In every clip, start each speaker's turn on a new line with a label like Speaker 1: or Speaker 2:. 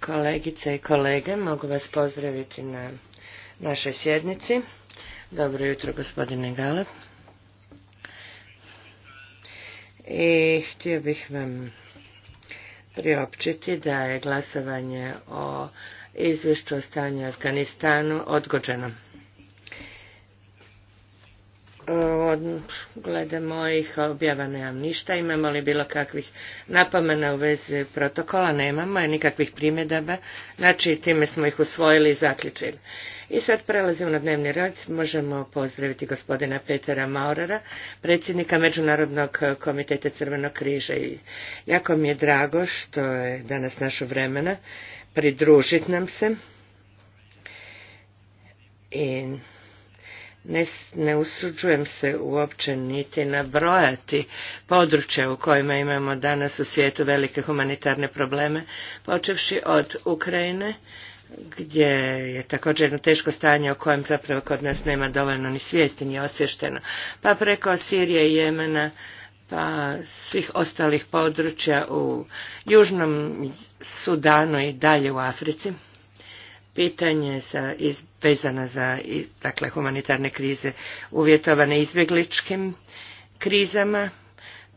Speaker 1: Kolegice i kolege, mogu vas pozdraviti na našoj sjednici. Dobro jutro, gospodine Gale. I htio bih vam priopćiti da je glasovanje o izvješću o stanju Afganistanu odgođeno. od, glede mojih objava nemam ništa, imamo li bilo kakvih napomena u vezi protokola, nemamo nikakvih primjedaba, znači time smo ih usvojili i zaključili. I sad prelazimo na dnevni rad, možemo pozdraviti gospodina Petera Maurera, predsjednika Međunarodnog komiteta Crvenog križa i jako mi je drago što je danas našo vremena pridružiti nam se. I ne, usuđujem se uopće niti nabrojati područje u kojima imamo danas u svijetu velike humanitarne probleme, počevši od Ukrajine, gdje je također jedno teško stanje o kojem zapravo kod nas nema dovoljno ni svijesti, ni osvješteno, pa preko Sirije i Jemena, pa svih ostalih područja u Južnom Sudanu i dalje u Africi pitanje za, iz, vezana za dakle, humanitarne krize uvjetovane izbjegličkim krizama,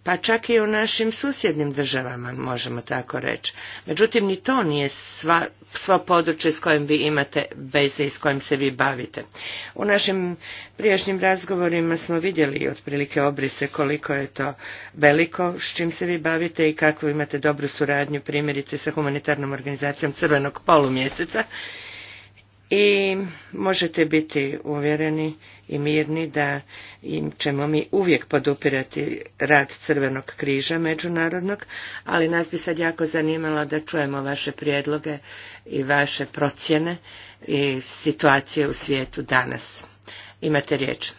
Speaker 1: pa čak i u našim susjednim državama, možemo tako reći. Međutim, ni to nije sva, svo područje s kojim vi imate veze i s kojim se vi bavite. U našim prijašnjim razgovorima smo vidjeli otprilike obrise koliko je to veliko s čim se vi bavite i kakvu imate dobru suradnju primjerice sa humanitarnom organizacijom Crvenog polumjeseca i možete biti uvjereni i mirni da im ćemo mi uvijek podupirati rad Crvenog križa međunarodnog, ali nas bi sad jako zanimalo da čujemo vaše prijedloge i vaše procjene i situacije u svijetu danas. Imate riječ.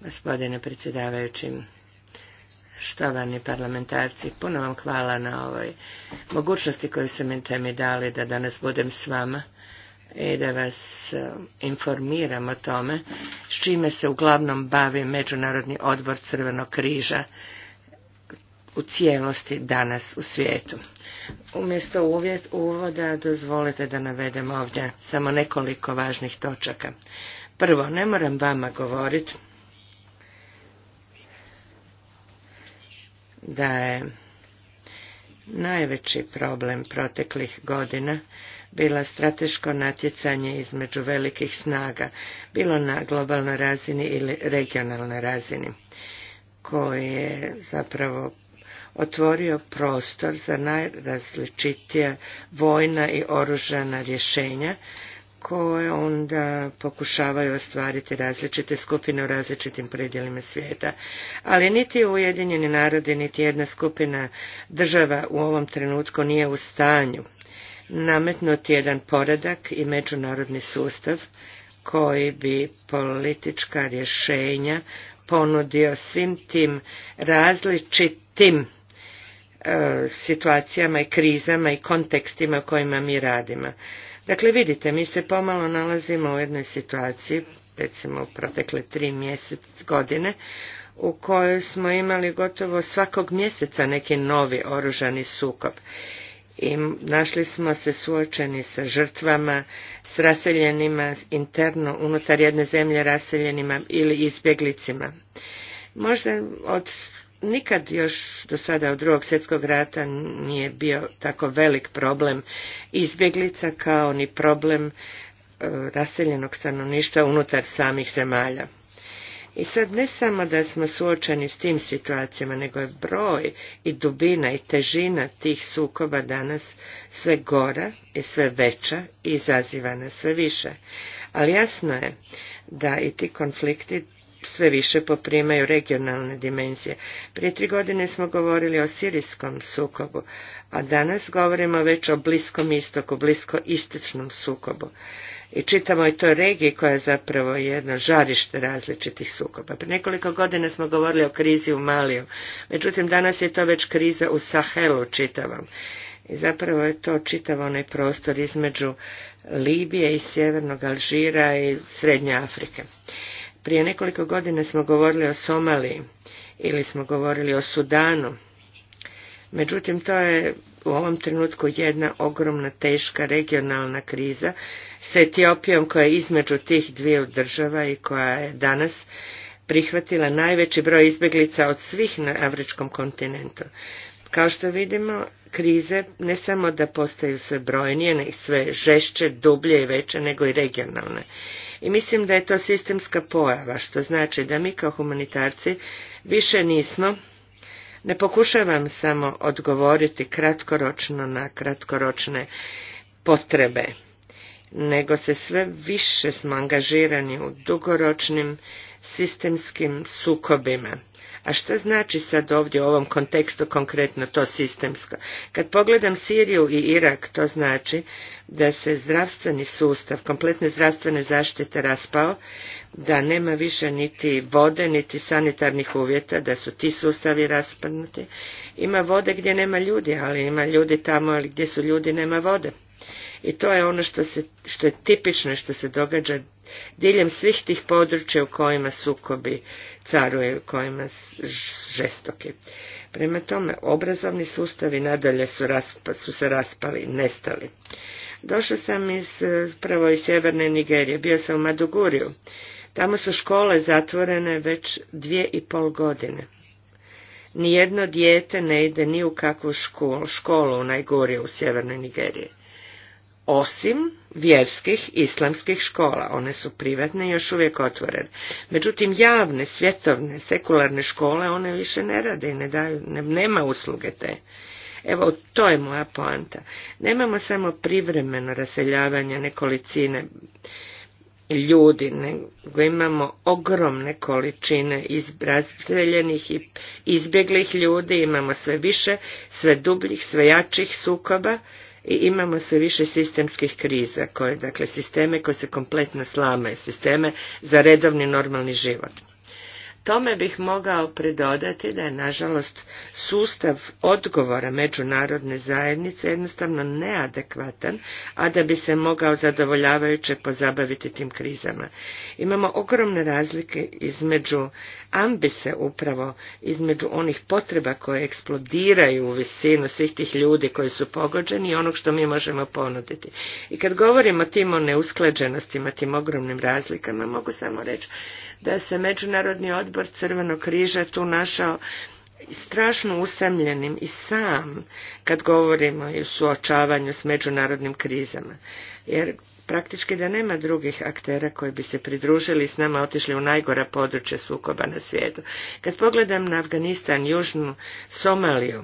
Speaker 1: Gospodine predsjedavajući, štovani parlamentarci, puno vam hvala na ovoj mogućnosti koju su mi temi dali da danas budem s vama i da vas e, informiram o tome s čime se uglavnom bavi Međunarodni odbor Crvenog križa u cijelosti danas u svijetu. Umjesto uvjet uvoda dozvolite da navedem ovdje samo nekoliko važnih točaka. Prvo, ne moram vama govoriti da je najveći problem proteklih godina bila strateško natjecanje između velikih snaga, bilo na globalnoj razini ili regionalnoj razini, koji je zapravo otvorio prostor za najrazličitija vojna i oružana rješenja koje onda pokušavaju ostvariti različite skupine u različitim predjelima svijeta. Ali niti Ujedinjeni narodi, niti jedna skupina država u ovom trenutku nije u stanju nametnuti jedan poredak i međunarodni sustav koji bi politička rješenja ponudio svim tim različitim e, situacijama i krizama i kontekstima u kojima mi radimo. Dakle, vidite, mi se pomalo nalazimo u jednoj situaciji, recimo u protekle tri mjesec godine, u kojoj smo imali gotovo svakog mjeseca neki novi oružani sukob. I našli smo se suočeni sa žrtvama, s raseljenima interno unutar jedne zemlje raseljenima ili izbjeglicima. Možda od nikad još do sada od drugog svjetskog rata nije bio tako velik problem izbjeglica kao ni problem e, raseljenog stanovništva unutar samih zemalja. I sad ne samo da smo suočeni s tim situacijama, nego je broj i dubina i težina tih sukoba danas sve gora i sve veća i izaziva sve više. Ali jasno je da i ti konflikti sve više poprimaju regionalne dimenzije. Prije tri godine smo govorili o sirijskom sukobu, a danas govorimo već o bliskom istoku, blisko istočnom sukobu. I čitamo i to regiji koja je zapravo jedno žarište različitih sukoba. Prije nekoliko godina smo govorili o krizi u Maliju, međutim danas je to već kriza u Sahelu čitavom. I zapravo je to čitav onaj prostor između Libije i sjevernog Alžira i Srednje Afrike. Prije nekoliko godina smo govorili o Somaliji ili smo govorili o Sudanu. Međutim, to je u ovom trenutku jedna ogromna teška regionalna kriza s Etiopijom koja je između tih dviju država i koja je danas prihvatila najveći broj izbjeglica od svih na afričkom kontinentu. Kao što vidimo, krize ne samo da postaju sve brojnije, ne sve žešće, dublje i veće, nego i regionalne. I mislim da je to sistemska pojava, što znači da mi kao humanitarci više nismo ne pokušavam samo odgovoriti kratkoročno na kratkoročne potrebe, nego se sve više smo angažirani u dugoročnim sistemskim sukobima a što znači sad ovdje u ovom kontekstu konkretno to sistemsko? Kad pogledam Siriju i Irak, to znači da se zdravstveni sustav, kompletne zdravstvene zaštite raspao, da nema više niti vode, niti sanitarnih uvjeta, da su ti sustavi raspadnuti. Ima vode gdje nema ljudi, ali ima ljudi tamo ali gdje su ljudi nema vode. I to je ono što, se, što je tipično i što se događa diljem svih tih područja u kojima sukobi caruje, u kojima žestoki. Prema tome, obrazovni sustavi nadalje su, su se raspali, nestali. Došao sam iz, prvo iz sjeverne Nigerije, bio sam u Maduguriju. Tamo su škole zatvorene već dvije i pol godine. Nijedno dijete ne ide ni u kakvu školu, školu u Najguriju u sjevernoj Nigeriji osim vjerskih islamskih škola. One su privatne i još uvijek otvorene. Međutim, javne, svjetovne, sekularne škole, one više ne rade i ne daju, nema usluge te. Evo, to je moja poanta. Nemamo samo privremeno raseljavanje nekolicine ljudi, nego imamo ogromne količine razdeljenih i izbjeglih ljudi, imamo sve više, sve dubljih, sve jačih sukoba i imamo sve više sistemskih kriza, koje, dakle, sisteme koji se kompletno slame, sisteme za redovni normalni život. Tome bih mogao pridodati da je nažalost sustav odgovora međunarodne zajednice jednostavno neadekvatan, a da bi se mogao zadovoljavajuće pozabaviti tim krizama. Imamo ogromne razlike između ambise upravo, između onih potreba koje eksplodiraju u visinu svih tih ljudi koji su pogođeni i onog što mi možemo ponuditi. I kad govorimo tim o neusklađenostima, tim ogromnim razlikama, mogu samo reći da se međunarodni odbor odbor Crvenog križa tu našao strašno usamljenim i sam kad govorimo i o suočavanju s međunarodnim krizama. Jer praktički da nema drugih aktera koji bi se pridružili i s nama otišli u najgora područja sukoba na svijetu. Kad pogledam na Afganistan, Južnu Somaliju,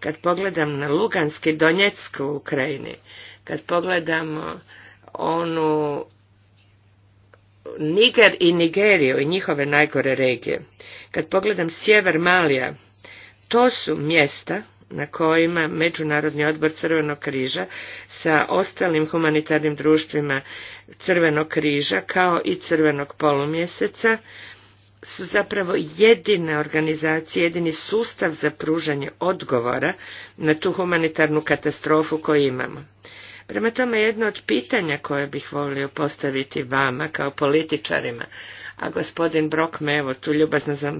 Speaker 1: kad pogledam na Luganski Donjecku u Ukrajini, kad pogledamo onu Niger i Nigeriju i njihove najgore regije. Kad pogledam sjever Malija, to su mjesta na kojima Međunarodni odbor Crvenog križa sa ostalim humanitarnim društvima Crvenog križa kao i Crvenog polumjeseca su zapravo jedine organizacije, jedini sustav za pružanje odgovora na tu humanitarnu katastrofu koju imamo. Prema tome, jedno od pitanja koje bih volio postaviti vama kao političarima, a gospodin Brok me evo tu ljubazno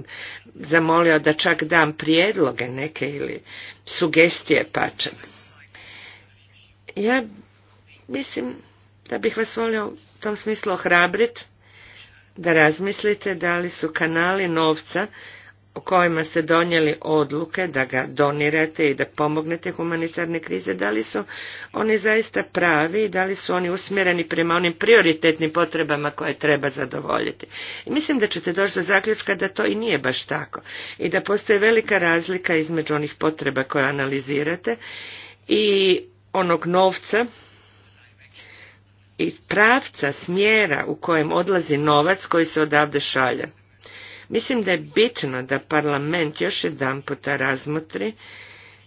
Speaker 1: zamolio da čak dam prijedloge neke ili sugestije pače. Ja mislim da bih vas volio u tom smislu ohrabriti da razmislite da li su kanali novca u kojima ste donijeli odluke da ga donirate i da pomognete humanitarne krize, da li su oni zaista pravi i da li su oni usmjereni prema onim prioritetnim potrebama koje treba zadovoljiti. I mislim da ćete doći do zaključka da to i nije baš tako i da postoji velika razlika između onih potreba koje analizirate i onog novca i pravca smjera u kojem odlazi novac koji se odavde šalje. Mislim da je bitno da parlament još jedan puta razmotri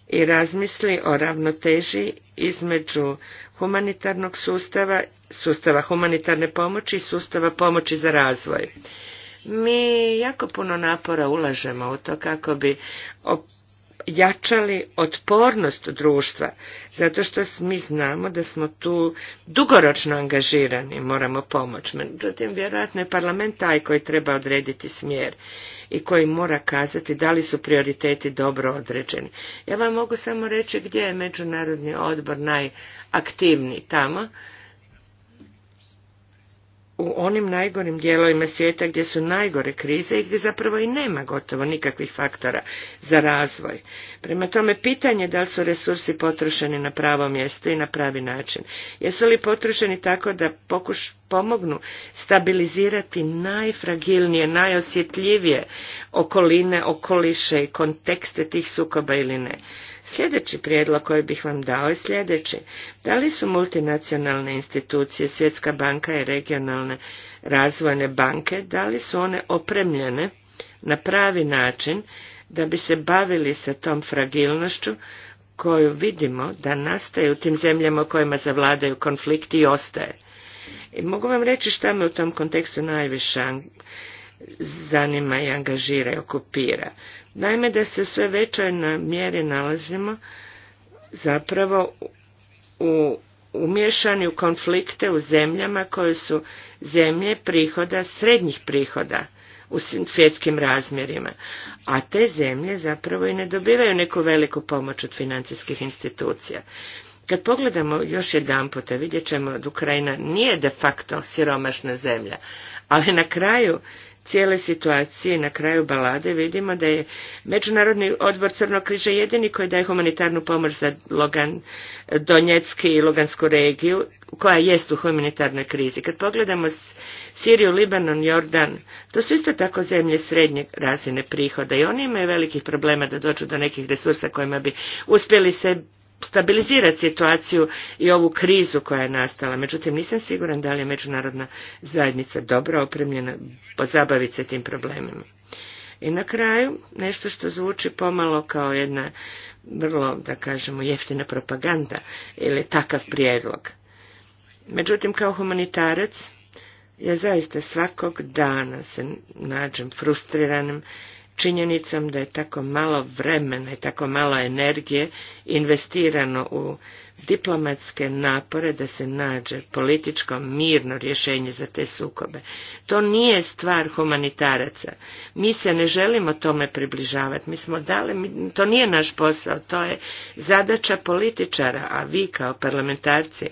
Speaker 1: i razmisli o ravnoteži između humanitarnog sustava, sustava humanitarne pomoći i sustava pomoći za razvoj. Mi jako puno napora ulažemo u to kako bi jačali otpornost društva, zato što mi znamo da smo tu dugoročno angažirani, moramo pomoći. Međutim, vjerojatno je parlament taj koji treba odrediti smjer i koji mora kazati da li su prioriteti dobro određeni. Ja vam mogu samo reći gdje je Međunarodni odbor najaktivniji tamo, u onim najgorim dijelovima svijeta gdje su najgore krize i gdje zapravo i nema gotovo nikakvih faktora za razvoj. Prema tome, pitanje da li su resursi potrošeni na pravo mjesto i na pravi način. Jesu li potrošeni tako da pokuš, pomognu stabilizirati najfragilnije, najosjetljivije okoline, okoliše i kontekste tih sukoba ili ne? Sljedeći prijedlog koji bih vam dao je sljedeći. Da li su multinacionalne institucije, Svjetska banka i regionalne razvojne banke, da li su one opremljene na pravi način da bi se bavili sa tom fragilnošću koju vidimo da nastaje u tim zemljama u kojima zavladaju konflikti i ostaje. I mogu vam reći šta me u tom kontekstu najviše zanima i angažira i okupira. Naime, da se sve većoj mjeri nalazimo zapravo u umješani u konflikte u zemljama koje su zemlje prihoda, srednjih prihoda u svjetskim razmjerima. A te zemlje zapravo i ne dobivaju neku veliku pomoć od financijskih institucija. Kad pogledamo još jedan puta, vidjet ćemo da Ukrajina nije de facto siromašna zemlja, ali na kraju cijele situacije na kraju balade vidimo da je Međunarodni odbor Crnog križa jedini koji daje humanitarnu pomoć za Logan, Donjecki i Lugansku regiju koja jest u humanitarnoj krizi. Kad pogledamo Siriju, Libanon, Jordan, to su isto tako zemlje srednje razine prihoda i oni imaju velikih problema da dođu do nekih resursa kojima bi uspjeli se stabilizirati situaciju i ovu krizu koja je nastala. Međutim, nisam siguran da li je međunarodna zajednica dobro opremljena pozabaviti se tim problemima. I na kraju, nešto što zvuči pomalo kao jedna vrlo, da kažemo, jeftina propaganda ili takav prijedlog. Međutim, kao humanitarac, ja zaista svakog dana se nađem frustriranim činjenicom da je tako malo vremena i tako malo energije investirano u diplomatske napore da se nađe političko mirno rješenje za te sukobe. To nije stvar humanitaraca. Mi se ne želimo tome približavati. Mi smo dali, to nije naš posao, to je zadaća političara, a vi kao parlamentarci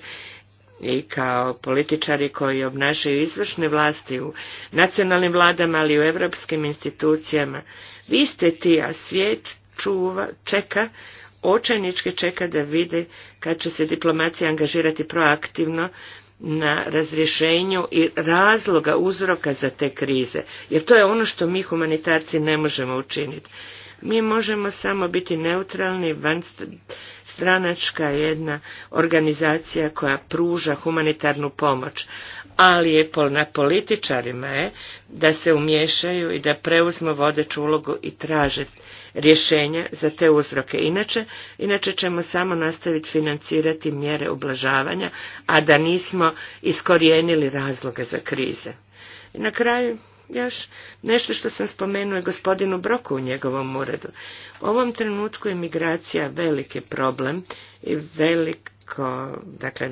Speaker 1: i kao političari koji obnašaju izvršne vlasti u nacionalnim vladama, ali i u europskim institucijama. Vi ste ti, a svijet čuva, čeka, očajnički čeka da vide kad će se diplomacija angažirati proaktivno na razrješenju i razloga uzroka za te krize. Jer to je ono što mi humanitarci ne možemo učiniti. Mi možemo samo biti neutralni, van, stranačka jedna organizacija koja pruža humanitarnu pomoć, ali je na političarima je da se umješaju i da preuzmu vodeću ulogu i traže rješenja za te uzroke. Inače, inače ćemo samo nastaviti financirati mjere ublažavanja, a da nismo iskorijenili razloge za krize. I na kraju još nešto što sam spomenuo je gospodinu Broku u njegovom uredu. U ovom trenutku je migracija veliki problem i veliko, dakle,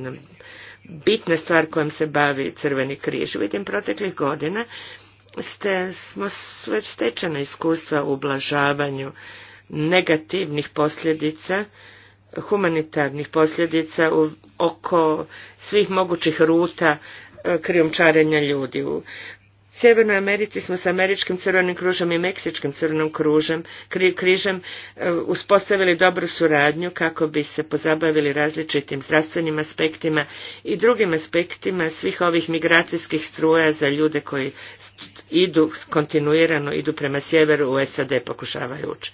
Speaker 1: bitna stvar kojom se bavi Crveni križ. Vidim, proteklih godina ste, smo već stečena iskustva u ublažavanju negativnih posljedica humanitarnih posljedica u, oko svih mogućih ruta e, krijumčarenja ljudi. U Sjevernoj Americi smo sa američkim crvenim kružom i meksičkim crvenim kružem, križem e, uspostavili dobru suradnju kako bi se pozabavili različitim zdravstvenim aspektima i drugim aspektima svih ovih migracijskih struja za ljude koji idu kontinuirano, idu prema sjeveru u SAD pokušavaju ući.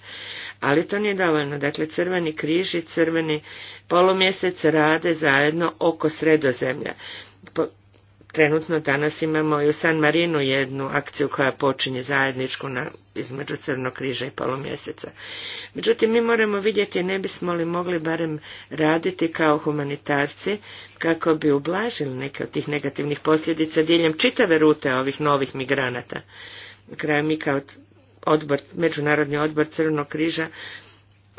Speaker 1: Ali to nije dovoljno. Dakle, crveni križ i crveni polumjesec rade zajedno oko sredozemlja trenutno danas imamo i u San Marinu jednu akciju koja počinje zajedničku na, između Crnog križa i polomjeseca. Međutim, mi moramo vidjeti ne bismo li mogli barem raditi kao humanitarci kako bi ublažili neke od tih negativnih posljedica diljem čitave rute ovih novih migranata. Na kraju mi kao odbor, Međunarodni odbor Crvenog križa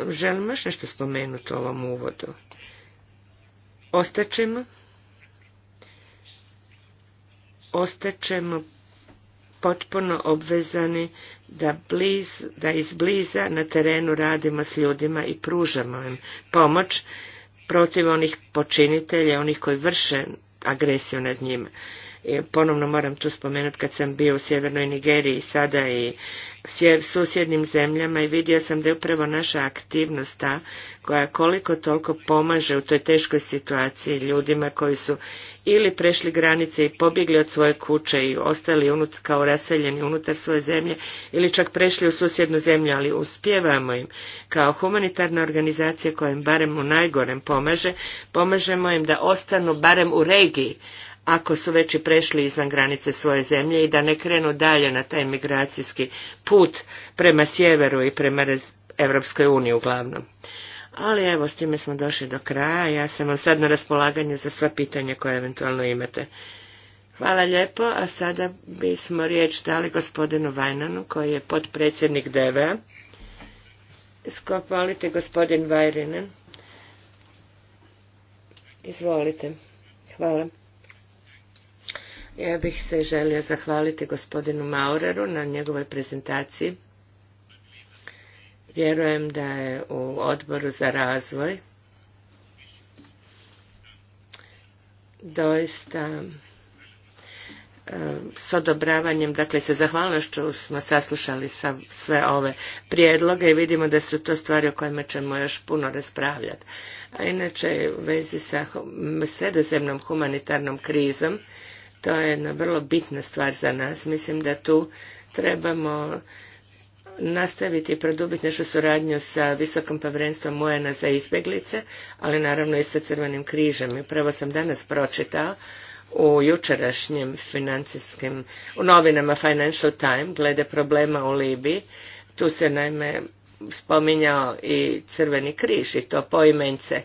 Speaker 1: želim još nešto spomenuti u ovom uvodu. Ostaćemo ostaćemo potpuno obvezani da, bliz, da izbliza na terenu radimo s ljudima i pružamo im pomoć protiv onih počinitelja, onih koji vrše agresiju nad njima. E, ponovno moram tu spomenuti kad sam bio u sjevernoj Nigeriji sada i susjednim zemljama i vidio sam da je upravo naša aktivnost ta koja koliko toliko pomaže u toj teškoj situaciji ljudima koji su ili prešli granice i pobjegli od svoje kuće i ostali unut, kao raseljeni unutar svoje zemlje ili čak prešli u susjednu zemlju, ali uspjevamo im kao humanitarna organizacija koja im barem u najgorem pomaže, pomažemo im da ostanu barem u regiji ako su već i prešli izvan granice svoje zemlje i da ne krenu dalje na taj migracijski put prema sjeveru i prema Evropskoj uniji uglavnom. Ali evo, s time smo došli do kraja. Ja sam vam sad na raspolaganju za sva pitanja koja eventualno imate. Hvala lijepo, a sada bismo riječ dali gospodinu Vajnanu koji je potpredsjednik DVA. Skopolite gospodin Vajrinen. Izvolite. Hvala. Ja bih se želio zahvaliti gospodinu Maureru na njegovoj prezentaciji. Vjerujem da je u odboru za razvoj doista e, s odobravanjem, dakle sa zahvalnošću smo saslušali sve ove prijedloge i vidimo da su to stvari o kojima ćemo još puno raspravljati. A inače u vezi sa sredozemnom humanitarnom krizom to je jedna vrlo bitna stvar za nas. Mislim da tu trebamo nastaviti i produbiti našu suradnju sa Visokom povjerenstvom mojena za izbjeglice, ali naravno i sa Crvenim križem. Prvo sam danas pročitao u jučerašnjim financijskim, u novinama Financial Times glede problema u Libiji. Tu se naime spominjao i Crveni križ i to poimence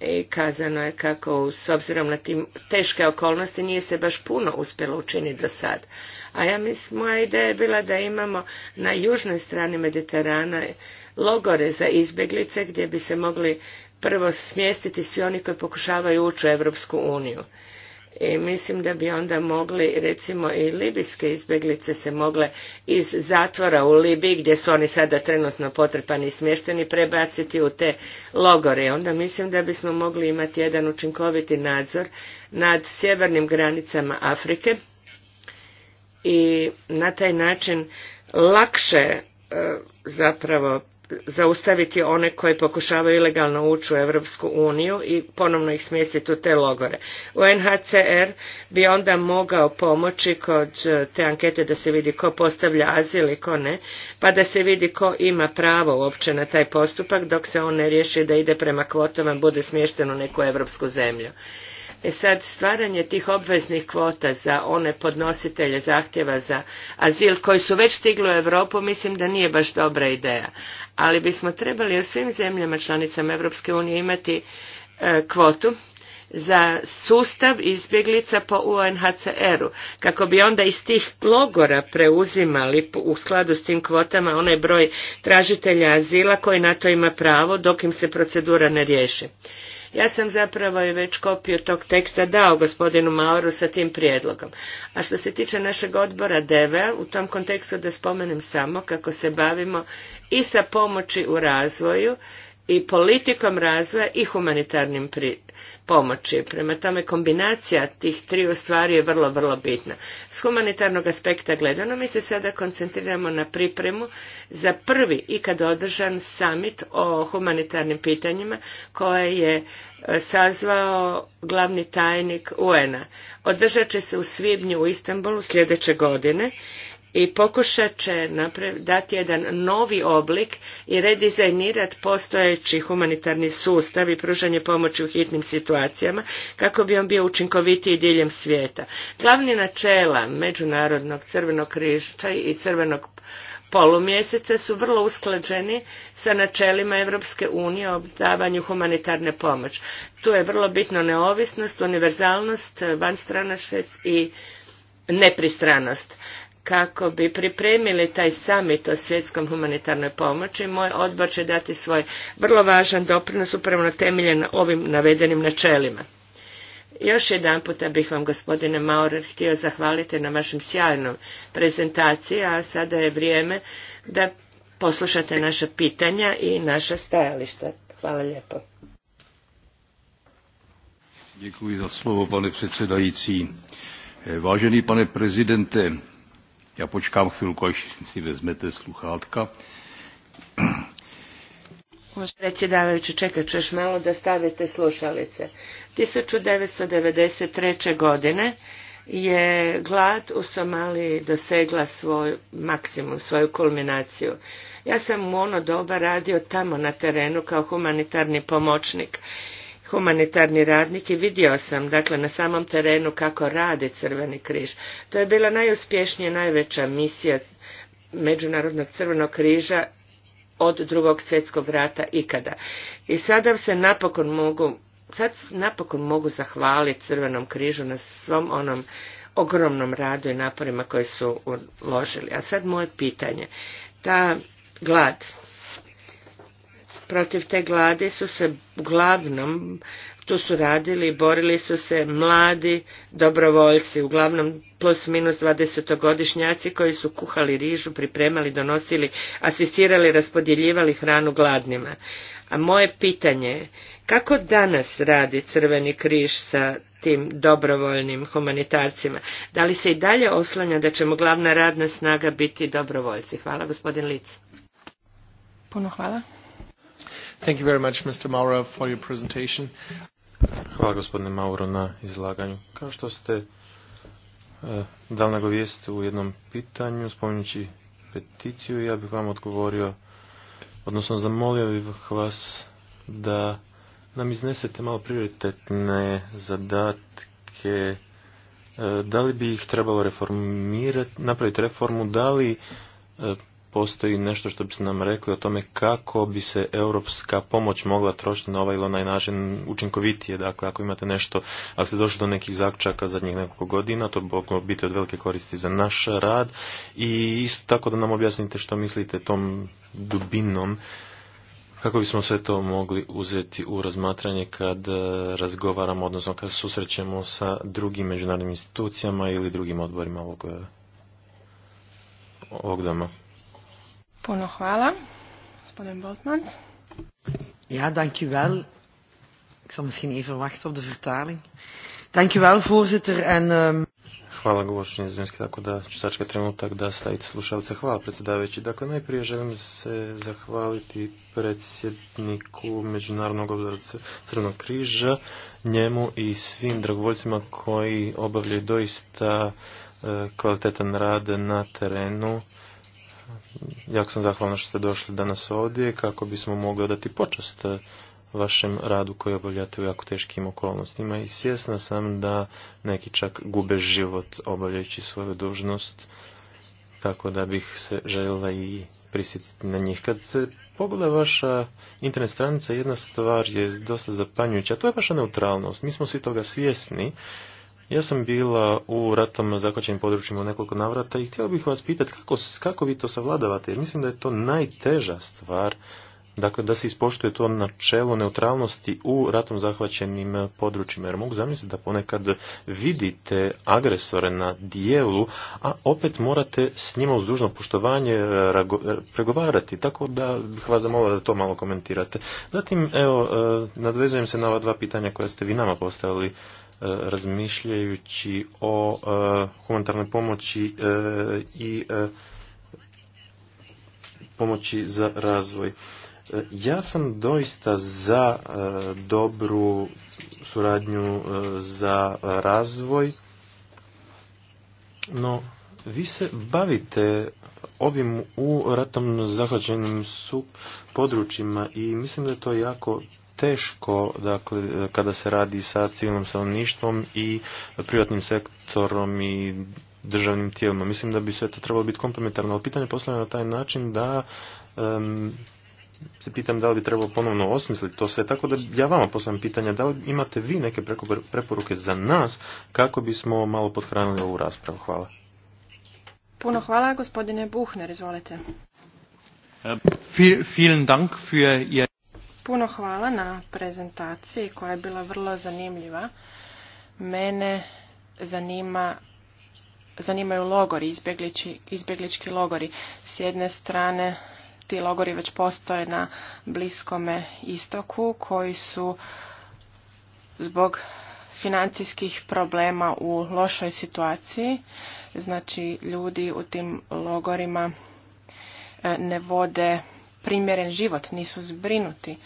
Speaker 1: i e, kazano je kako s obzirom na tim teške okolnosti nije se baš puno uspjelo učiniti do sad. A ja mislim, moja ideja je bila da imamo na južnoj strani Mediterana logore za izbjeglice gdje bi se mogli prvo smjestiti svi oni koji pokušavaju ući u Europsku uniju i mislim da bi onda mogli recimo i libijske izbjeglice se mogle iz zatvora u Libiji gdje su oni sada trenutno potrpani i smješteni prebaciti u te logore. Onda mislim da bismo mogli imati jedan učinkoviti nadzor nad sjevernim granicama Afrike i na taj način lakše e, zapravo zaustaviti one koji pokušavaju ilegalno ući u Europsku uniju i ponovno ih smjestiti u te logore. UNHCR bi onda mogao pomoći kod e, te ankete da se vidi ko postavlja azil i ko ne, pa da se vidi ko ima pravo uopće na taj postupak dok se on ne riješi da ide prema kvotama bude smješten u neku europsku zemlju. E sad, stvaranje tih obveznih kvota za one podnositelje zahtjeva za azil koji su već stigli u Europu mislim da nije baš dobra ideja. Ali bismo trebali u svim zemljama članicama Europske unije imati e, kvotu za sustav izbjeglica po UNHCR-u, kako bi onda iz tih logora preuzimali u skladu s tim kvotama onaj broj tražitelja azila koji na to ima pravo dok im se procedura ne riješi. Ja sam zapravo i već kopiju tog teksta dao gospodinu Mauru sa tim prijedlogom. A što se tiče našeg odbora DEVE, u tom kontekstu da spomenem samo kako se bavimo i sa pomoći u razvoju i politikom razvoja i humanitarnim pomoći. Prema tome kombinacija tih triju stvari je vrlo, vrlo bitna. S humanitarnog aspekta gledano mi se sada koncentriramo na pripremu za prvi ikad održan summit o humanitarnim pitanjima koje je e, sazvao glavni tajnik UN-a. Održat će se u svibnju u Istanbulu sljedeće godine i pokušat će dati jedan novi oblik i redizajnirati postojeći humanitarni sustav i pružanje pomoći u hitnim situacijama kako bi on bio učinkovitiji diljem svijeta. Glavni načela Međunarodnog crvenog križa i crvenog polumjeseca su vrlo usklađeni sa načelima Europske unije o davanju humanitarne pomoći. Tu je vrlo bitno neovisnost, univerzalnost, vanstranačnost i nepristranost kako bi pripremili taj samit o svjetskom humanitarnoj pomoći, moj odbor će dati svoj vrlo važan doprinos upravo na na ovim navedenim načelima. Još jedan puta bih vam, gospodine Maurer, htio zahvaliti na vašem sjajnom prezentaciji, a sada je vrijeme da poslušate naša pitanja i naša stajališta. Hvala lijepo.
Speaker 2: Děkuji za slovo, pane předsedající. Vážený pane prezidente, Já počkám chvilku, až si vezmete sluchátka.
Speaker 1: Predsjedavajući, čekat ćeš malo da stavite slušalice. 1993. godine je glad u Somaliji dosegla svoj maksimum, svoju kulminaciju. Ja sam u ono doba radio tamo na terenu kao humanitarni pomoćnik humanitarni radnik i vidio sam dakle na samom terenu kako radi Crveni križ. To je bila najuspješnija, najveća misija Međunarodnog crvenog križa od drugog svjetskog rata ikada. I sada se napokon mogu, sad napokon mogu zahvaliti Crvenom križu na svom onom ogromnom radu i naporima koje su uložili. A sad moje pitanje. Ta glad protiv te gladi su se uglavnom, tu su radili i borili su se mladi dobrovoljci, uglavnom plus minus 20-godišnjaci koji su kuhali rižu, pripremali, donosili, asistirali, raspodjeljivali hranu gladnima. A moje pitanje je, kako danas radi Crveni križ sa tim dobrovoljnim humanitarcima? Da li se i dalje oslanja da ćemo glavna radna snaga biti dobrovoljci? Hvala gospodin Lic.
Speaker 3: Puno
Speaker 4: hvala.
Speaker 5: Thank you very
Speaker 6: Hvala gospodine Mauro na izlaganju. Kao što ste e, dal na nagovijest u jednom pitanju, spominjući peticiju, ja bih vam odgovorio, odnosno zamolio bih vas da nam iznesete malo prioritetne zadatke, e, da li bi ih trebalo reformirati, napraviti reformu, da li e, postoji nešto što biste nam rekli o tome kako bi se europska pomoć mogla trošiti na ovaj ili onaj način učinkovitije. Dakle, ako imate nešto, ako ste došli do nekih zaključaka zadnjih nekoliko godina, to bi moglo biti od velike koristi za naš rad i isto tako da nam objasnite što mislite tom dubinom kako bismo sve to mogli uzeti u razmatranje kad e, razgovaramo, odnosno kad susrećemo sa drugim međunarodnim institucijama ili drugim odborima ovog, e, ovog
Speaker 4: Puno hvala. Gospodin Boltmans.
Speaker 1: Ja, dank Ik zal misschien even wachten op de vertaling. Dank voorzitter. En, ehm,
Speaker 6: Hvala tako da ću sačka trenutak da stavite slušalice. Hvala predsjedavajući. Dakle, najprije želim se zahvaliti predsjedniku Međunarodnog odbora Crvenog križa, njemu i svim dragovoljcima koji obavljaju doista e, kvalitetan rad na terenu jako sam zahvalan što ste došli danas ovdje kako bismo mogli odati počast e, vašem radu koji obavljate u jako teškim okolnostima i svjesna sam da neki čak gube život obavljajući svoju dužnost tako da bih se željela i prisjetiti na njih. Kad se pogleda vaša internet stranica, jedna stvar je dosta zapanjujuća, a to je vaša neutralnost. Mi smo svi toga svjesni ja sam bila u ratom zahvaćenim područjima u nekoliko navrata i htio bih vas pitati kako, kako vi to savladavate, jer mislim da je to najteža stvar, dakle da se ispoštuje to načelo neutralnosti u ratom zahvaćenim područjima, jer mogu zamisliti da ponekad vidite agresore na dijelu, a opet morate s njima uz dužno poštovanje e, e, pregovarati, tako da bih vas zamolila da to malo komentirate. Zatim, evo, e, nadvezujem se na ova dva pitanja koja ste vi nama postavili E, razmišljajući o e, humanitarnoj pomoći e, i pomoći za razvoj. Ja sam doista za dobru suradnju za razvoj, no vi se bavite ovim u ratom zahvaćenim područjima i mislim da je to jako teško dakle, kada se radi sa civilnim stanovništvom i privatnim sektorom i državnim tijelima. Mislim da bi sve to trebalo biti komplementarno, ali pitanje postavljeno na taj način da se pitam da li bi trebalo ponovno osmisliti to sve, tako da ja vama postavljam pitanja, da li imate vi neke preporuke za nas kako bismo malo podhranili ovu raspravu? Hvala.
Speaker 4: Puno hvala, gospodine Buhner, izvolite.
Speaker 2: Vielen Dank für Ihr
Speaker 4: Puno hvala na prezentaciji koja je bila vrlo zanimljiva. Mene zanima zanimaju logori, izbjeglički logori. S jedne strane ti logori već postoje na bliskome istoku koji su zbog financijskih problema u lošoj situaciji. Znači ljudi u tim logorima e, ne vode primjeren život, nisu zbrinuti.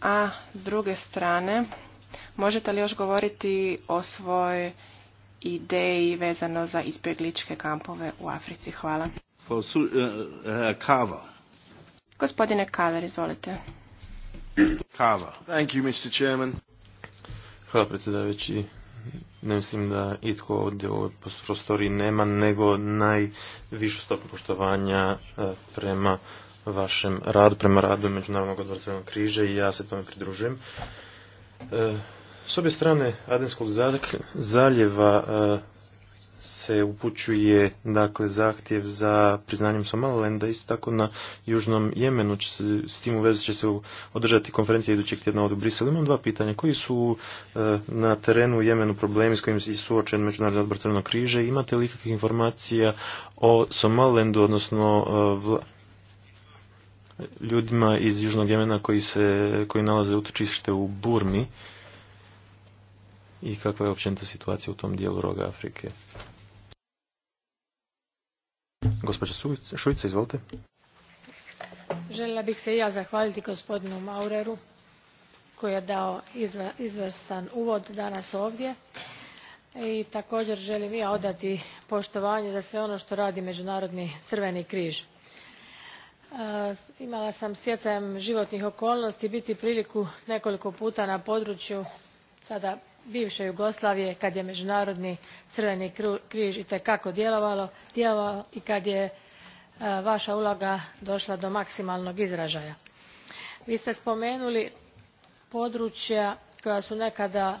Speaker 4: A s druge strane, možete li još govoriti o svojoj ideji vezano za izbjegličke kampove u Africi? Hvala. Kava. Eh, eh, Gospodine Kaver, izvolite.
Speaker 2: Hvala
Speaker 6: predsjedavajući. Ne mislim da itko ovdje u ovoj prostoriji nema, nego najvišu stopu poštovanja eh, prema vašem radu, prema radu Međunarodnog odvrtvenog križa i ja se tome pridružujem. E, s obje strane Adenskog zaljeva e, se upućuje dakle zahtjev za priznanjem Somalilenda, isto tako na Južnom Jemenu, s tim u vezi će se održati konferencija idućeg tjedna od u Imam dva pitanja. Koji su e, na terenu u Jemenu problemi s kojim se suočen Međunarodni odbor križe? Imate li ikakvih informacija o Somalilendu, odnosno ljudima iz Južnog Jemena koji, se, koji nalaze utočište u Burmi i kakva je općenita situacija u tom dijelu roga Afrike. Gospođa Šujica, izvolite.
Speaker 3: Željela bih se i ja zahvaliti gospodinu Maureru koji je dao izvrstan uvod danas ovdje i također želim ja odati poštovanje za sve ono što radi Međunarodni crveni križ. Eh, imala sam stjecajem životnih okolnosti biti priliku nekoliko puta na području sada bivše jugoslavije kad je međunarodni crveni križ itekako djelovao i kad je eh, vaša uloga došla do maksimalnog izražaja. vi ste spomenuli područja koja su nekada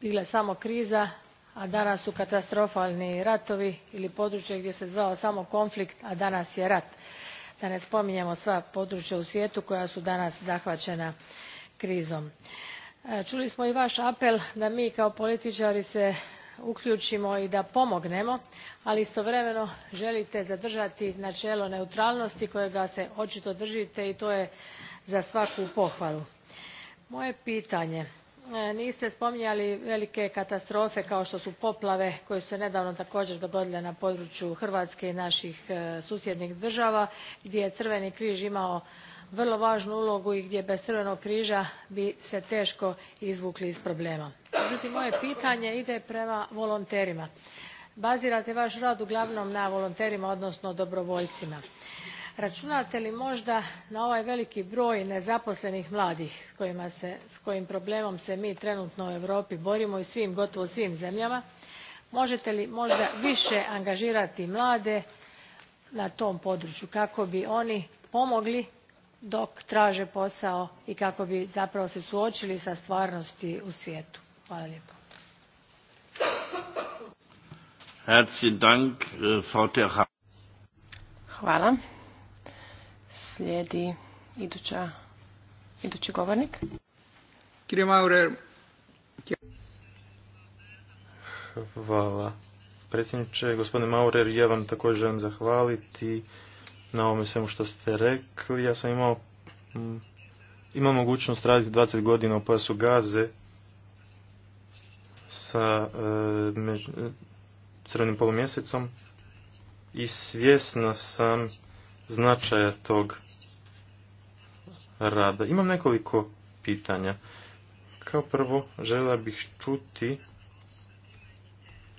Speaker 3: bila samo kriza a danas su katastrofalni ratovi ili područje gdje se zvao samo konflikt a danas je rat da ne spominjemo sva područja u svijetu koja su danas zahvaćena krizom. E, čuli smo i vaš apel da mi kao političari se uključimo i da pomognemo ali istovremeno želite zadržati načelo neutralnosti kojega se očito držite i to je za svaku pohvalu. moje pitanje E, niste spominjali velike katastrofe kao što su poplave koje su se nedavno također dogodile na području hrvatske i naših e, susjednih država gdje je crveni križ imao vrlo važnu ulogu i gdje bez crvenog križa bi se teško izvukli iz problema. međutim moje pitanje ide prema volonterima. bazirate vaš rad uglavnom na volonterima odnosno dobrovoljcima računate li možda na ovaj veliki broj nezaposlenih mladih s kojim problemom se mi trenutno u europi borimo i gotovo svim zemljama možete li možda više angažirati mlade na tom području kako bi oni pomogli dok traže posao i kako bi zapravo se suočili sa stvarnosti u svijetu? hvala lijepo.
Speaker 4: Hvala. Slijedi iduća, idući govornik.
Speaker 6: Hvala. Predsjedniče, gospodine Maurer, ja vam također želim zahvaliti na ovome svemu što ste rekli. Ja sam imao, mm, imao mogućnost raditi 20 godina u pojasu gaze sa e, e, crvenim polumjesecom i svjesna sam značaja tog rada. Imam nekoliko pitanja. Kao prvo, žela bih čuti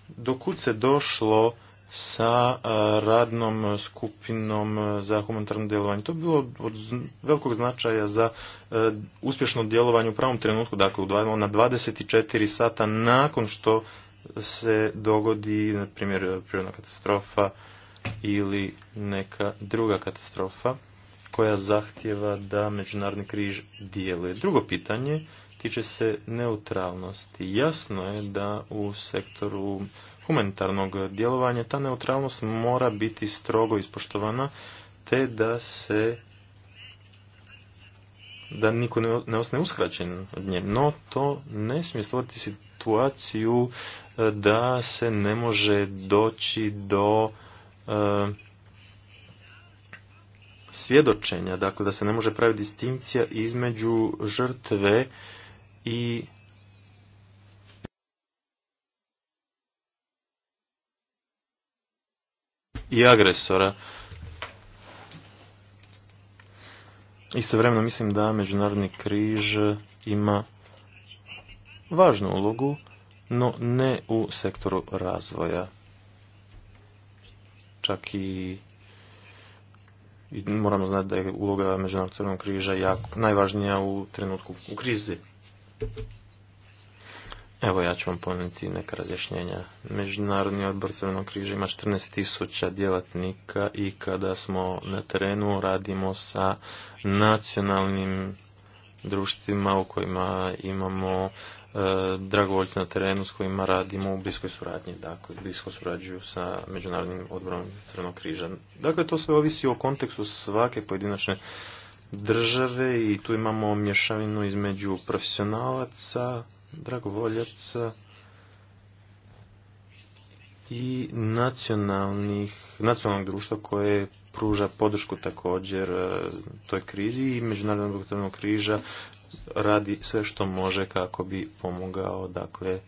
Speaker 6: dokud se došlo sa radnom skupinom za humanitarno djelovanje. To je bilo od velikog značaja za uspješno djelovanje u pravom trenutku, dakle na 24 sata nakon što se dogodi, na primjer, prirodna katastrofa ili neka druga katastrofa koja zahtjeva da Međunarodni križ djeluje. Drugo pitanje tiče se neutralnosti. Jasno je da u sektoru humanitarnog djelovanja ta neutralnost mora biti strogo ispoštovana te da se da niko ne ostane uskraćen od nje. No, to ne smije stvoriti situaciju e, da se ne može doći do e, svjedočenja, dakle da se ne može praviti distinkcija između žrtve i i agresora. Istovremeno mislim da Međunarodni križ ima važnu ulogu, no ne u sektoru razvoja. Čak i i moramo znati da je uloga Međunarodnog crvenog križa jako, najvažnija u trenutku u krizi. Evo ja ću vam ponuditi neka razjašnjenja. Međunarodni odbor Crvenog križa ima 14.000 djelatnika i kada smo na terenu radimo sa nacionalnim društvima u kojima imamo e, dragovoljce na terenu s kojima radimo u bliskoj suradnji, dakle blisko surađuju sa Međunarodnim odborom Crnog križa. Dakle, to sve ovisi o kontekstu svake pojedinačne države i tu imamo mješavinu između profesionalaca, dragovoljaca i nacionalnih, nacionalnog društva koje pruža podršku također e, toj krizi i Međunarodnog crvenog križa radi sve što može kako bi pomogao dakle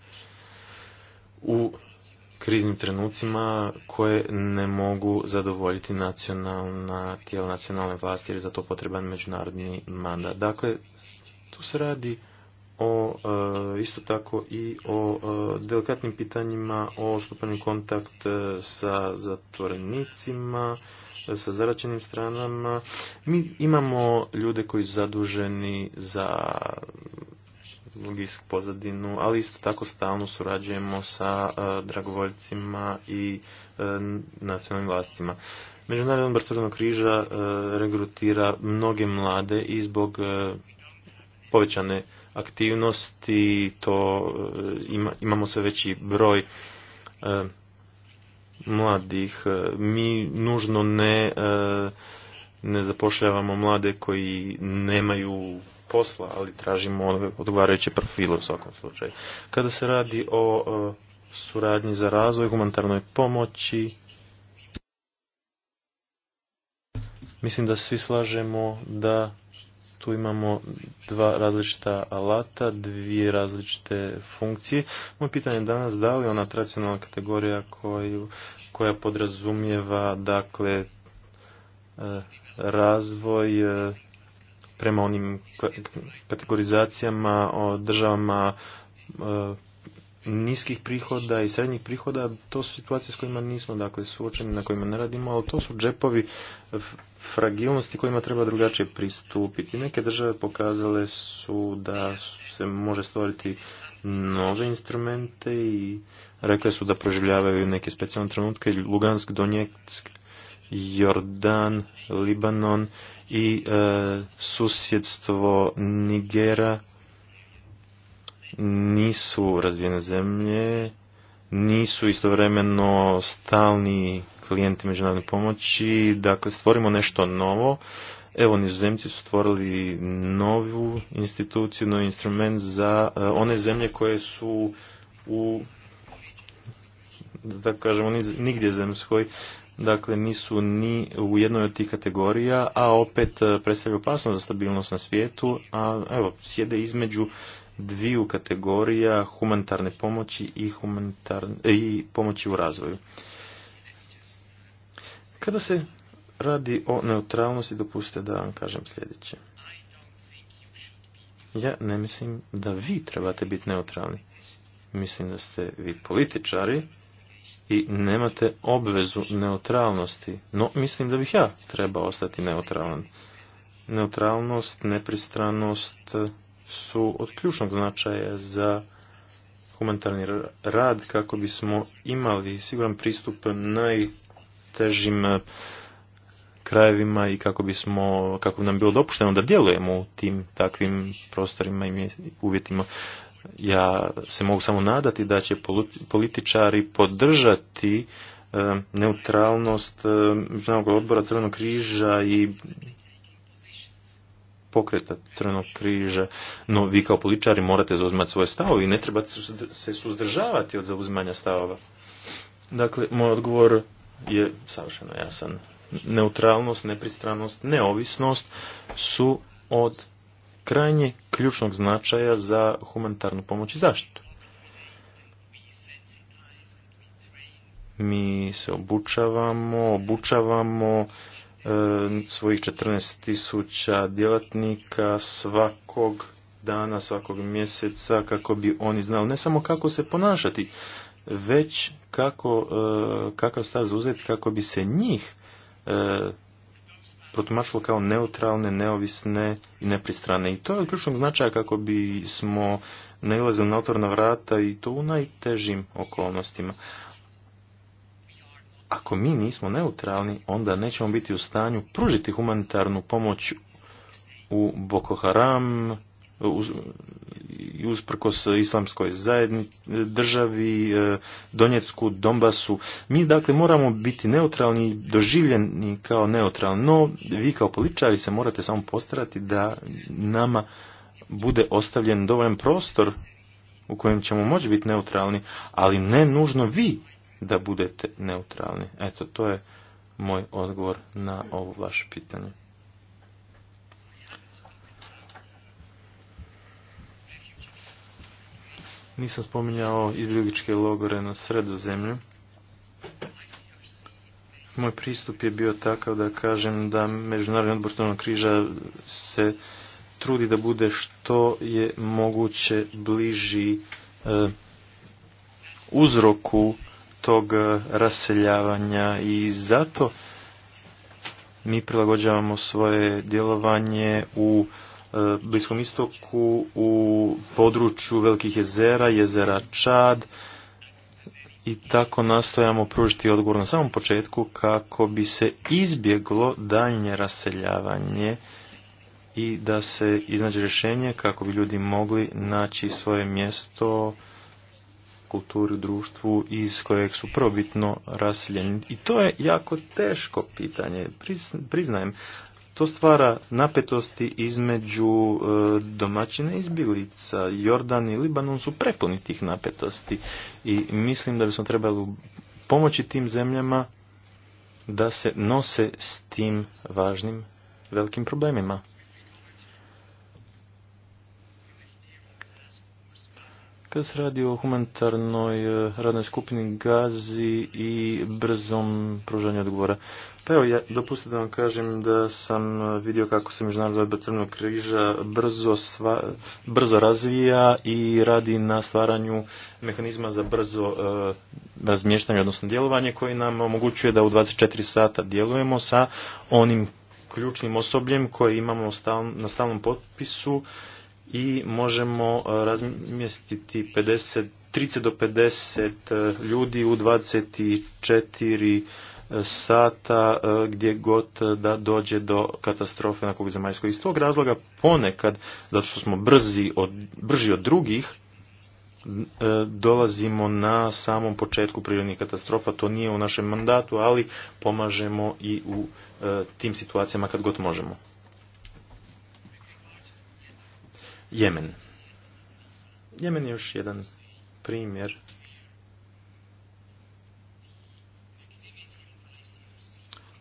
Speaker 6: u kriznim trenucima koje ne mogu zadovoljiti nacionalna tijela nacionalne vlasti jer je za to potreban međunarodni mandat. Dakle, tu se radi o e, isto tako i o e, delikatnim pitanjima o stupanju kontakt e, sa zatvorenicima, sa zaračenim stranama. Mi imamo ljude koji su zaduženi za logijsku pozadinu, ali isto tako stalno surađujemo sa dragovoljcima i nacionalnim vlastima. Međunarodno crvenog križa regrutira mnoge mlade i zbog povećane aktivnosti, to e, imamo sve veći broj e, mladih. E, mi nužno ne, ne zapošljavamo mlade koji nemaju posla, ali tražimo odgovarajuće profile u svakom slučaju. Kada se radi o suradnji za razvoj, humanitarnoj pomoći, mislim da svi slažemo da tu imamo dva različita alata, dvije različite funkcije. Moje pitanje je danas da li ona tradicionalna kategorija koju, koja podrazumijeva dakle e, razvoj e, prema onim kategorizacijama o državama e, niskih prihoda i srednjih prihoda, to su situacije s kojima nismo dakle, suočeni, na kojima ne radimo, ali to su džepovi fragilnosti kojima treba drugačije pristupiti. Neke države pokazale su da se može stvoriti nove instrumente i rekle su da proživljavaju neke specijalne trenutke, Lugansk, Donjeck, Jordan, Libanon i e, susjedstvo Nigera nisu razvijene zemlje, nisu istovremeno stalni klijenti međunarodne pomoći, dakle stvorimo nešto novo. Evo, nizozemci su stvorili novu instituciju, novi instrument za eh, one zemlje koje su u, da kažemo, nigdje zemskoj, dakle nisu ni u jednoj od tih kategorija, a opet eh, predstavlja opasnost za stabilnost na svijetu, a evo, sjede između dviju kategorija humanitarne pomoći i, humanitarne, e, i pomoći u razvoju. Kada se radi o neutralnosti, dopustite da vam kažem sljedeće. Ja ne mislim da vi trebate biti neutralni. Mislim da ste vi političari i nemate obvezu neutralnosti, no mislim da bih ja trebao ostati neutralan. Neutralnost, nepristranost, su od ključnog značaja za humanitarni rad kako bismo imali siguran pristup najtežim eh, krajevima i kako bismo, kako bi nam bilo dopušteno da djelujemo u tim takvim prostorima i uvjetima. Ja se mogu samo nadati da će političari podržati eh, neutralnost eh, Međunarodnog odbora Crvenog križa i pokreta Crvenog križa, no vi kao političari morate zauzimati svoje stavove i ne trebate se suzdržavati od zauzimanja stavova. Dakle, moj odgovor je savršeno jasan. Neutralnost, nepristranost, neovisnost su od krajnje ključnog značaja za humanitarnu pomoć i zaštitu. Mi se obučavamo, obučavamo svojih tisuća djelatnika svakog dana, svakog mjeseca kako bi oni znali ne samo kako se ponašati, već kako, e, kakav stav zauzeti kako bi se njih e, protumačilo kao neutralne, neovisne i nepristrane. I to je od značaja kako bi smo nailazili na otvorna vrata i to u najtežim okolnostima ako mi nismo neutralni, onda nećemo biti u stanju pružiti humanitarnu pomoć u Boko Haram, uz, usprkos islamskoj zajedni, državi, e, Donjecku, Donbasu. Mi dakle moramo biti neutralni, doživljeni kao neutralni, no vi kao političari se morate samo postarati da nama bude ostavljen dovoljan prostor u kojem ćemo moći biti neutralni, ali ne nužno vi da budete neutralni. Eto, to je moj odgovor na ovo vaše pitanje. Nisam spominjao izbjegličke logore na sredozemlju. Moj pristup je bio takav da kažem da Međunarodni odbor Crvenog križa se trudi da bude što je moguće bliži e, uzroku tog e, raseljavanja i zato mi prilagođavamo svoje djelovanje u e, Bliskom istoku, u području velikih jezera, jezera Čad i tako nastojamo pružiti odgovor na samom početku kako bi se izbjeglo daljnje raseljavanje i da se iznađe rješenje kako bi ljudi mogli naći svoje mjesto kulturi, društvu iz kojeg su probitno raseljeni. I to je jako teško pitanje, priznajem. To stvara napetosti između e, domaćine izbjeglica. Jordan i Libanon su prepuni tih napetosti i mislim da bismo trebali pomoći tim zemljama da se nose s tim važnim velikim problemima. Kada se radi o humanitarnoj e, radnoj skupini Gazi i brzom pružanju odgovora. Pa evo, ja dopustite da vam kažem da sam e, vidio kako se Međunarodna odbor Crvenog križa brzo, brzo razvija i radi na stvaranju mehanizma za brzo e, razmještanje, odnosno djelovanje koji nam omogućuje da u 24 sata djelujemo sa onim ključnim osobljem koje imamo na stalnom potpisu i možemo e, razmjestiti 50, 30 do 50 e, ljudi u 24 e, sata gdje god da dođe do katastrofe na kog zemaljskoj. Iz tog razloga ponekad, zato što smo brzi od, brži od drugih, dolazimo na samom početku prirodnih katastrofa, to nije u našem mandatu, ali pomažemo i u tim situacijama kad god možemo. Jemen. Jemen je još jedan primjer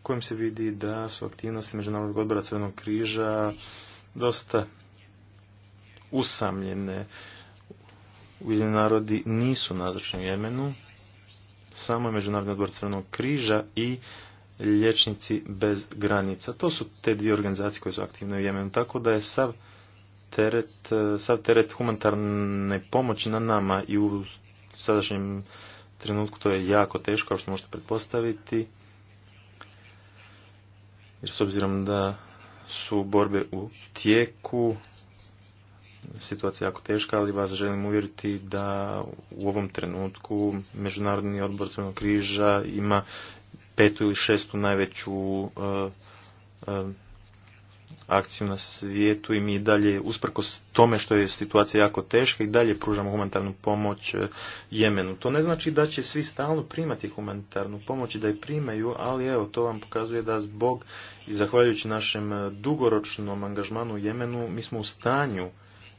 Speaker 6: kojim se vidi da su aktivnosti Međunarodnog odbora Crvenog križa dosta usamljene. Ujedinjeni narodi nisu nazočni u Jemenu, samo je Međunarodni odbor Crvenog križa i liječnici bez granica. To su te dvije organizacije koje su aktivne u Jemenu, tako da je sav teret, e, sav teret humanitarne pomoći na nama i u sadašnjem trenutku to je jako teško, kao što možete pretpostaviti. Jer s obzirom da su borbe u tijeku, situacija je jako teška, ali vas želim uvjeriti da u ovom trenutku Međunarodni odbor Crvenog križa ima petu ili šestu najveću e, e, akciju na svijetu i mi dalje, usprkos tome što je situacija jako teška, i dalje pružamo humanitarnu pomoć e, Jemenu. To ne znači da će svi stalno primati humanitarnu pomoć i da je primaju, ali evo, to vam pokazuje da zbog i zahvaljujući našem e, dugoročnom angažmanu u Jemenu, mi smo u stanju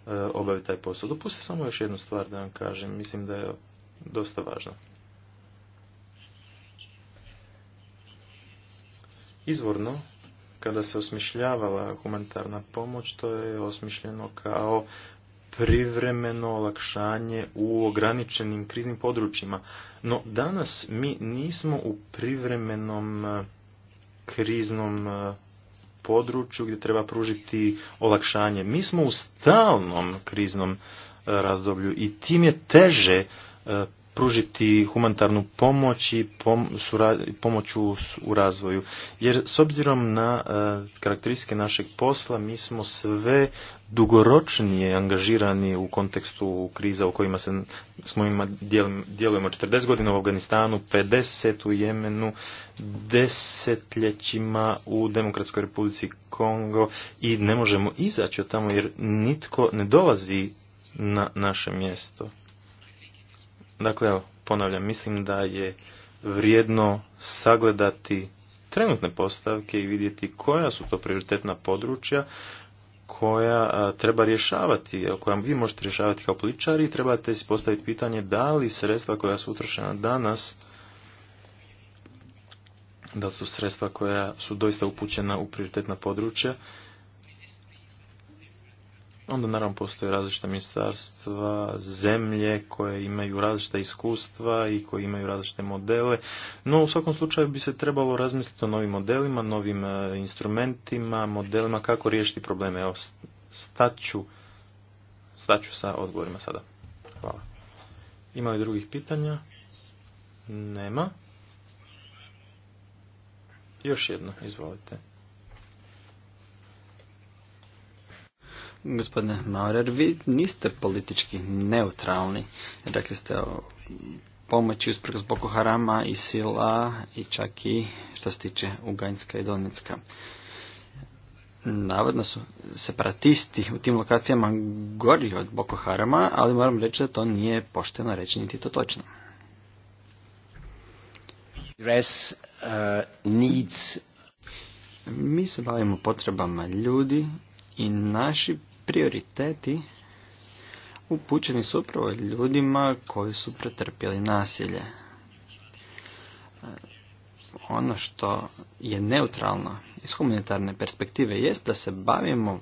Speaker 6: e, obaviti taj posao. Dopustite samo još jednu stvar da vam kažem, mislim da je dosta važna. Izvorno, kada se osmišljavala humanitarna pomoć, to je osmišljeno kao privremeno olakšanje u ograničenim kriznim područjima. No danas mi nismo u privremenom e, kriznom e, području gdje treba pružiti olakšanje. Mi smo u stalnom kriznom e, razdoblju i tim je teže pružiti humanitarnu pomoć i pomoć u razvoju. Jer s obzirom na e, karakteristike našeg posla mi smo sve dugoročnije angažirani u kontekstu kriza u kojima se, smo ima, djelujemo 40 godina u Afganistanu, 50 u Jemenu, desetljećima u Demokratskoj Republici Kongo i ne možemo izaći od tamo jer nitko ne dolazi na naše mjesto. Dakle, ponavljam, mislim da je vrijedno sagledati trenutne postavke i vidjeti koja su to prioritetna područja koja treba rješavati, koja vi možete rješavati kao političari i trebate si postaviti pitanje da li sredstva koja su utrošena danas da su sredstva koja su doista upućena u prioritetna područja onda naravno postoje različita ministarstva, zemlje koje imaju različita iskustva i koje imaju različite modele, no u svakom slučaju bi se trebalo razmisliti o novim modelima, novim e, instrumentima, modelima kako riješiti probleme. Evo, staću, staću sa odgovorima sada. Hvala. Ima li drugih pitanja? Nema. Još jedno, izvolite.
Speaker 7: Gospodine Maurer, vi niste politički neutralni. Rekli ste o pomoći usprkos Boko Harama i sila i čak i što se tiče Uganjska i Donetska. Navodno su separatisti u tim lokacijama gori od Boko Harama, ali moram reći da to nije pošteno reći, niti to točno. Uh, Mi se bavimo potrebama ljudi i naši prioriteti upućeni su upravo ljudima koji su pretrpjeli nasilje. E, ono što je neutralno iz humanitarne perspektive jest da se bavimo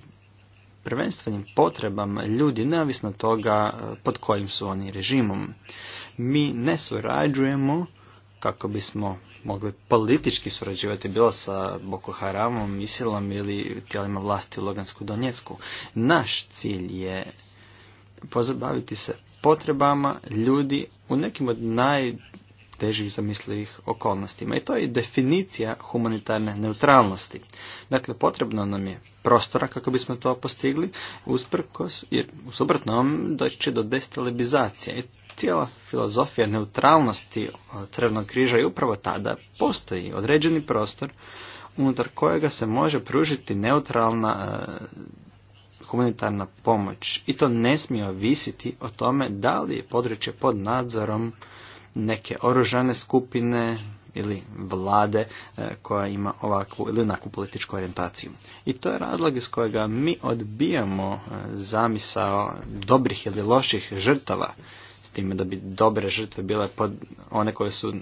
Speaker 7: prvenstvenim potrebama ljudi neovisno toga e, pod kojim su oni režimom. Mi ne surađujemo kako bismo mogli politički surađivati bilo sa Boko Haramom, Isilom ili tijelima vlasti u Logansku Donetsku. Naš cilj je pozabaviti se potrebama ljudi u nekim od najtežih zamislivih okolnostima. I to je definicija humanitarne neutralnosti. Dakle, potrebno nam je prostora kako bismo to postigli, usprkos, jer u doći će do destabilizacije. Cijela filozofija neutralnosti e, Crvenog križa i upravo tada postoji određeni prostor unutar kojega se može pružiti neutralna e, humanitarna pomoć i to ne smije ovisiti o tome da li je područje pod nadzorom neke oružane skupine ili vlade e, koja ima ovakvu ili onakvu političku orijentaciju. I to je razlog iz kojega mi odbijamo zamisao dobrih ili loših žrtava time da bi dobre žrtve bile pod one koje su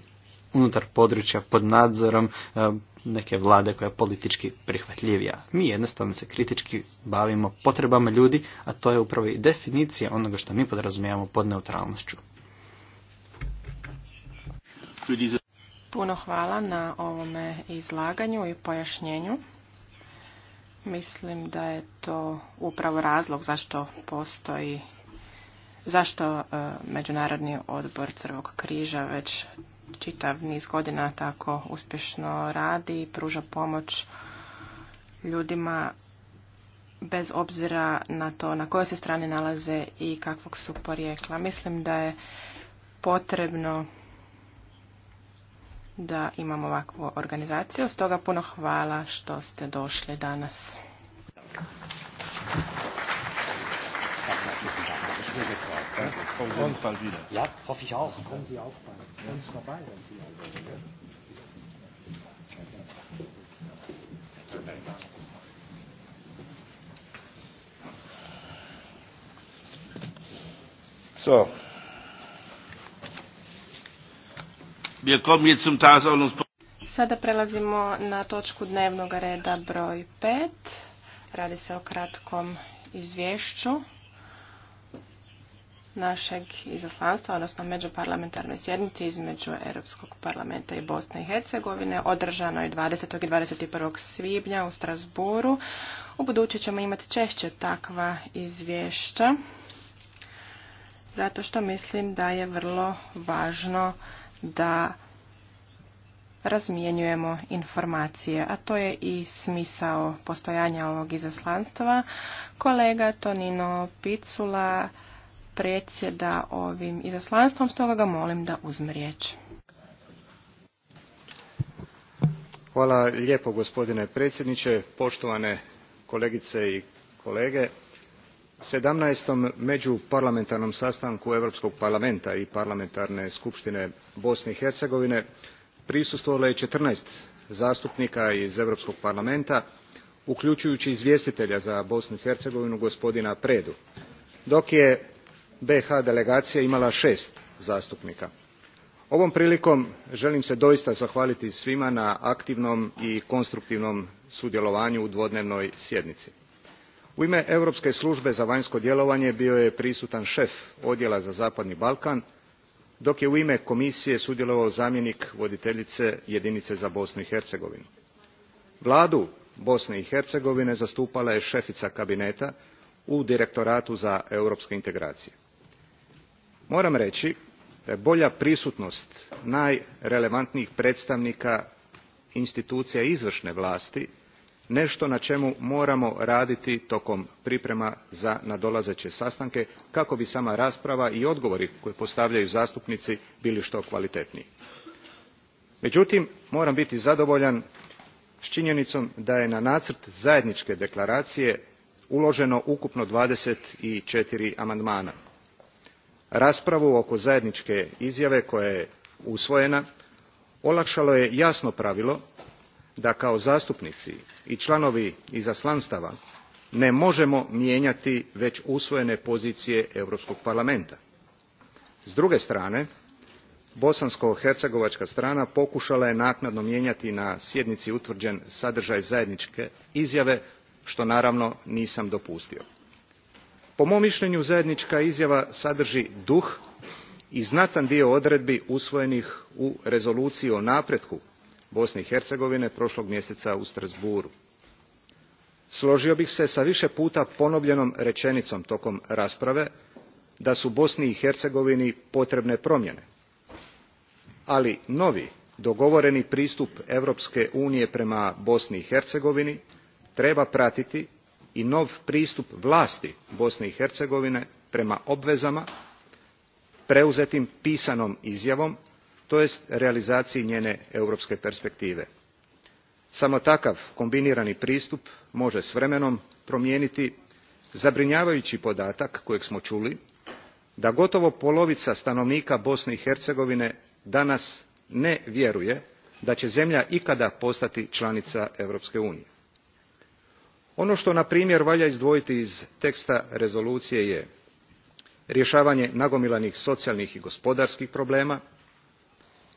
Speaker 7: unutar područja pod nadzorom e, neke vlade koja je politički prihvatljivija. Mi jednostavno se kritički bavimo potrebama ljudi, a to je upravo i definicija onoga što mi podrazumijevamo pod neutralnošću.
Speaker 4: Puno hvala na ovome izlaganju i pojašnjenju. Mislim da je to upravo razlog zašto postoji zašto e, Međunarodni odbor Crvog križa već čitav niz godina tako uspješno radi i pruža pomoć ljudima bez obzira na to na kojoj se strani nalaze i kakvog su porijekla. Mislim da je potrebno da imamo ovakvu organizaciju. Stoga puno hvala što ste došli danas.
Speaker 5: hier gefragt. Ich komme auf jeden bald wieder. Ja, hoffe ich auch. Kommen Sie auch bei ja. uns vorbei, wenn Sie wollen. sind.
Speaker 2: So. Wir kommen jetzt zum Tagesordnungspunkt.
Speaker 4: Sada prelazimo na točku dnevnog reda broj 5. Radi se o kratkom izvješću našeg izaslanstva, odnosno međuparlamentarnoj sjednici između Europskog parlamenta i Bosne i Hercegovine, je 20. i 21. svibnja u Strasburu. U budući ćemo imati češće takva izvješća, zato što mislim da je vrlo važno da razmjenjujemo informacije, a to je i smisao postojanja ovog izaslanstva. Kolega Tonino Picula predsjeda ovim izaslanstvom, stoga ga molim da uzme riječ.
Speaker 8: Hvala lijepo gospodine predsjedniče, poštovane kolegice i kolege. među parlamentarnom sastanku Europskog parlamenta i parlamentarne skupštine Bosne i Hercegovine prisustvovalo je 14 zastupnika iz Europskog parlamenta, uključujući izvjestitelja za Bosnu i Hercegovinu gospodina Predu, dok je bih delegacija imala šest zastupnika. ovom prilikom želim se doista zahvaliti svima na aktivnom i konstruktivnom sudjelovanju u dvodnevnoj sjednici. u ime europske službe za vanjsko djelovanje bio je prisutan šef odjela za zapadni balkan dok je u ime komisije sudjelovao zamjenik voditeljice jedinice za bosnu i hercegovinu. vladu bosne i hercegovine zastupala je šefica kabineta u direktoratu za europske integracije moram reći da je bolja prisutnost najrelevantnijih predstavnika institucija izvršne vlasti nešto na čemu moramo raditi tokom priprema za nadolazeće sastanke kako bi sama rasprava i odgovori koje postavljaju zastupnici bili što kvalitetniji. međutim moram biti zadovoljan s činjenicom da je na nacrt zajedničke deklaracije uloženo ukupno dvadeset četiri amandmana raspravu oko zajedničke izjave koja je usvojena olakšalo je jasno pravilo da kao zastupnici i članovi izaslanstava ne možemo mijenjati već usvojene pozicije europskog parlamenta. s druge strane bosansko hercegovačka strana pokušala je naknadno mijenjati na sjednici utvrđen sadržaj zajedničke izjave što naravno nisam dopustio po mom mišljenju zajednička izjava sadrži duh i znatan dio odredbi usvojenih u rezoluciji o napretku bosne i hercegovine prošlog mjeseca u strasbourgu. složio bih se s više puta ponovljenom rečenicom tokom rasprave da su bosni i hercegovini potrebne promjene ali novi dogovoreni pristup europske unije prema bosni i hercegovini treba pratiti i nov pristup vlasti bosne i hercegovine prema obvezama preuzetim pisanom izjavom jest realizaciji njene europske perspektive samo takav kombinirani pristup može s vremenom promijeniti zabrinjavajući podatak kojeg smo čuli da gotovo polovica stanovnika bosne i hercegovine danas ne vjeruje da će zemlja ikada postati članica europske unije ono što na primjer valja izdvojiti iz teksta rezolucije je rješavanje nagomilanih socijalnih i gospodarskih problema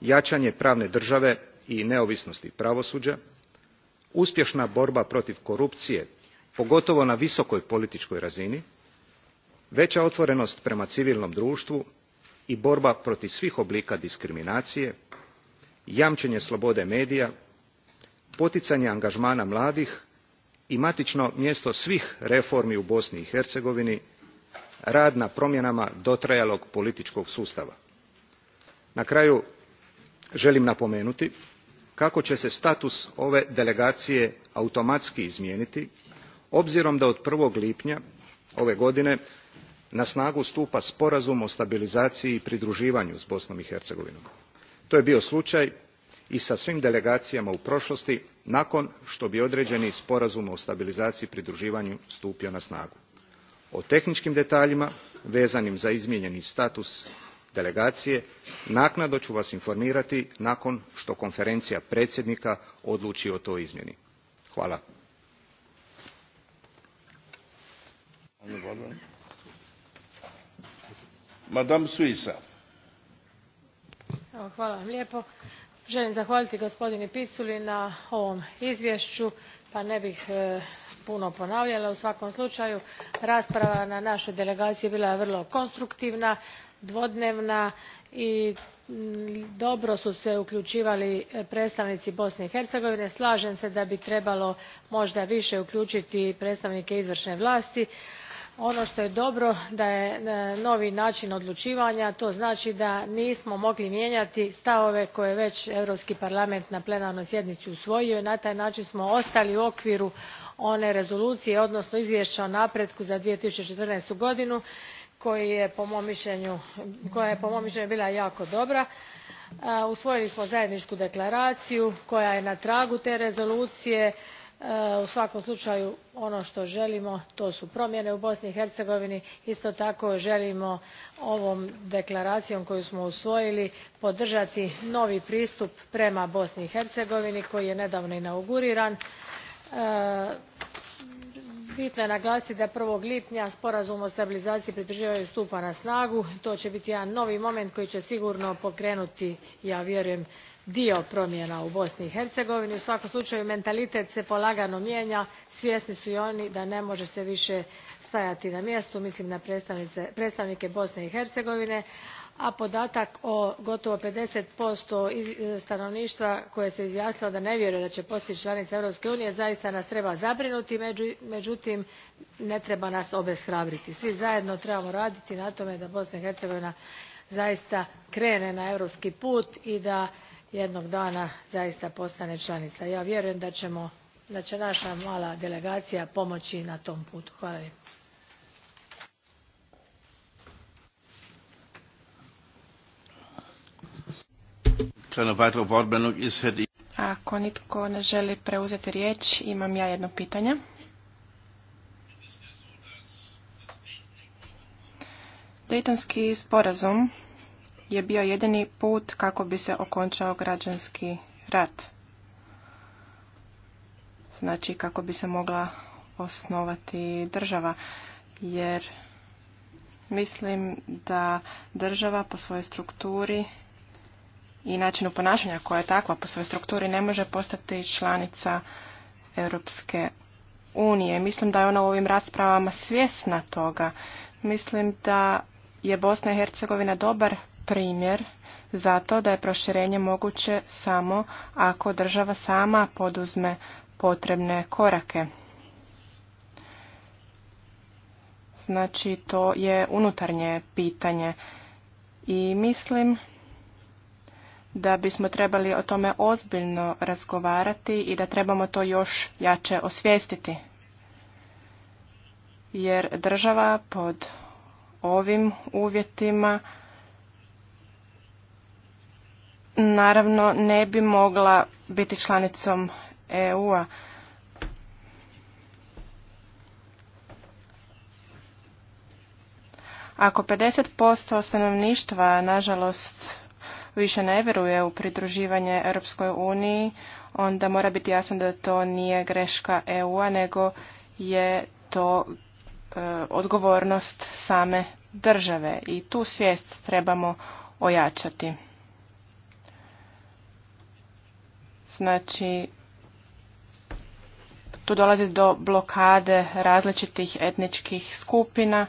Speaker 8: jačanje pravne države i neovisnosti pravosuđa uspješna borba protiv korupcije pogotovo na visokoj političkoj razini veća otvorenost prema civilnom društvu i borba protiv svih oblika diskriminacije jamčenje slobode medija poticanje angažmana mladih i matično mjesto svih reformi u bosni i hercegovini rad na promjenama dotrajalog političkog sustava. na kraju želim napomenuti kako će se status ove delegacije automatski izmijeniti obzirom da od. jedan lipnja ove godine na snagu stupa sporazum o stabilizaciji i pridruživanju s bosnom i hercegovinom. to je bio slučaj i sa svim delegacijama u prošlosti nakon što bi određeni sporazum o stabilizaciji i pridruživanju stupio na snagu. o tehničkim detaljima vezanim za izmijenjeni status delegacije naknadno ću vas informirati nakon što konferencija predsjednika odluči o toj izmjeni. hvala. vam
Speaker 3: želim zahvaliti gospodinu piculi na ovom izvješću pa ne bih e, puno ponavljala. u svakom slučaju rasprava na našoj delegaciji bila je vrlo konstruktivna dvodnevna i mm, dobro su se uključivali predstavnici bosne i hercegovine. slažem se da bi trebalo možda više uključiti predstavnike izvršne vlasti ono to je dobro da je e, novi nain odlučivanja, to znai da nismo mogli mijenjati stavove koje je ve europski parlament na plenarnoj sjednici usvojio i na taj način smo ostali u okviru one rezolucije odnosno izvješća o napretku za. two thousand and godinu koja je po mom mišljenju bila jako dobra. E, usvojili smo zajedniku deklaraciju koja je na tragu te rezolucije E, u svakom slučaju ono što želimo to su promjene u bosni i hercegovini. isto tako želimo ovom deklaracijom koju smo usvojili podržati novi pristup prema bosni i hercegovini koji je nedavno inauguriran. E, bitno je naglasiti da. one lipnja sporazum o stabilizaciji i pridruživanju stupa na snagu. to će biti jedan novi moment koji će sigurno pokrenuti ja vjerujem dio promjena u bosni i hercegovini. u svakom slučaju mentalitet se polagano mijenja svjesni su i oni da ne može se više stajati na mjestu mislim na predstavnike bosne i hercegovine a podatak o gotovo fifty e, stanovništva koje se izjasnilo da ne vjeruje da će postati članica europske unije zaista nas treba zabrinuti međutim ne treba nas obeshrabriti. svi zajedno trebamo raditi na tome da bosna i hercegovina zaista krene na europski put i da jednog dana zaista postane članica. ja vjerujem da, ćemo, da će naša mala delegacija pomoći na tom putu. hvala
Speaker 4: Ako nitko ne želi preuzeti riječ, imam ja jedno pitanje. Dejtonski sporazum je bio jedini put kako bi se okončao građanski rat. Znači kako bi se mogla osnovati država. Jer mislim da država po svojoj strukturi i načinu ponašanja koja je takva po svojoj strukturi ne može postati članica Europske unije. Mislim da je ona u ovim raspravama svjesna toga. Mislim da je Bosna i Hercegovina dobar primjer zato da je proširenje moguće samo ako država sama poduzme potrebne korake. Znači to je unutarnje pitanje i mislim da bismo trebali o tome ozbiljno razgovarati i da trebamo to još jače osvijestiti. Jer država pod ovim uvjetima naravno ne bi mogla biti članicom EU-a. Ako 50% stanovništva, nažalost, više ne vjeruje u pridruživanje Europskoj uniji, onda mora biti jasno da to nije greška EU-a, nego je to e, odgovornost same države i tu svijest trebamo ojačati. Znači, tu dolazi do blokade različitih etničkih skupina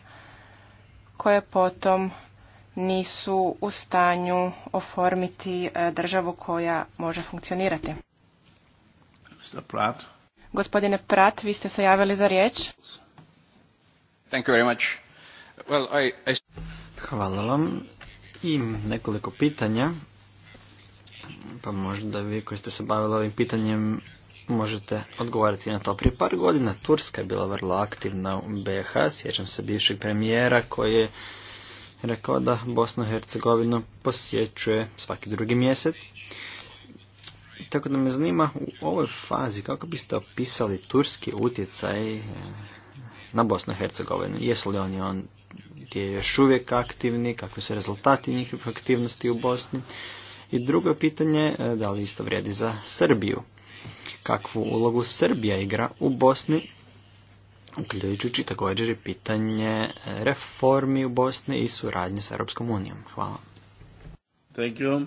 Speaker 4: koje potom nisu u stanju oformiti e, državu koja može funkcionirati. Gospodine Prat, vi ste se javili za riječ.
Speaker 2: Hvala vam. Imam
Speaker 7: nekoliko pitanja. Pa možda vi koji ste se bavili ovim pitanjem možete odgovarati na to. Prije par godina Turska je bila vrlo aktivna u BH, Sjećam se bivšeg premijera koji je rekao da Bosnu i Hercegovinu posjećuje svaki drugi mjesec. Tako da me zanima u ovoj fazi kako biste opisali turski utjecaj eh, na Bosnu i Hercegovinu. Jesu li oni on je još uvijek aktivni, kakvi su rezultati njihovih aktivnosti u Bosni? I drugo pitanje, e, da li isto vrijedi za Srbiju? Kakvu ulogu Srbija igra u Bosni? Uključujući također i pitanje reformi u Bosni i suradnje s Europskom unijom. Hvala.
Speaker 2: Thank you.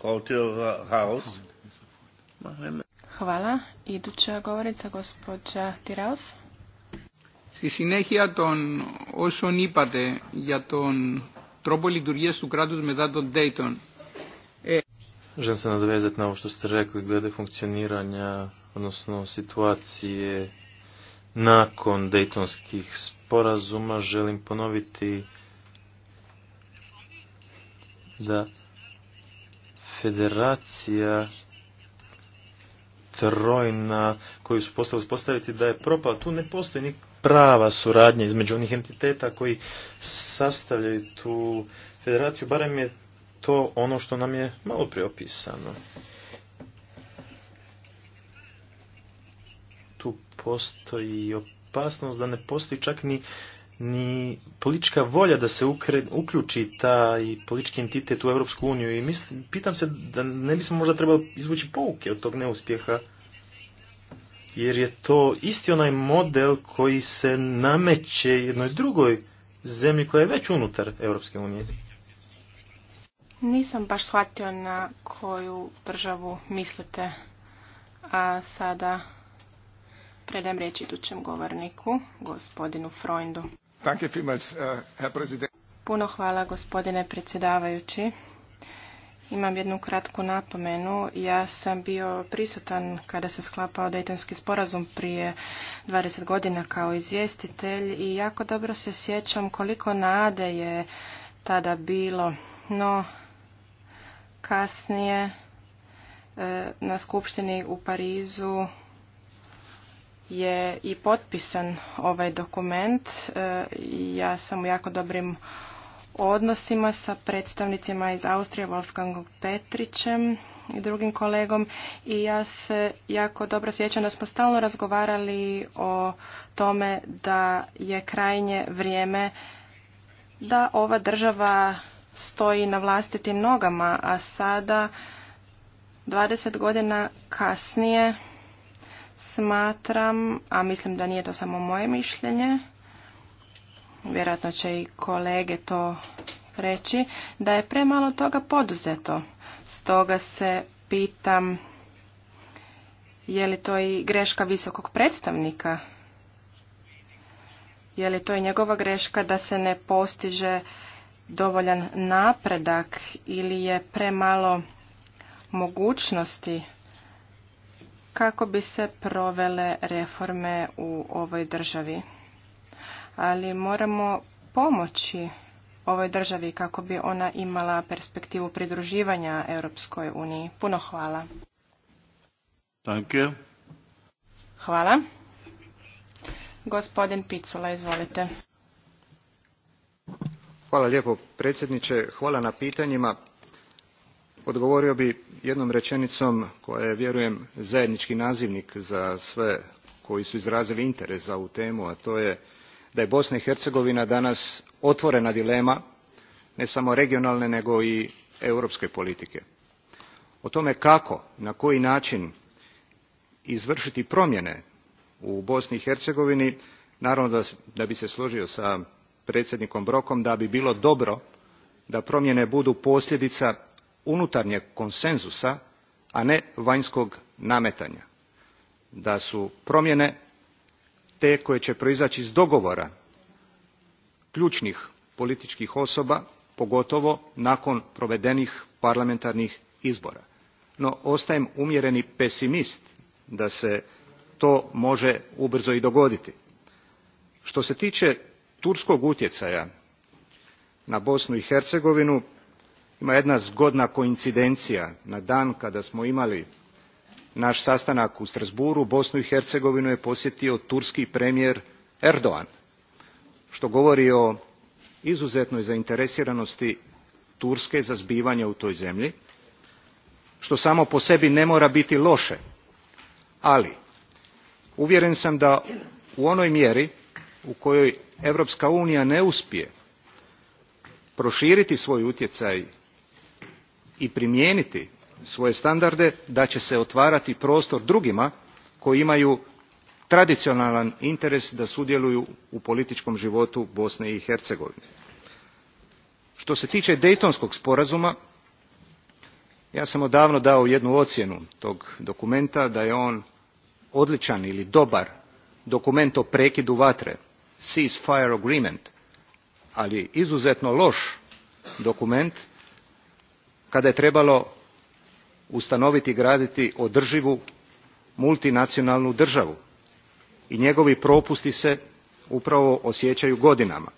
Speaker 2: Uh,
Speaker 4: Hvala. Iduća govorica gospođa Tiraus.
Speaker 8: Στη συνέχεια των όσων είπατε για τον τρόπο λειτουργία του κράτους μετά τον Dayton,
Speaker 6: Želim se nadvezati na ovo što ste rekli glede funkcioniranja, odnosno situacije nakon dejtonskih sporazuma. Želim ponoviti da federacija trojna koju su postavili postaviti da je propala. Tu ne postoji ni prava suradnja između onih entiteta koji sastavljaju tu federaciju. Barem je to ono što nam je malo preopisano. Tu postoji opasnost da ne postoji čak ni ni politička volja da se uključi ta i politički entitet u Europsku uniju i mislim, pitam se da ne bismo možda trebali izvući pouke od tog neuspjeha jer je to isti onaj model koji se nameće jednoj drugoj zemlji koja je već unutar Europske unije.
Speaker 4: Nisam baš shvatio na koju državu mislite, a sada predam riječ idućem govorniku, gospodinu Freundu.
Speaker 8: Äh,
Speaker 4: Puno hvala gospodine predsjedavajući. Imam jednu kratku napomenu. Ja sam bio prisutan kada se sklapao Dejtonski sporazum prije 20 godina kao izvjestitelj i jako dobro se sjećam koliko nade je tada bilo. No, kasnije e, na skupštini u Parizu je i potpisan ovaj dokument. E, ja sam u jako dobrim odnosima sa predstavnicima iz Austrije, Wolfgangom Petrićem i drugim kolegom i ja se jako dobro sjećam da smo stalno razgovarali o tome da je krajnje vrijeme da ova država stoji na vlastitim nogama, a sada 20 godina kasnije smatram, a mislim da nije to samo moje mišljenje, vjerojatno će i kolege to reći, da je premalo toga poduzeto. Stoga se pitam je li to i greška visokog predstavnika? Je li to i njegova greška da se ne postiže dovoljan napredak ili je premalo mogućnosti kako bi se provele reforme u ovoj državi. Ali moramo pomoći ovoj državi kako bi ona imala perspektivu pridruživanja Europskoj uniji. Puno hvala. Hvala. Gospodin Picula, izvolite.
Speaker 8: Hvala lijepo predsjedniče, hvala na pitanjima. Odgovorio bi jednom rečenicom koja je vjerujem zajednički nazivnik za sve koji su izrazili interes za ovu temu, a to je da je Bosna i Hercegovina danas otvorena dilema ne samo regionalne nego i europske politike. O tome kako, na koji način izvršiti promjene u Bosni i Hercegovini naravno da, da bi se složio sa predsjednikom Brokom da bi bilo dobro da promjene budu posljedica unutarnjeg konsenzusa, a ne vanjskog nametanja. Da su promjene te koje će proizaći iz dogovora ključnih političkih osoba, pogotovo nakon provedenih parlamentarnih izbora. No, ostajem umjereni pesimist da se to može ubrzo i dogoditi. Što se tiče turskog utjecaja na bosnu i hercegovinu ima jedna zgodna koincidencija na dan kada smo imali naš sastanak u strasbourgu bosnu i hercegovinu je posjetio turski premijer Erdogan što govori o izuzetnoj zainteresiranosti turske za zbivanje u toj zemlji što samo po sebi ne mora biti loše ali uvjeren sam da u onoj mjeri u kojoj europska unija ne uspije proširiti svoj utjecaj i primijeniti svoje standarde da će se otvarati prostor drugima koji imaju tradicionalan interes da sudjeluju u političkom životu bosne i hercegovine. što se tiče daytonskog sporazuma ja sam odavno dao jednu ocjenu tog dokumenta da je on odličan ili dobar dokument o prekidu vatre ceasefire agreement ali izuzetno loš dokument kada je trebalo ustanoviti i graditi održivu multinacionalnu državu i njegovi propusti se upravo osjećaju godinama.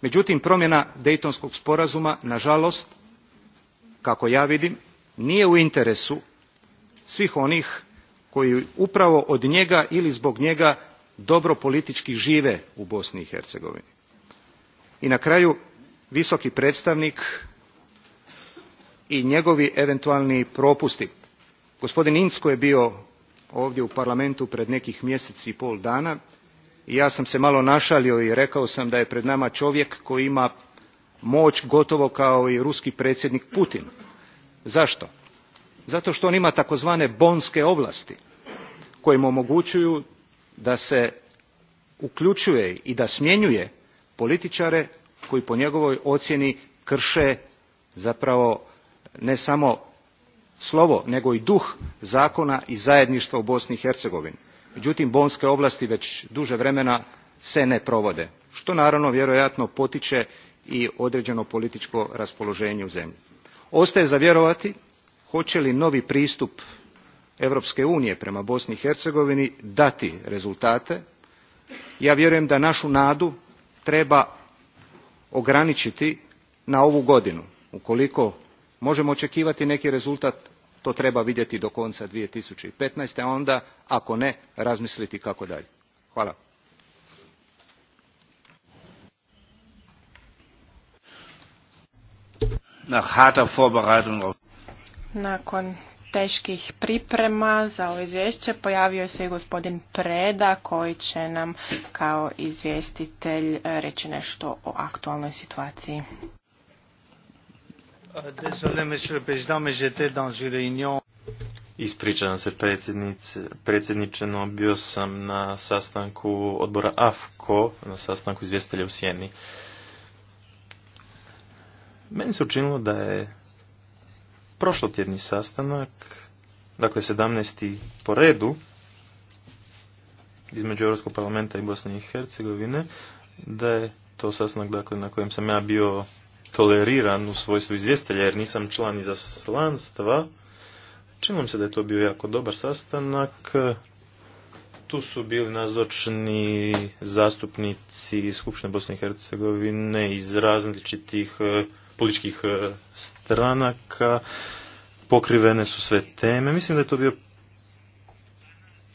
Speaker 8: međutim promjena daytonskog sporazuma nažalost kako ja vidim nije u interesu svih onih koji upravo od njega ili zbog njega dobro politički žive u bosni i hercegovini. i na kraju visoki predstavnik i njegovi eventualni propusti. gospodin Insko je bio ovdje u parlamentu pred nekih mjesec i pol dana i ja sam se malo našalio i rekao sam da je pred nama čovjek koji ima moć gotovo kao i ruski predsjednik putin. zašto? zato što on ima takozvane bonske ovlasti kojim omogućuju da se uključuje i da smjenjuje političare koji po njegovoj ocjeni krše zapravo ne samo slovo nego i duh zakona i zajedništva u bosni i hercegovini. međutim bonske ovlasti već duže vremena se ne provode što naravno vjerojatno potiče i određeno političko raspoloženje u zemlji. ostaje za vjerovati hoće li novi pristup europske unije prema bosni i hercegovini dati rezultate ja vjerujem da našu nadu treba ograničiti na ovu godinu ukoliko možemo očekivati neki rezultat to treba vidjeti do konca. two thousand and fifteen a onda ako ne razmisliti kako dalje. hvala
Speaker 4: teških priprema za ovo izvješće pojavio se i gospodin Preda koji će nam kao izvjestitelj reći nešto o aktualnoj situaciji.
Speaker 8: Désolé, dans
Speaker 6: Ispričavam se predsjedniče, no bio sam na sastanku odbora AFKO, na sastanku izvjestitelja u Sjeni. Meni se učinilo da je prošlotjedni sastanak, dakle 17. po redu, između Europskog parlamenta i Bosne i Hercegovine, da je to sastanak dakle, na kojem sam ja bio toleriran u svojstvu izvjestelja jer nisam član izaslanstva. Činilo se da je to bio jako dobar sastanak. Tu su bili nazočni zastupnici Skupštine Bosne i Hercegovine iz različitih eh, političkih e, stranaka, pokrivene su sve teme. Mislim da je to bio,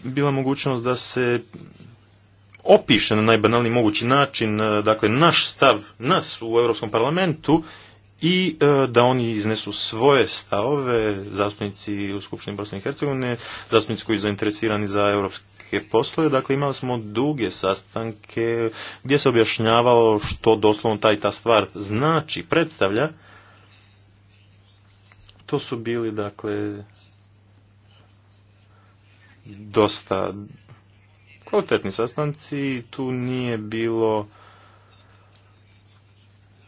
Speaker 6: bila mogućnost da se opiše na najbanalniji mogući način, e, dakle, naš stav, nas u Europskom parlamentu i e, da oni iznesu svoje stavove, zastupnici u Skupštini Bosne i Hercegovine, zastupnici koji su zainteresirani za Europski neke poslove, dakle imali smo duge sastanke gdje se objašnjavao što doslovno taj ta stvar znači, predstavlja. To su bili dakle dosta kvalitetni sastanci, tu nije bilo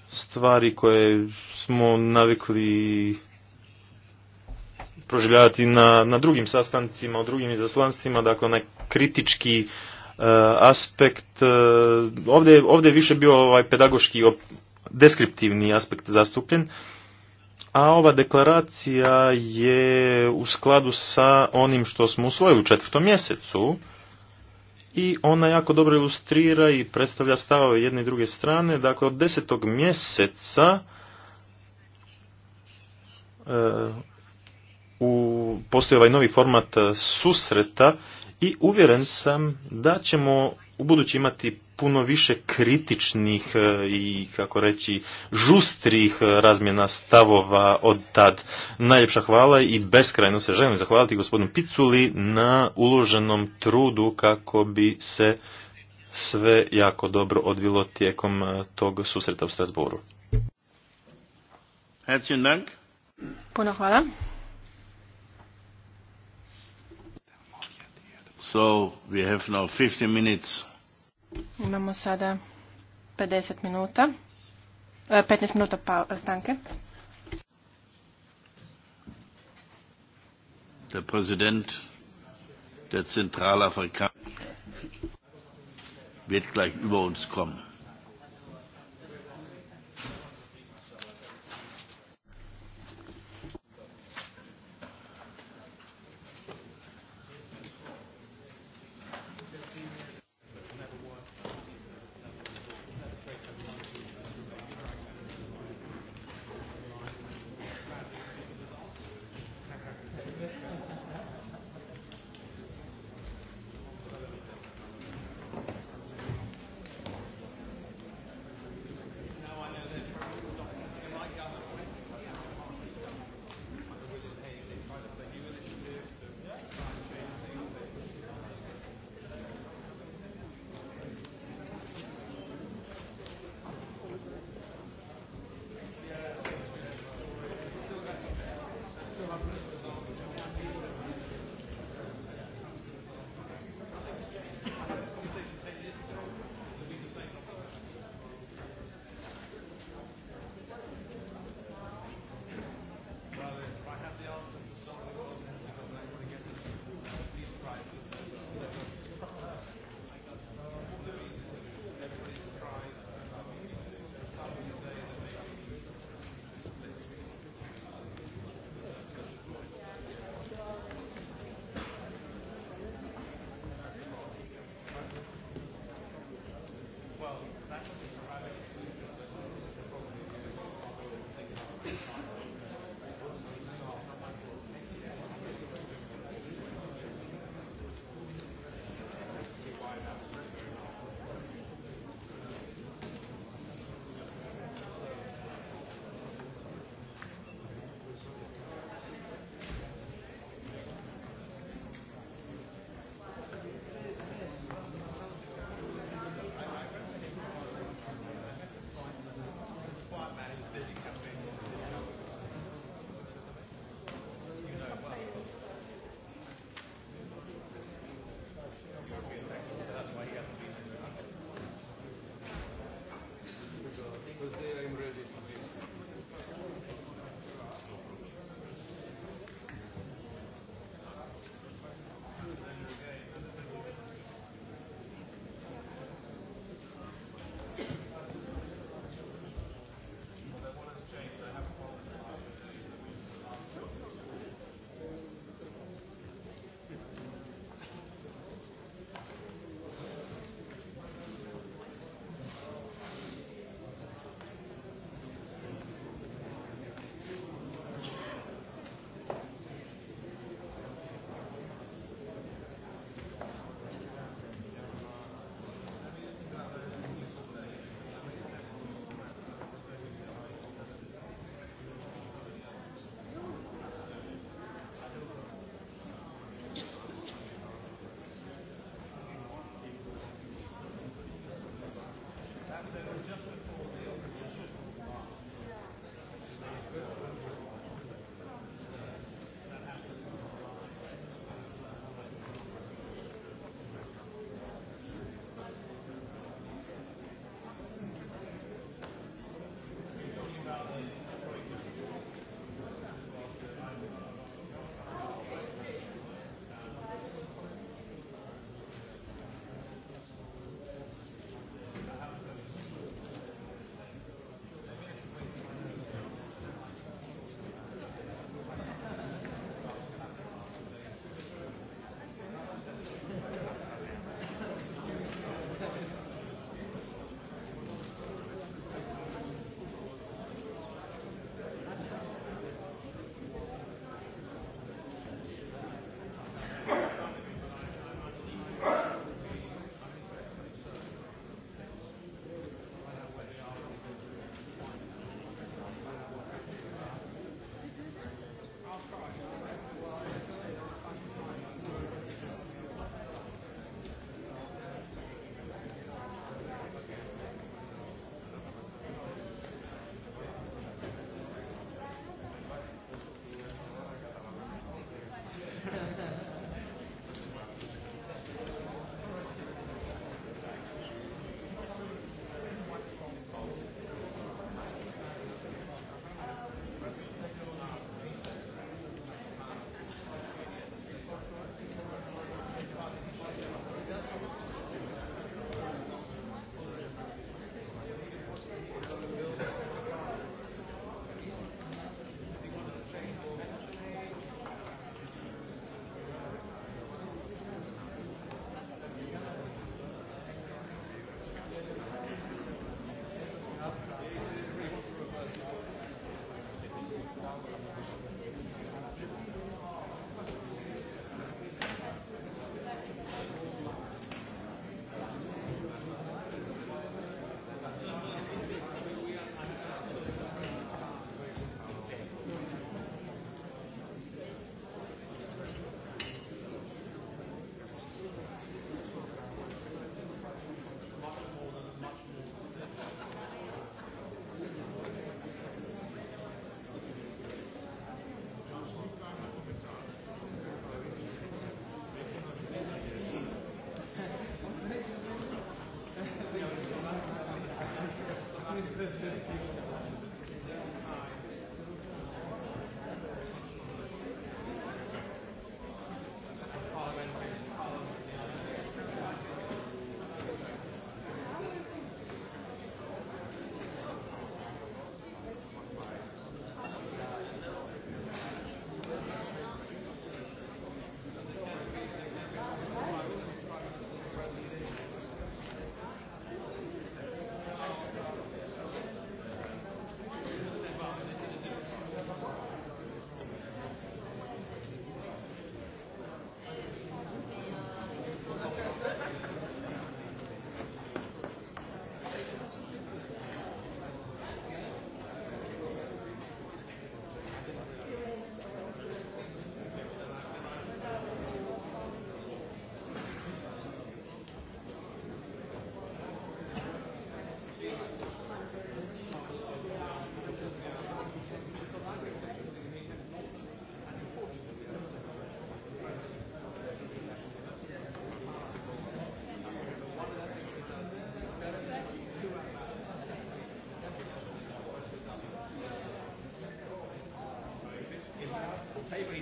Speaker 6: stvari koje smo navikli proživljavati na, na drugim sastancima, u drugim izaslanstvima, dakle onaj kritički e, aspekt, e, ovdje, ovdje je više bio ovaj pedagoški deskriptivni aspekt zastupljen, a ova deklaracija je u skladu sa onim što smo usvojili u četvrtom mjesecu i ona jako dobro ilustrira i predstavlja stavove jedne i druge strane. Dakle, od desetog mjeseca e, u, postoji ovaj novi format e, susreta i uvjeren sam da ćemo u budući imati puno više kritičnih e, i, kako reći, žustrih e, razmjena stavova od tad. Najljepša hvala i beskrajno se želim zahvaliti gospodinu Piculi na uloženom trudu kako bi se sve jako dobro odvilo tijekom e, tog susreta u Strasboru.
Speaker 4: Puno hvala.
Speaker 2: So we have now 50 minutes.
Speaker 4: Imamo sada 50 minuta. 15 e, minuta pa, stanke.
Speaker 2: Der Präsident der Zentralafrikaner wird gleich über uns kommen.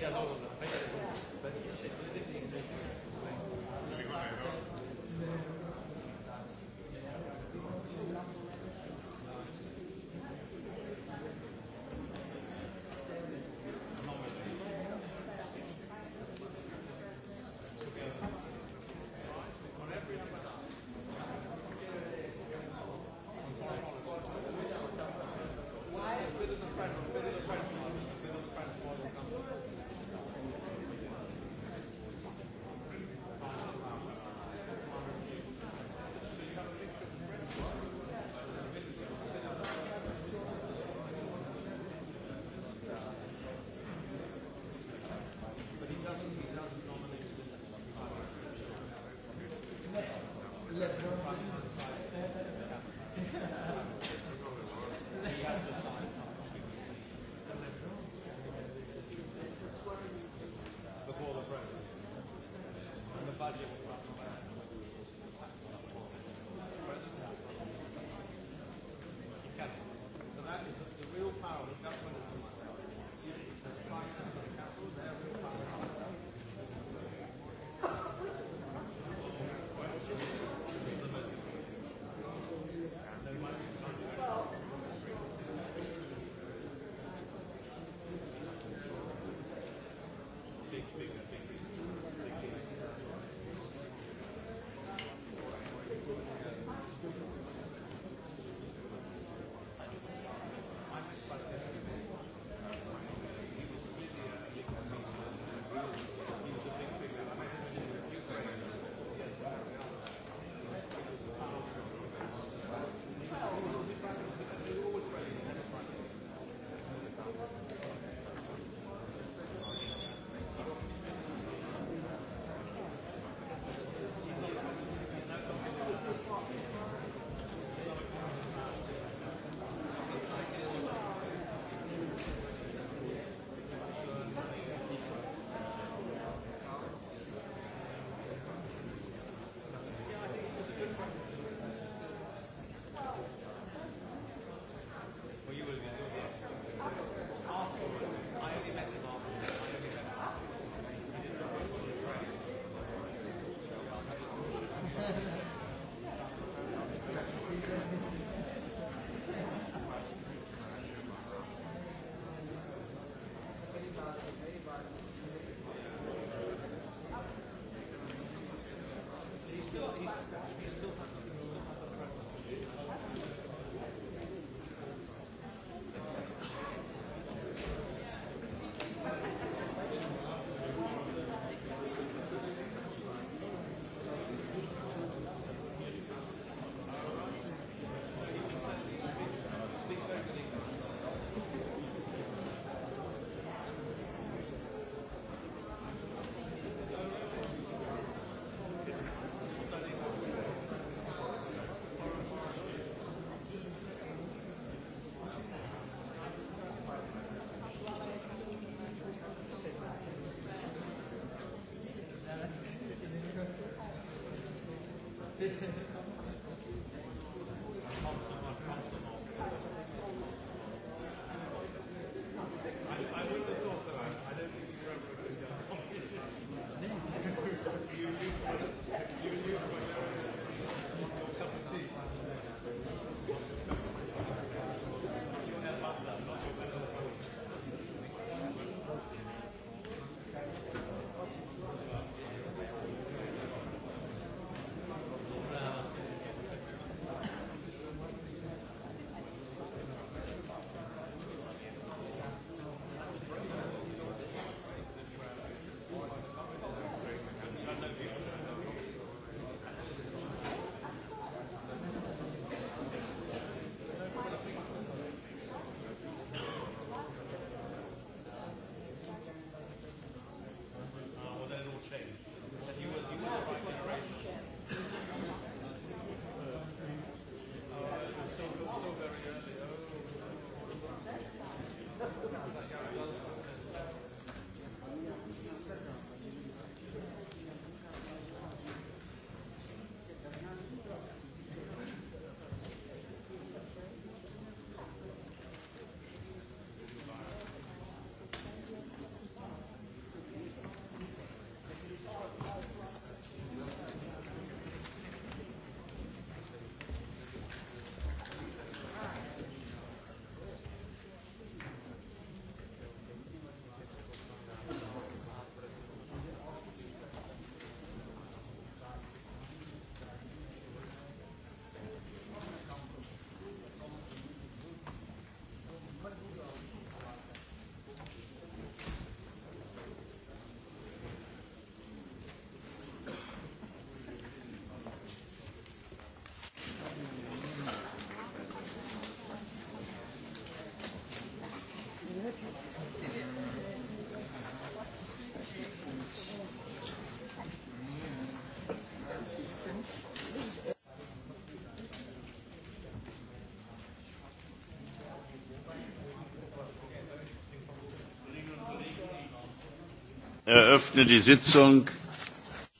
Speaker 5: Hvala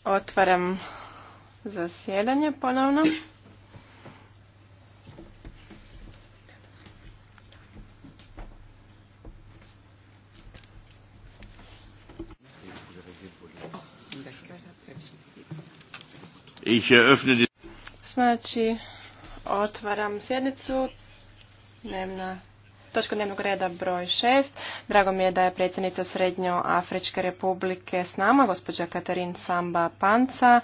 Speaker 4: Otvaram zasjedanje ponovno. Znači, otvaram sjednicu. Nemna. Točka dnevnog reda broj 6. Drago mi je da je predsjednica Srednjoafričke republike s nama, gospođa Katarin Samba Panca,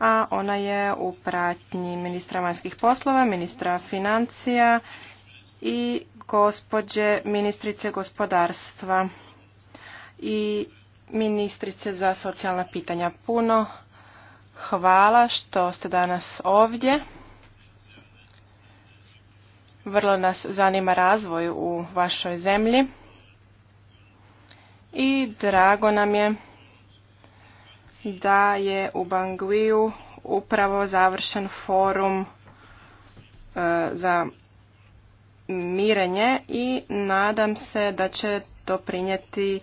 Speaker 4: a ona je u pratnji ministra vanjskih poslova, ministra financija i gospođe ministrice gospodarstva i ministrice za socijalna pitanja. Puno hvala što ste danas ovdje. Vrlo nas zanima razvoj u vašoj zemlji i drago nam je da je u Bangviju upravo završen forum e, za mirenje i nadam se da će doprinijeti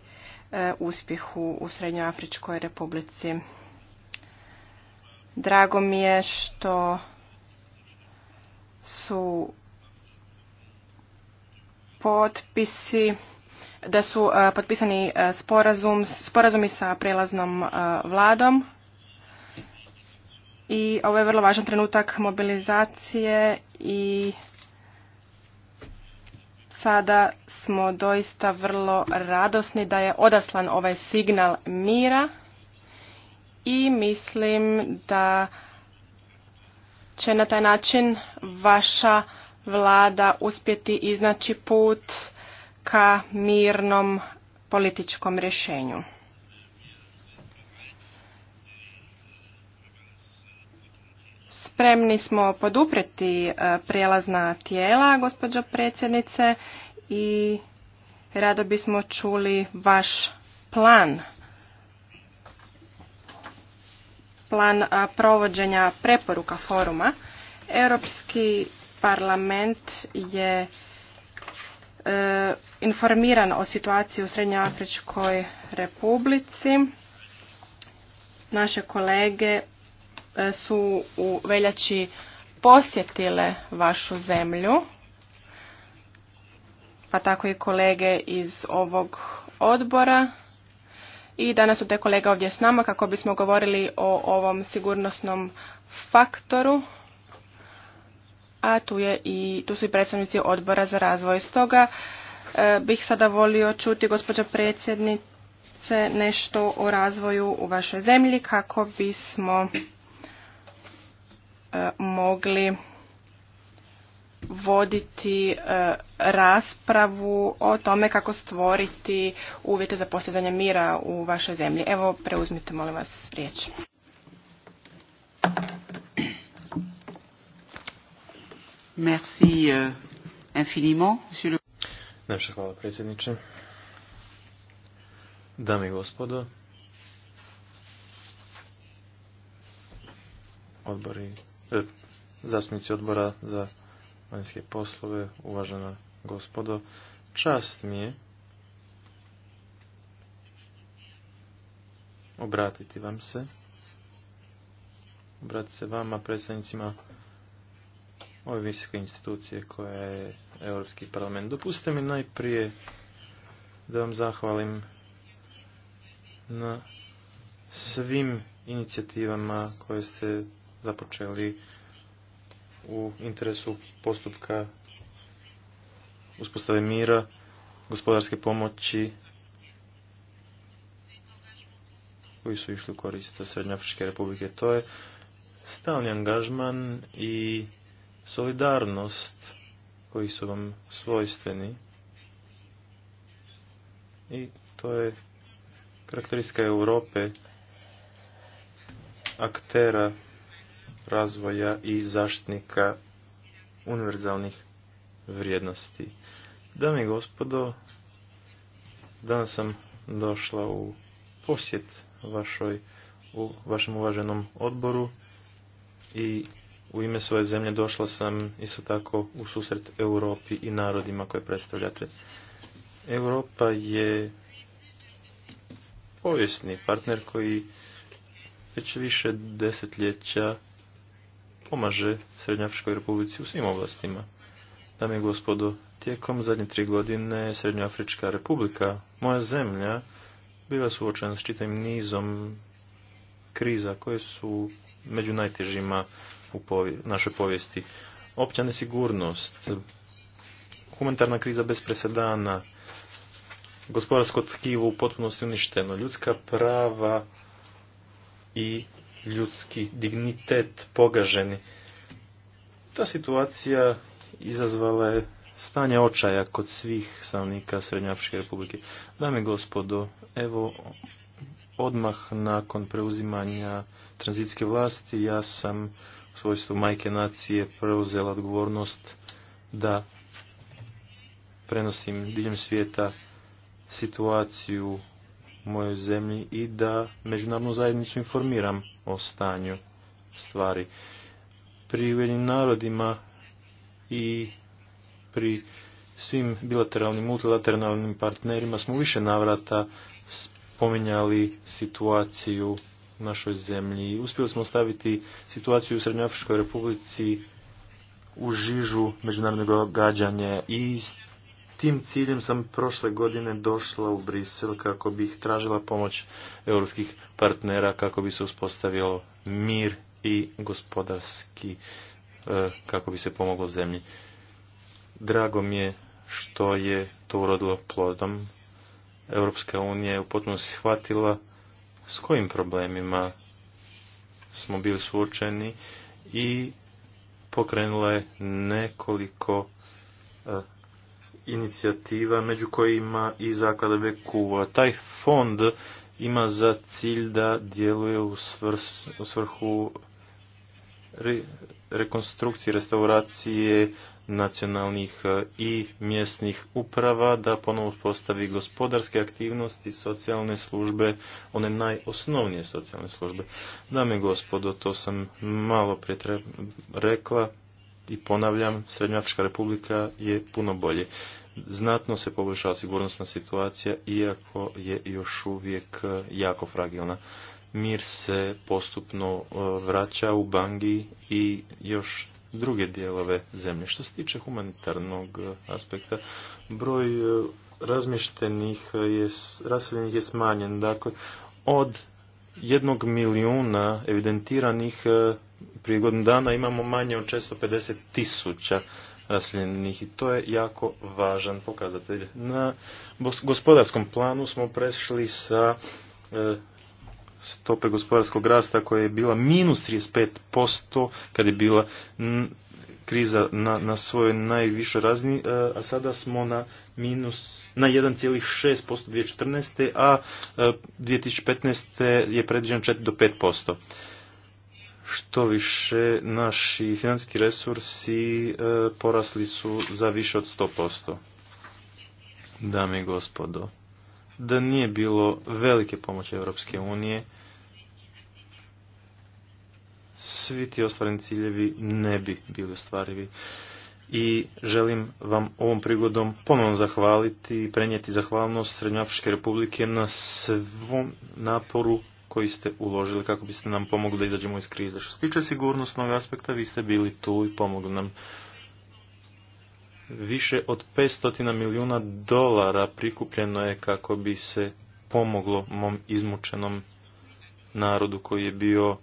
Speaker 4: e, uspjehu u Srednjoafričkoj republici. Drago mi je što su potpisi da su e, potpisani e, sporazumi sa prelaznom e, vladom i ovo je vrlo važan trenutak mobilizacije i sada smo doista vrlo radosni da je odaslan ovaj signal mira i mislim da će na taj način vaša vlada uspjeti iznaći put ka mirnom političkom rješenju. Spremni smo podupreti e, prijelazna tijela, gospođo predsjednice, i rado bismo čuli vaš plan plan provođenja preporuka foruma. Europski parlament je e, informiran o situaciji u Srednjoafričkoj republici. Naše kolege e, su u veljači posjetile vašu zemlju, pa tako i kolege iz ovog odbora. I danas su te kolege ovdje s nama kako bismo govorili o ovom sigurnosnom faktoru a tu, je i, tu su i predstavnici odbora za razvoj. Stoga e, bih sada volio čuti gospođa predsjednice nešto o razvoju u vašoj zemlji kako bismo e, mogli voditi e, raspravu o tome kako stvoriti uvjete za postizanje mira u vašoj zemlji. Evo preuzmite molim vas riječ.
Speaker 7: Merci euh, infiniment, monsieur le... Najviše hvala predsjedniče.
Speaker 6: Dame i gospodo, odbori, e, zastupnici odbora za vanjske poslove, uvažena gospodo, čast mi je obratiti vam se, obratiti se vama, predstavnicima ove visoke institucije koje je Europski parlament. Dopustite mi najprije da vam zahvalim na svim inicijativama koje ste započeli u interesu postupka uspostave mira, gospodarske pomoći koji su išli u korist Srednjoafričke republike. To je stalni angažman i solidarnost koji su vam svojstveni i to je karakteristika Europe aktera razvoja i zaštnika univerzalnih vrijednosti. Dame i gospodo, danas sam došla u posjet vašoj, u vašem uvaženom odboru i u ime svoje zemlje došla sam isto tako u susret Europi i narodima koje predstavljate. Europa je povijesni partner koji već više desetljeća pomaže Srednjoafričkoj republici u svim oblastima. Dame i gospodo, tijekom zadnje tri godine Srednjoafrička republika, moja zemlja, bila suočena s čitavim nizom kriza koje su među najtežima u našoj povijesti. Opća nesigurnost, humanitarna kriza bez presedana, gospodarsko tkivo u potpunosti uništeno, ljudska prava i ljudski dignitet pogaženi. Ta situacija izazvala je stanje očaja kod svih stanovnika Srednjoafričke republike. Dame i gospodo, evo odmah nakon preuzimanja tranzitske vlasti ja sam svojstvu majke nacije preuzela odgovornost da prenosim diljem svijeta situaciju u mojoj zemlji i da međunarodnu zajednicu informiram o stanju stvari. Pri Ujednim narodima i pri svim bilateralnim, multilateralnim partnerima smo više navrata spominjali situaciju našoj zemlji. Uspjeli smo staviti situaciju u Srednjoafričkoj republici u žižu međunarodnog gađanja i s tim ciljem sam prošle godine došla u Brisel kako bih tražila pomoć europskih partnera kako bi se uspostavio mir i gospodarski e, kako bi se pomoglo zemlji. Drago mi je što je to urodilo plodom. Europska unija je u potpunosti shvatila s kojim problemima smo bili suočeni i pokrenula je nekoliko e, inicijativa, među kojima i zaklada Bekuva. Taj fond ima za cilj da djeluje u, svrhu rekonstrukciji, restauracije nacionalnih eh, i mjesnih uprava, da ponovno postavi gospodarske aktivnosti, socijalne službe, one najosnovnije socijalne službe. Dame i gospodo, to sam malo prije rekla i ponavljam, Srednjačka republika je puno bolje. Znatno se poboljšava sigurnosna situacija, iako je još uvijek eh, jako fragilna mir se postupno e, vraća u Bangi i još druge dijelove zemlje. Što se tiče humanitarnog e, aspekta, broj e, razmještenih je, raseljenih je smanjen. Dakle, od jednog milijuna evidentiranih prije godinu dana imamo manje od 650 tisuća raseljenih i to je jako važan pokazatelj. Na gospodarskom planu smo prešli sa stope gospodarskog rasta koja je bila minus 35% kad je bila kriza na, na svojoj najvišoj razini, e, a sada smo na minus na 1,6% 2014. a 2015. E, je predviđeno 4 do 5%. Što više, naši financijski resursi e, porasli su za više od 100%. Dame i gospodo, da nije bilo velike pomoći Europske unije, svi ti ostvareni ciljevi ne bi bili ostvarivi. I želim vam ovom prigodom ponovno zahvaliti i prenijeti zahvalnost Srednjoafričke republike na svom naporu koji ste uložili kako biste nam pomogli da izađemo iz krize. Što se tiče sigurnosnog aspekta, vi ste bili tu i pomogli nam više od 500 milijuna dolara prikupljeno je kako bi se pomoglo mom izmučenom narodu koji je bio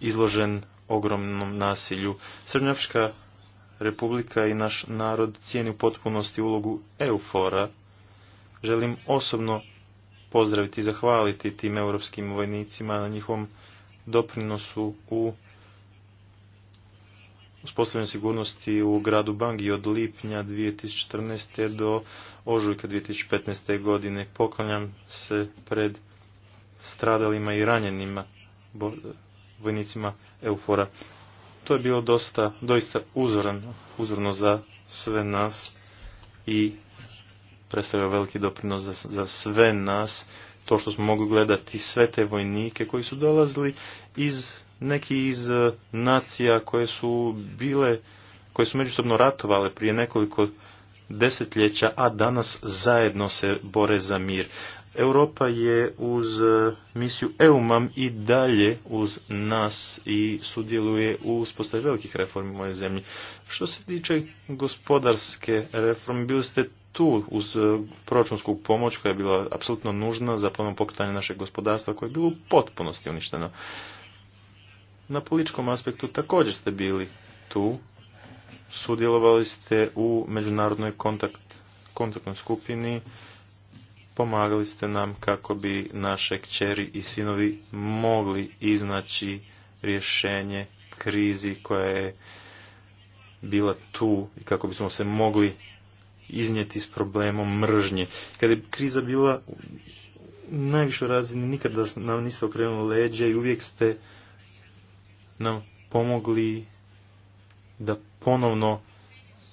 Speaker 6: izložen ogromnom nasilju. Srednjačka republika i naš narod cijeni u potpunosti ulogu Eufora. Želim osobno pozdraviti i zahvaliti tim europskim vojnicima na njihovom doprinosu u uspostavljanju sigurnosti u gradu Bangi od lipnja 2014. do ožujka 2015. godine. Poklanjam se pred stradalima i ranjenima vojnicima Eufora. To je bilo dosta, doista uzorno, uzorno za sve nas i predstavlja veliki doprinos za, za sve nas to što smo mogli gledati sve te vojnike koji su dolazili iz neki iz e, nacija koje su bile, koje su međusobno ratovale prije nekoliko desetljeća, a danas zajedno se bore za mir. Europa je uz e, misiju EUMAM i dalje uz nas i sudjeluje u uspostavi velikih reformi u mojoj zemlji. Što se tiče gospodarske reforme, bili ste tu uz e, proračunsku pomoć koja je bila apsolutno nužna za ponovno pokretanje našeg gospodarstva koje je bilo u potpunosti uništeno na političkom aspektu također ste bili tu, sudjelovali ste u međunarodnoj kontakt, kontaktnoj skupini, pomagali ste nam kako bi naše kćeri i sinovi mogli iznaći rješenje krizi koja je bila tu i kako bismo se mogli iznijeti s problemom mržnje. Kada je kriza bila u najvišoj razini, nikada nam niste okrenuli leđe i uvijek ste nam pomogli da ponovno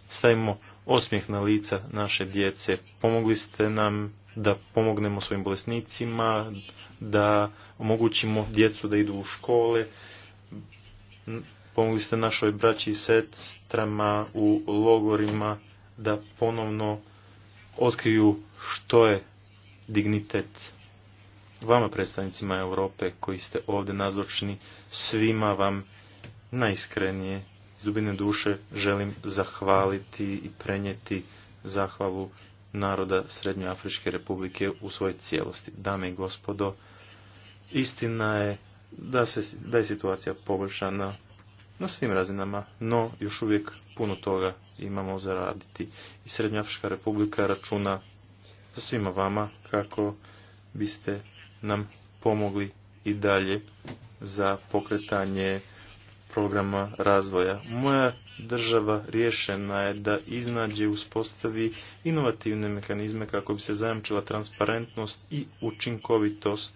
Speaker 6: stavimo osmijeh na lica naše djece. Pomogli ste nam da pomognemo svojim bolesnicima, da omogućimo djecu da idu u škole. Pomogli ste našoj braći i sestrama u logorima da ponovno otkriju što je dignitet vama predstavnicima Europe koji ste ovdje nazočni, svima vam najiskrenije iz dubine duše želim zahvaliti i prenijeti zahvalu naroda Srednjoafričke republike u svojoj cijelosti. Dame i gospodo, istina je da, se, da je situacija poboljšana na svim razinama, no još uvijek puno toga imamo zaraditi. I Srednjoafrička republika računa sa svima vama kako biste nam pomogli i dalje za pokretanje programa razvoja. Moja država rješena je da iznađe uspostavi inovativne mehanizme kako bi se zajamčila transparentnost i učinkovitost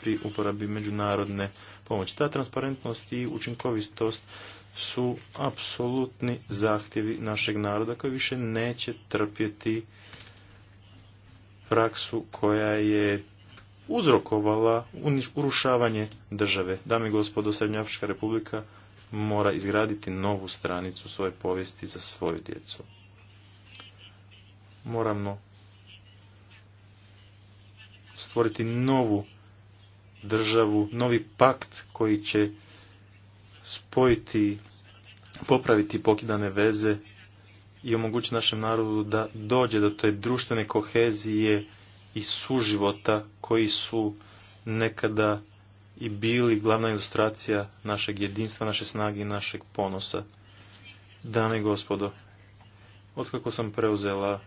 Speaker 6: pri uporabi međunarodne pomoći. Ta transparentnost i učinkovitost su apsolutni zahtjevi našeg naroda koji više neće trpjeti praksu koja je uzrokovala urušavanje države. Dame i gospodo, Srednjoafrička republika mora izgraditi novu stranicu svoje povijesti za svoju djecu. Moramo stvoriti novu državu, novi pakt koji će spojiti, popraviti pokidane veze i omogućiti našem narodu da dođe do te društvene kohezije i suživota koji su nekada i bili glavna ilustracija našeg jedinstva, naše snage i našeg ponosa. Dame i gospodo, otkako sam preuzela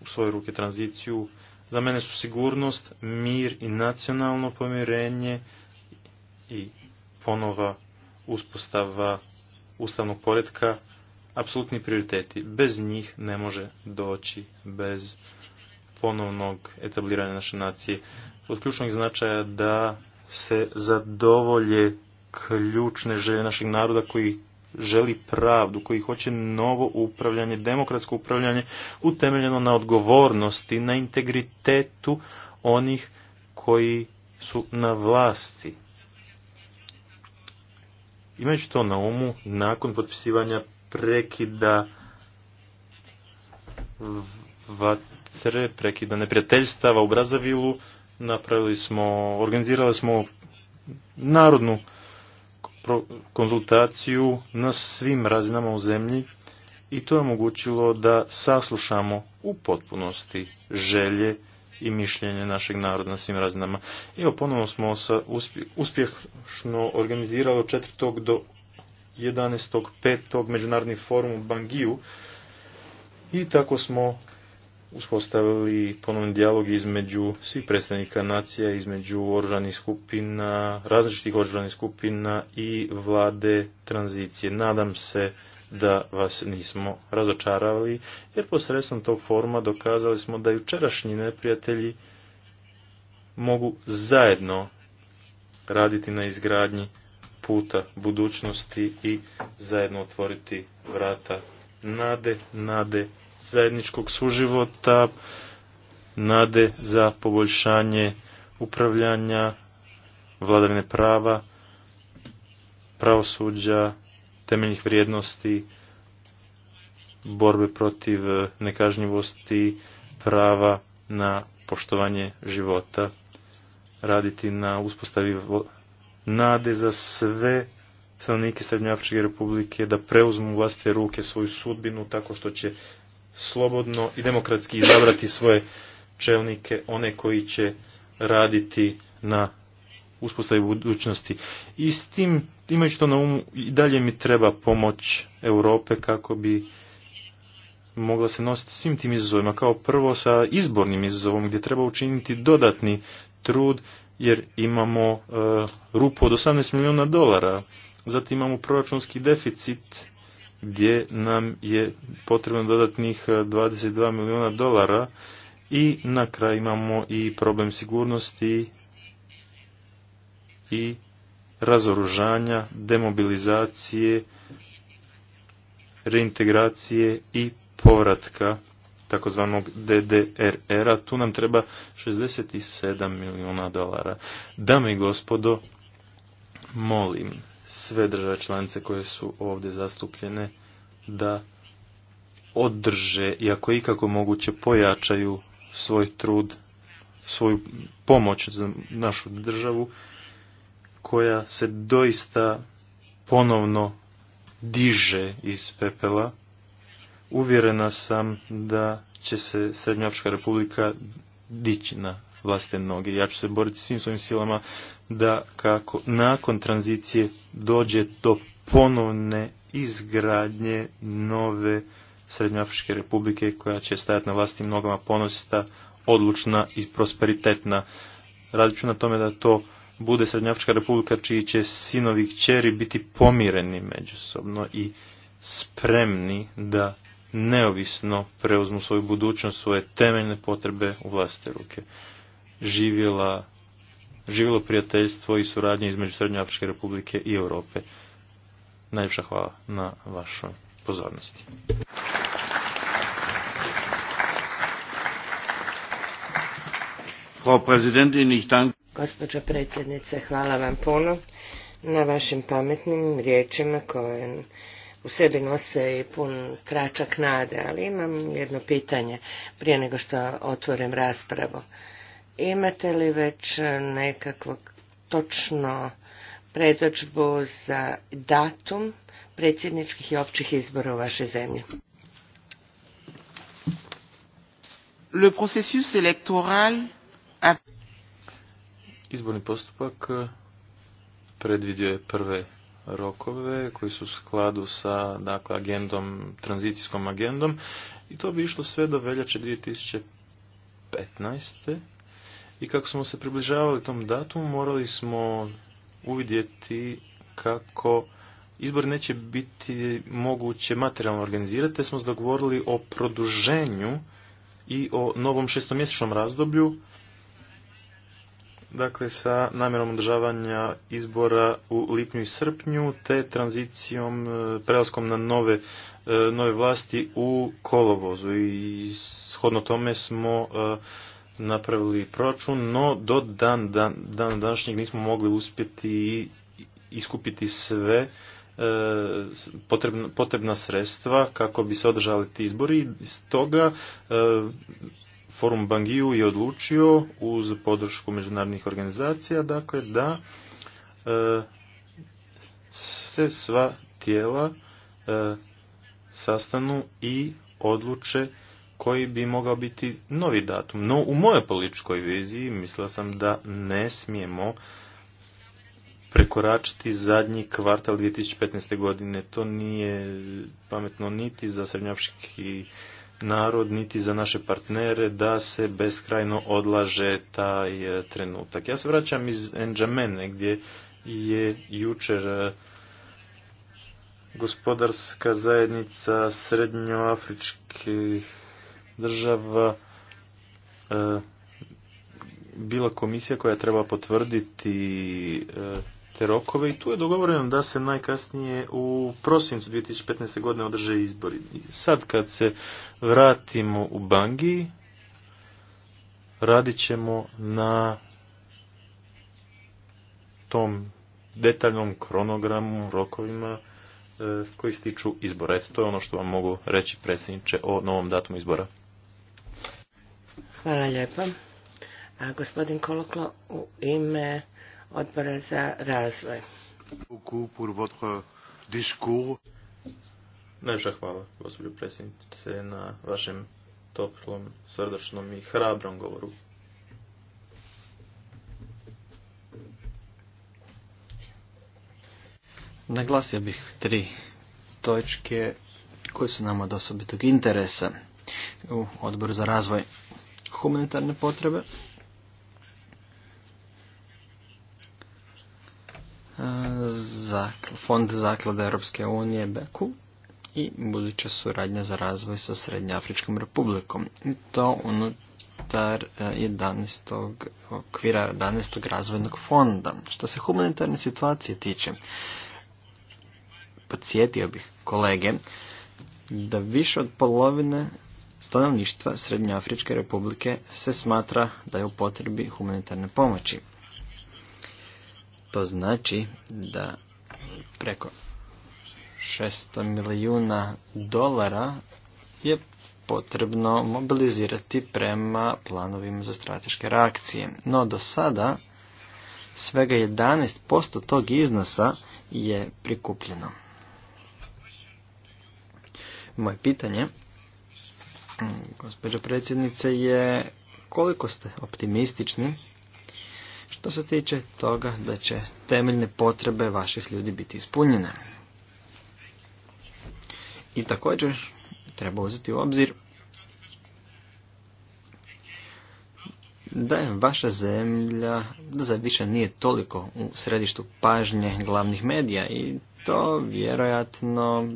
Speaker 6: u svoje ruke tranziciju, za mene su sigurnost, mir i nacionalno pomirenje i ponova uspostava ustavnog poredka apsolutni prioriteti. Bez njih ne može doći bez ponovnog etabliranja naše nacije. Od ključnog značaja da se zadovolje ključne želje našeg naroda koji želi pravdu, koji hoće novo upravljanje, demokratsko upravljanje utemeljeno na odgovornosti, na integritetu onih koji su na vlasti. Imajući to na umu, nakon potpisivanja prekida vatre, prekida neprijateljstava u Brazavilu, napravili smo, organizirali smo narodnu konzultaciju na svim razinama u zemlji i to je omogućilo da saslušamo u potpunosti želje i mišljenje našeg naroda na svim razinama. Evo, ponovno smo sa uspješno organizirali od 4. do petog Međunarodni forum u Bangiju i tako smo uspostavili ponovni dijalog između svih predstavnika nacija, između oružanih skupina, različitih oružanih skupina i vlade tranzicije. Nadam se da vas nismo razočaravali, jer posredstvom tog forma dokazali smo da jučerašnji neprijatelji mogu zajedno raditi na izgradnji puta budućnosti i zajedno otvoriti vrata nade, nade zajedničkog suživota, nade za poboljšanje upravljanja, vladavine prava, pravosuđa, temeljnih vrijednosti, borbe protiv nekažnjivosti, prava na poštovanje života, raditi na uspostavi nade za sve stanovnike Srednjoafričke republike da preuzmu vlastite ruke svoju sudbinu tako što će slobodno i demokratski izabrati svoje čelnike, one koji će raditi na uspostavi budućnosti. I s tim, imajući to na umu, i dalje mi treba pomoć Europe kako bi mogla se nositi svim tim izazovima. Kao prvo sa izbornim izazovom gdje treba učiniti dodatni trud jer imamo e, rupu od 18 milijuna dolara. Zatim imamo proračunski deficit gdje nam je potrebno dodatnih 22 e, milijuna dolara i na kraju imamo i problem sigurnosti i razoružanja, demobilizacije, reintegracije i povratka takozvanog DDRR-a. Tu nam treba 67 milijuna dolara. Dame i gospodo, molim sve države članice koje su ovdje zastupljene da održe i ako ikako moguće pojačaju svoj trud, svoju pomoć za našu državu koja se doista ponovno diže iz pepela. Uvjerena sam da će se srednjačka republika dići na vlastite noge. Ja ću se boriti svim svojim silama da kako nakon tranzicije dođe do ponovne izgradnje nove Srednjoafričke republike koja će stajati na vlastnim nogama ponosita, odlučna i prosperitetna. Radit ću na tome da to bude Srednjoafrička republika čiji će sinovi i kćeri biti pomireni međusobno i spremni da neovisno preuzmu svoju budućnost, svoje temeljne potrebe u vlastite ruke živjela, živjelo prijateljstvo i suradnje između Afričke republike i Europe.
Speaker 2: Najljepša hvala na vašoj pozornosti.
Speaker 1: Gospođo predsjednice, hvala vam puno na vašim pametnim riječima koje u sebi nose i pun tračak nade, ali imam jedno pitanje prije nego što otvorim raspravu. Imate li već nekakvu točno predođbu za datum predsjedničkih i općih izbora u vašoj zemlji? a...
Speaker 6: Izborni postupak eh, predvidio je prve rokove koji su u skladu sa dakle, agendom, tranzicijskom agendom i to bi išlo sve do veljače 2015. I kako smo se približavali tom datumu, morali smo uvidjeti kako izbor neće biti moguće materijalno organizirati, te smo dogovorili o produženju i o novom šestomjesečnom razdoblju, dakle sa namjerom održavanja izbora u lipnju i srpnju, te tranzicijom, e, prelaskom na nove, e, nove vlasti u kolovozu. I shodno tome smo e, napravili proračun, no do dan, dan, današnjeg nismo mogli uspjeti iskupiti sve e, potrebna, sredstva kako bi se održali ti izbori. Stoga e, Forum Bangiju je odlučio uz podršku međunarodnih organizacija dakle da e, se sva tijela sastanu i odluče koji bi mogao biti novi datum. No, u mojoj političkoj viziji mislila sam da ne smijemo prekoračiti zadnji kvartal 2015. godine. To nije pametno niti za srednjavški narod, niti za naše partnere da se beskrajno odlaže taj e, trenutak. Ja se vraćam iz Enđamene gdje je jučer e, gospodarska zajednica srednjoafričkih država e, bila komisija koja treba potvrditi e, te rokove i tu je dogovoreno da se najkasnije u prosincu 2015. godine održe izbori. Sad kad se vratimo u Bangi, radit ćemo na tom detaljnom kronogramu, rokovima e, koji stiču izbora. Eto, to je ono što vam mogu reći predsjedniče o novom datumu izbora.
Speaker 1: Hvala lijepo. A gospodin Koloklo u ime odbora za
Speaker 6: razvoj. Najviše hvala, gospođo predsjednice, na vašem toplom, srdačnom i hrabrom govoru.
Speaker 7: Naglasio bih tri točke koje su nama od osobitog interesa u odboru za razvoj humanitarne potrebe. Fond zaklada Europske unije Beku i buduća suradnja za razvoj sa Srednjoafričkom republikom. I to unutar 11. E, okvira 11. razvojnog fonda. Što se humanitarne situacije tiče, podsjetio bih kolege da više od polovine stanovništva Srednjoafričke republike se smatra da je u potrebi humanitarne pomoći. To znači da preko 600 milijuna dolara je potrebno mobilizirati prema planovima za strateške reakcije. No do sada svega 11% tog iznosa je prikupljeno. Moje pitanje gospođo predsjednice, je koliko ste optimistični što se tiče toga da će temeljne potrebe vaših ljudi biti ispunjene. I također treba uzeti u obzir da je vaša zemlja da više nije toliko u središtu pažnje glavnih medija i to vjerojatno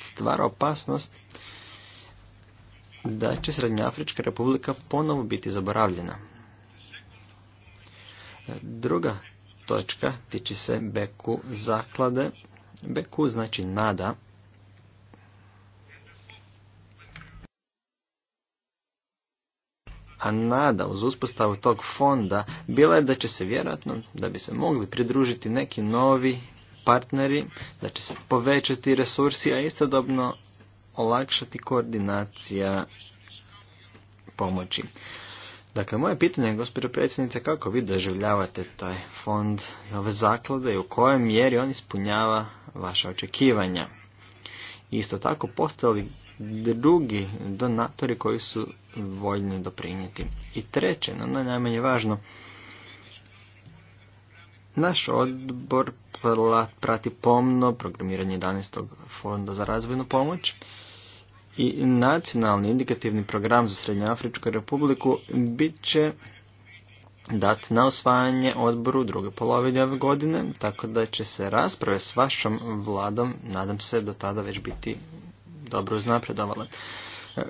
Speaker 7: stvara opasnost da će Srednjoafrička republika ponovo biti zaboravljena. Druga točka tiče se Beku zaklade. Beku znači nada. A nada uz uspostavu tog fonda bila je da će se vjerojatno, da bi se mogli pridružiti neki novi partneri, da će se povećati resursi, a istodobno olakšati koordinacija pomoći. Dakle, moje pitanje je, gospođo predsjednice, kako vi doživljavate taj fond ove zaklade i u kojoj mjeri on ispunjava vaša očekivanja? Isto tako, postoje drugi donatori koji su voljni doprinijeti? I treće, no najmanje važno, naš odbor prati pomno programiranje 11. fonda za razvojnu pomoć i nacionalni indikativni program za Srednjoafričku republiku bit će dat na osvajanje odboru druge polovine ove godine, tako da će se rasprave s vašom vladom, nadam se, do tada već biti dobro uznapredovale. E,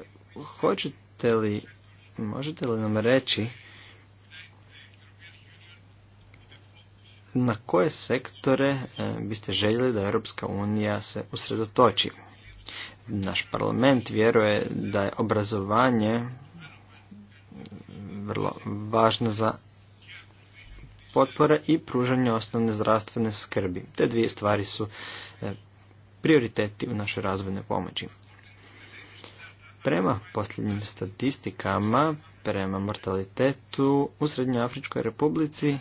Speaker 7: hoćete li, možete li nam reći na koje sektore e, biste željeli da Europska unija se usredotoči? Naš parlament vjeruje da je obrazovanje vrlo važno za potpore i pružanje osnovne zdravstvene skrbi. Te dvije stvari su e, prioriteti u našoj razvojnoj pomoći. Prema posljednjim statistikama, prema mortalitetu u Srednjoafričkoj republici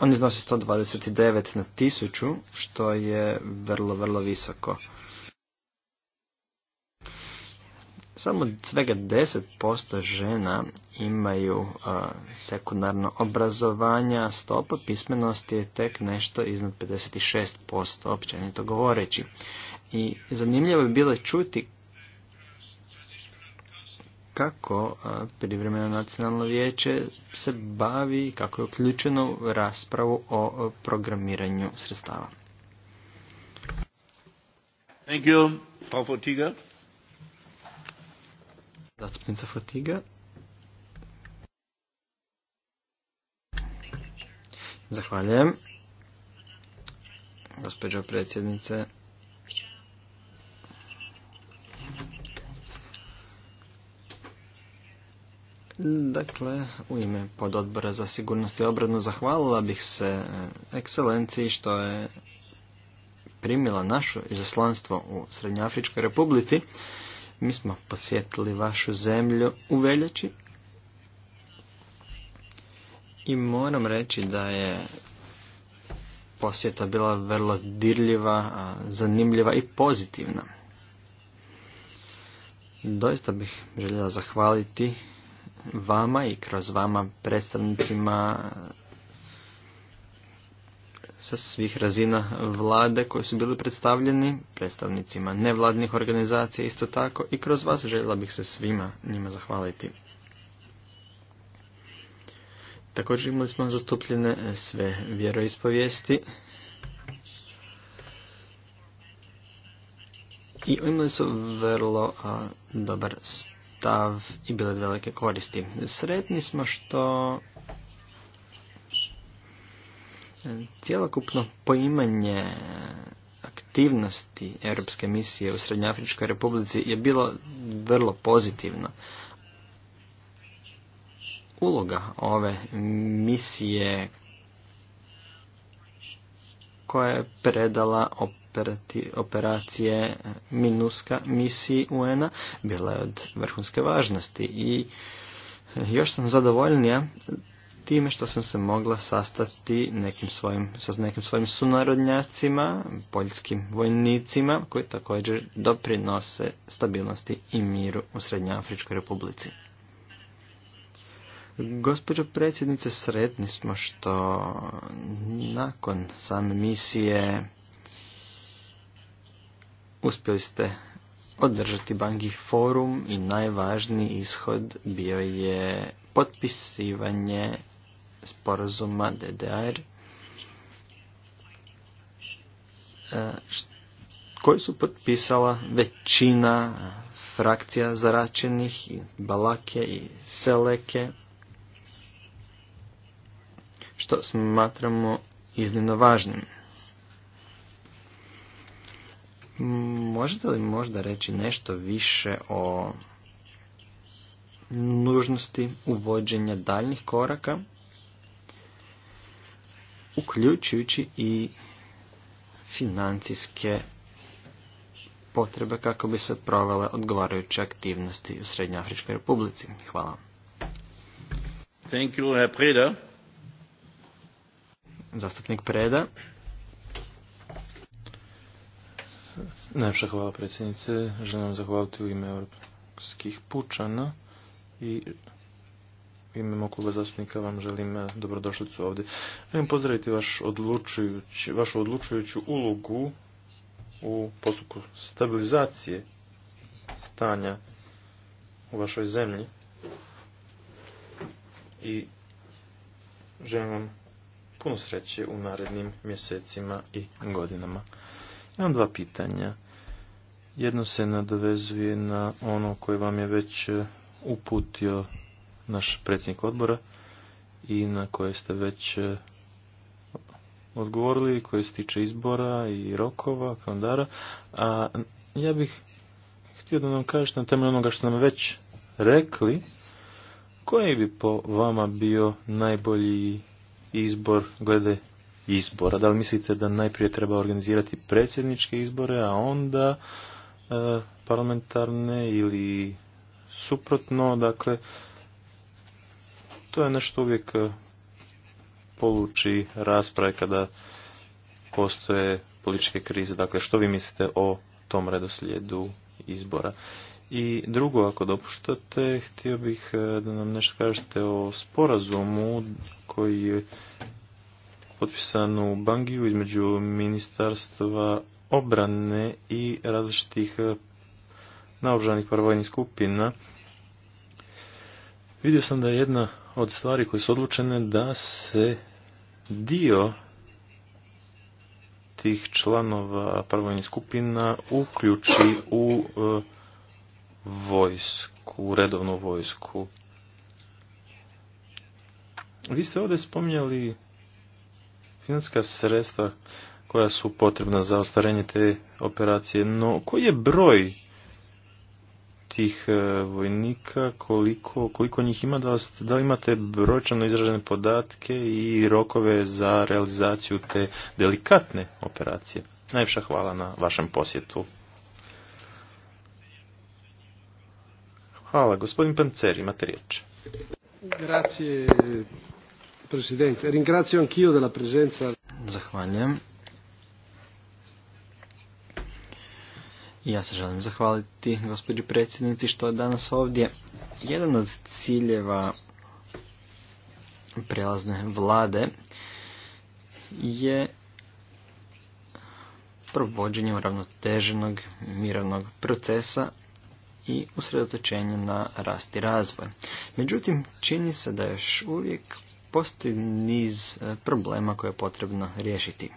Speaker 7: On iznosi 129 na 1000, što je vrlo, vrlo visoko. Samo svega 10% žena imaju sekundarno obrazovanje, stopa pismenosti je tek nešto iznad 56%, općenito govoreći. I zanimljivo bi bilo čuti kako privremeno nacionalno vijeće se bavi, kako je uključeno u raspravu o programiranju sredstava.
Speaker 2: Thank you, Frau Fotiga.
Speaker 7: Zastupnica Fotiga. Zahvaljujem. Gospođo predsjednice, Dakle, u ime pododbora za sigurnost i obranu zahvalila bih se eh, ekscelenciji što je primila našo izaslanstvo u Srednjoafričkoj republici. Mi smo posjetili vašu zemlju u veljači i moram reći da je posjeta bila vrlo dirljiva, zanimljiva i pozitivna. Doista bih željela zahvaliti vama i kroz vama predstavnicima sa svih razina vlade koji su bili predstavljeni, predstavnicima nevladnih organizacija isto tako i kroz vas željela bih se svima njima zahvaliti. Također imali smo zastupljene sve vjeroispovijesti i imali su vrlo a, dobar stav i bile velike koristi. Sretni smo što e, cijelokupno poimanje aktivnosti Europske misije u Srednjoafričkoj republici je bilo vrlo pozitivno. Uloga ove misije koja je predala o operacije Minuska misiji un bila je od vrhunske važnosti i još sam zadovoljnija time što sam se mogla sastati nekim svojim, sa nekim svojim sunarodnjacima, poljskim vojnicima, koji također doprinose stabilnosti i miru u Afričkoj republici. Gospođo predsjednice, sretni smo što nakon same misije Uspjeli ste održati bangi forum i najvažniji ishod bio je potpisivanje sporazuma DDR e, koji su potpisala većina frakcija zaračenih i balake i seleke što smatramo iznimno važnim. Možete li možda reći nešto više o nužnosti uvođenja daljnjih koraka, uključujući i financijske potrebe kako bi se provele odgovarajuće aktivnosti u Srednjoafričkoj republici. Hvala.
Speaker 2: Thank you,
Speaker 7: Zastupnik Preda. Najpša hvala predsjednice.
Speaker 6: Želim vam zahvaliti u ime europskih pučana i u ime mog zastupnika vam želim eh, dobrodošlicu ovdje. Želim pozdraviti vašu odlučujuću ulogu u postupku stabilizacije stanja u vašoj zemlji i želim vam puno sreće u narednim mjesecima i godinama. Imam dva pitanja. Jedno se nadovezuje na ono koje vam je već e, uputio naš predsjednik odbora i na koje ste već e, odgovorili, koje se tiče izbora i rokova, kalendara. A ja bih htio da nam kažete na temelju onoga što nam već rekli, koji bi po vama bio najbolji izbor glede izbora? Da li mislite da najprije treba organizirati predsjedničke izbore, a onda E, parlamentarne ili suprotno, dakle, to je nešto uvijek e, poluči rasprave kada postoje političke krize. Dakle, što vi mislite o tom redoslijedu izbora? I drugo, ako dopuštate, htio bih e, da nam nešto kažete o sporazumu koji je potpisan u Bangiju između ministarstva obrane i različitih eh, naoružanih paravojnih skupina, vidio sam da je jedna od stvari koje su odlučene da se dio tih članova paravojnih skupina uključi u eh, vojsku, u redovnu vojsku. Vi ste ovdje spominjali financijska sredstva koja su potrebna za ostvarenje te operacije. No, koji je broj tih e, vojnika, koliko, koliko njih ima, da, da imate brojčano izražene podatke i rokove za realizaciju te delikatne operacije? Najviše hvala na vašem posjetu. Hvala. Gospodin Panceri, imate riječ.
Speaker 8: Grazie, Presidente. Ringrazio anch'io della presenza.
Speaker 7: Zahvaljujem. Ja se želim zahvaliti gospođi predsjednici što je danas ovdje. Jedan od ciljeva prijelazne vlade je provođenje uravnoteženog mirovnog procesa i usredotočenje na rast i razvoj. Međutim, čini se da još uvijek postoji niz e, problema koje je potrebno riješiti.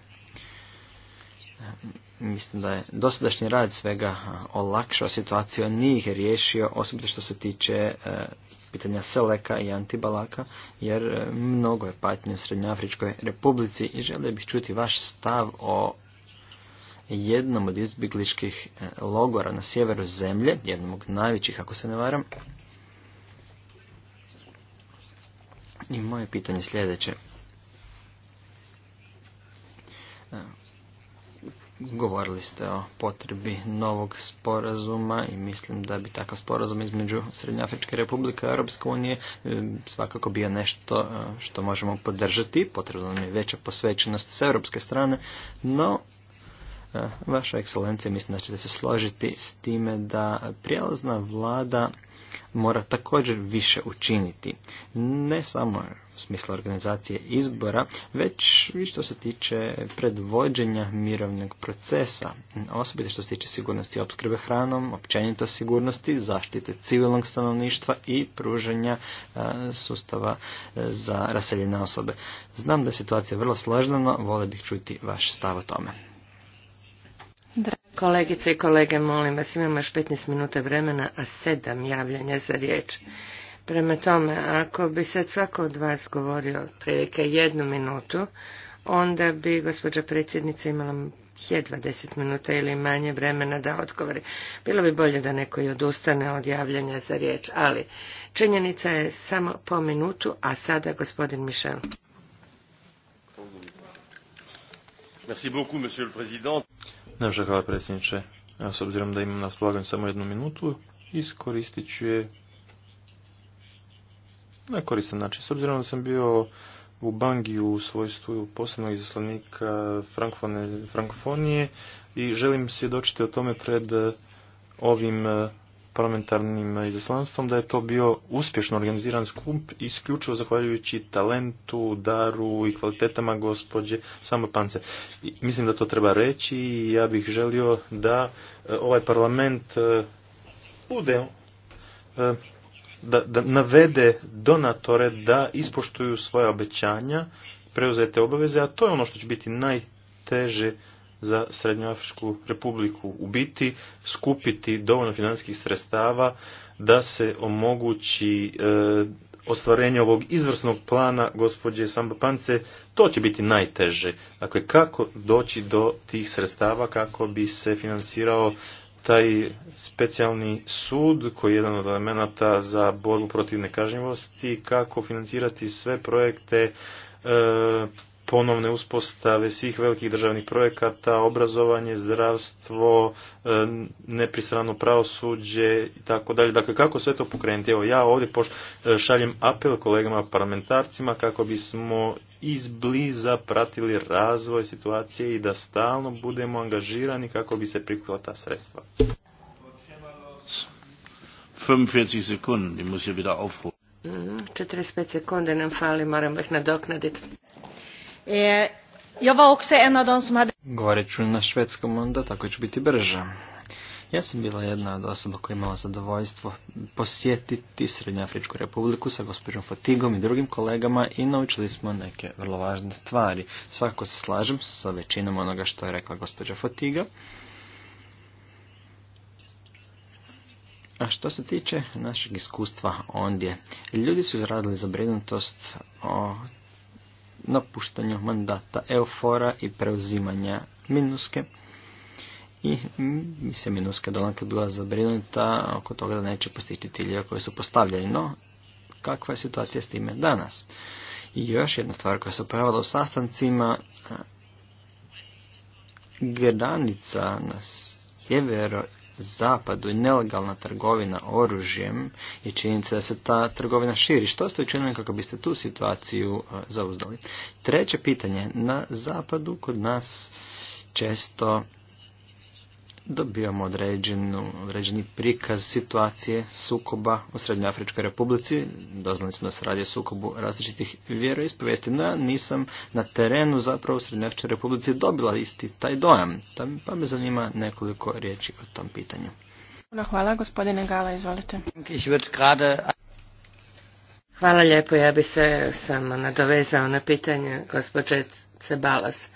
Speaker 7: Mislim da je dosadašnji rad svega olakšao situaciju, nije ih riješio, osobito što se tiče e, pitanja Seleka i Antibalaka, jer e, mnogo je patnje u Srednjoafričkoj republici i želio bih čuti vaš stav o jednom od izbjegličkih e, logora na sjeveru zemlje, jednom od najvećih, ako se ne varam. I moje pitanje sljedeće. Govorili ste o potrebi novog sporazuma i mislim da bi takav sporazum između Srednjoafričke republike i Europske unije svakako bio nešto što možemo podržati. Potrebno nam je veća posvećenost s europske strane, no vaša ekscelencija mislim da ćete se složiti s time da prijelazna vlada mora također više učiniti. Ne samo u smislu organizacije izbora, već i što se tiče predvođenja mirovnog procesa, Osobite što se tiče sigurnosti opskrbe hranom, općenito sigurnosti, zaštite civilnog stanovništva i pružanja e, sustava e, za raseljene osobe. Znam da je situacija vrlo složena, no vole bih čuti vaš stav o tome.
Speaker 1: Kolegice i kolege, molim vas, imamo još 15 minuta vremena, a sedam javljanja za riječ. Prema tome, ako bi sad svako od vas govorio prilike jednu minutu, onda bi gospođa predsjednica imala jedva deset minuta ili manje vremena da odgovori. Bilo bi bolje da neko i odustane od javljanja za riječ, ali činjenica je samo po minutu, a sada gospodin Mišel.
Speaker 6: Merci beaucoup, monsieur le Najviše hvala predsjedniče. Evo, s obzirom da imam na raspolaganju samo jednu minutu, iskoristit ću je na koristan način. S obzirom da sam bio u Bangi u svojstvu posebnog izaslanika Frankofonije i želim svjedočiti o tome pred eh, ovim eh, parlamentarnim izaslanstvom da je to bio uspješno organiziran skup isključivo zahvaljujući talentu, daru i kvalitetama gospođe Samopance. Mislim da to treba reći i ja bih želio da e, ovaj parlament e, bude e, da, da navede donatore da ispoštuju svoja obećanja, preuzete obaveze, a to je ono što će biti najteže za Srednjoafričku republiku. U biti skupiti dovoljno financijskih sredstava da se omogući e, ostvarenje ovog izvrsnog plana gospođe Samba Pance, to će biti najteže. Dakle, kako doći do tih sredstava kako bi se financirao taj specijalni sud koji je jedan od elemenata za borbu protiv nekažnjivosti, kako financirati sve projekte e, ponovne uspostave svih velikih državnih projekata, obrazovanje, zdravstvo, e, nepristrano pravosuđe i tako dalje. Dakle, kako sve to pokrenuti? Evo, ja ovdje e, šaljem apel kolegama parlamentarcima kako bismo izbliza pratili razvoj situacije i da stalno budemo angažirani kako bi se prikupila ta sredstva.
Speaker 2: 45 mm, sekundi,
Speaker 1: 45 sekunde nam fali, moram ih nadoknaditi.
Speaker 8: Eh, jag var också
Speaker 7: Govorit ću na švedskom, onda tako ću biti brže. Ja sam bila jedna od osoba koja imala zadovoljstvo posjetiti Srednjoafričku republiku sa gospođom Fatigom i drugim kolegama i naučili smo neke vrlo važne stvari. Svakako se slažem sa većinom onoga što je rekla gospođa Fatiga. A što se tiče našeg iskustva ondje, ljudi su izradili zabrinutost o napuštanju mandata Eufora i preuzimanja Minuske. I mm, mislim se Minuska donaka bila zabrinuta oko toga da neće postići ciljeva koje su postavljeni. No, kakva je situacija s time danas? I još jedna stvar koja se pojavila u sastancima, granica na sjevero zapadu i nelegalna trgovina oružjem i činjenica da se ta trgovina širi. Što ste učinili kako biste tu situaciju e, zauzdali? Treće pitanje. Na zapadu kod nas često dobijamo određenu, određeni prikaz situacije sukoba u Srednjoafričkoj republici. Doznali smo da se radi o sukobu različitih vjeroispovijesti, no ja nisam na terenu zapravo u Afričkoj republici dobila isti taj dojam. Pa me zanima nekoliko riječi o tom pitanju.
Speaker 4: Hvala, gospodine Gala, izvolite.
Speaker 7: Hvala
Speaker 1: lijepo, ja bi se samo nadovezao na pitanje gospođe Cebalas.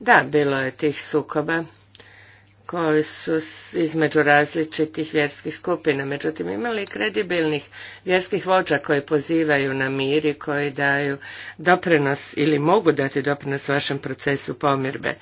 Speaker 1: Da, bilo je tih sukoba koji su između različitih vjerskih skupina. Međutim, imali kredibilnih vjerskih vođa koji pozivaju na mir i koji daju doprinos ili mogu dati doprinos vašem procesu pomirbe.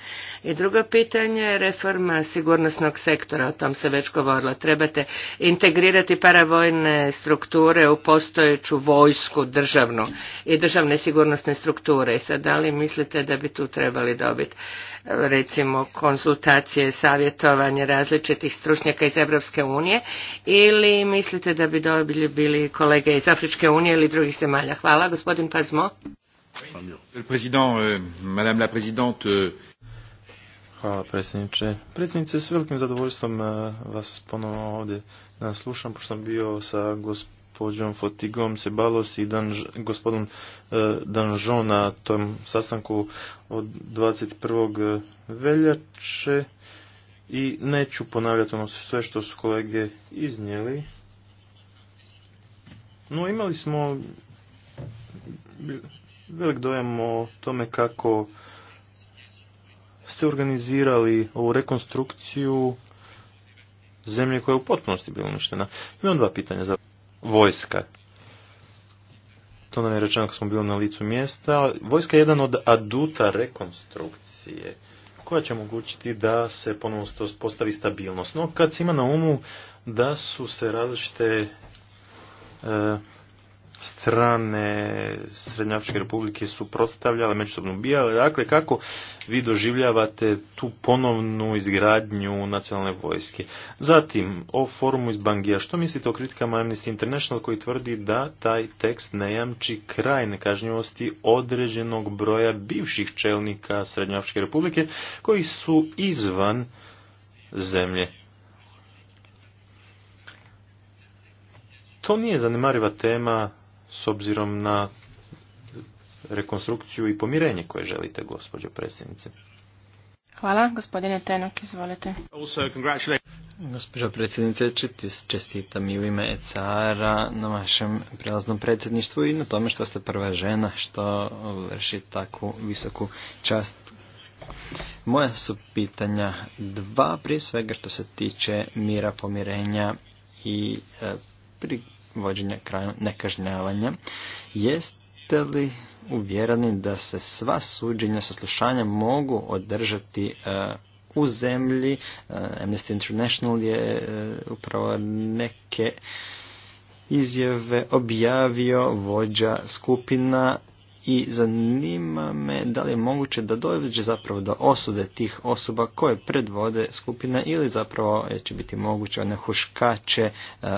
Speaker 1: I drugo pitanje je reforma sigurnosnog sektora, o tom se već govorilo. Trebate integrirati paravojne strukture u postojeću vojsku državnu i državne sigurnosne strukture. I sad, da li mislite da bi tu trebali dobiti recimo konsultacije, savjet savjetovanje različitih stručnjaka iz Europske unije ili mislite da bi dobili bili kolege iz Afričke unije ili drugih zemalja? Hvala, gospodin Pazmo.
Speaker 8: Euh, euh,
Speaker 6: Hvala predsjedniče. Predsjednice, s velikim zadovoljstvom eh, vas ponovno ovdje danas slušam, pošto sam bio sa gospođom Fotigom Sebalos i gospodin gospodom eh, Danžon na tom sastanku od 21. Eh, veljače i neću ponavljati ono sve što su kolege iznijeli. No imali smo velik dojam o tome kako ste organizirali ovu rekonstrukciju zemlje koja je u potpunosti bila uništena. Imam dva pitanja za vojska. To nam je rečeno kad smo bili na licu mjesta. Vojska je jedan od aduta rekonstrukcije koja će omogućiti da se ponovno postavi stabilnost. No kad se ima na umu da su se različite e, strane Srednjačke republike suprotstavljale, međusobno ubijale. Dakle, kako vi doživljavate tu ponovnu izgradnju nacionalne vojske? Zatim, o forumu iz Bangija. Što mislite o kritikama Amnesty International koji tvrdi da taj tekst ne jamči kraj nekažnjivosti određenog broja bivših čelnika Srednjoafričke republike koji su izvan zemlje? To nije zanemariva tema s obzirom na rekonstrukciju i pomirenje koje želite, gospođo predsjednice.
Speaker 4: Hvala. Gospodine Tenok, izvolite.
Speaker 7: Gospođo predsjednice, čestitam i u ime ECR-a na vašem prijelaznom predsjedništvu i na tome što ste prva žena što vrši takvu visoku čast. Moja su pitanja dva, prije svega što se tiče mira, pomirenja i e, vođenja kraju nekažnjavanja. Jeste li uvjereni da se sva suđenja, saslušanja mogu održati e, u zemlji? E, Amnesty International je e, upravo neke izjave objavio vođa skupina i zanima me da li je moguće da dođe zapravo do osude tih osoba koje predvode skupina ili zapravo će biti moguće one huškače e,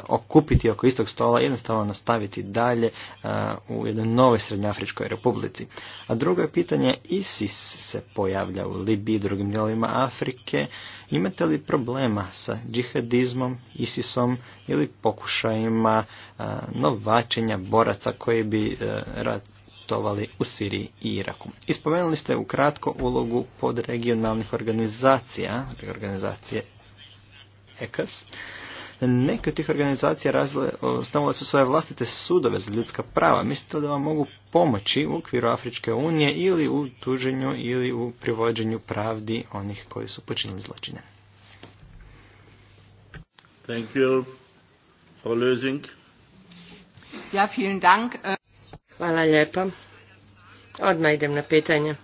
Speaker 7: okupiti oko istog stola i jednostavno nastaviti dalje e, u jednoj novoj srednjoafričkoj republici. A drugo je pitanje, ISIS se pojavlja u Libiji i drugim dijelovima Afrike. Imate li problema sa džihadizmom, ISISom ili pokušajima e, novačenja boraca koji bi rad ratovali u Siriji i Iraku. Ispomenuli ste ukratko ulogu podregionalnih organizacija, organizacije ECAS. Neke od tih organizacija ostavile su svoje vlastite sudove za ljudska prava. Mislite da vam mogu pomoći u okviru Afričke unije ili u tuženju ili u privođenju pravdi onih koji su počinili zločine? Thank you. For
Speaker 4: ja, vielen Dank.
Speaker 1: Hvala lijepo. Odmah idem na pitanje.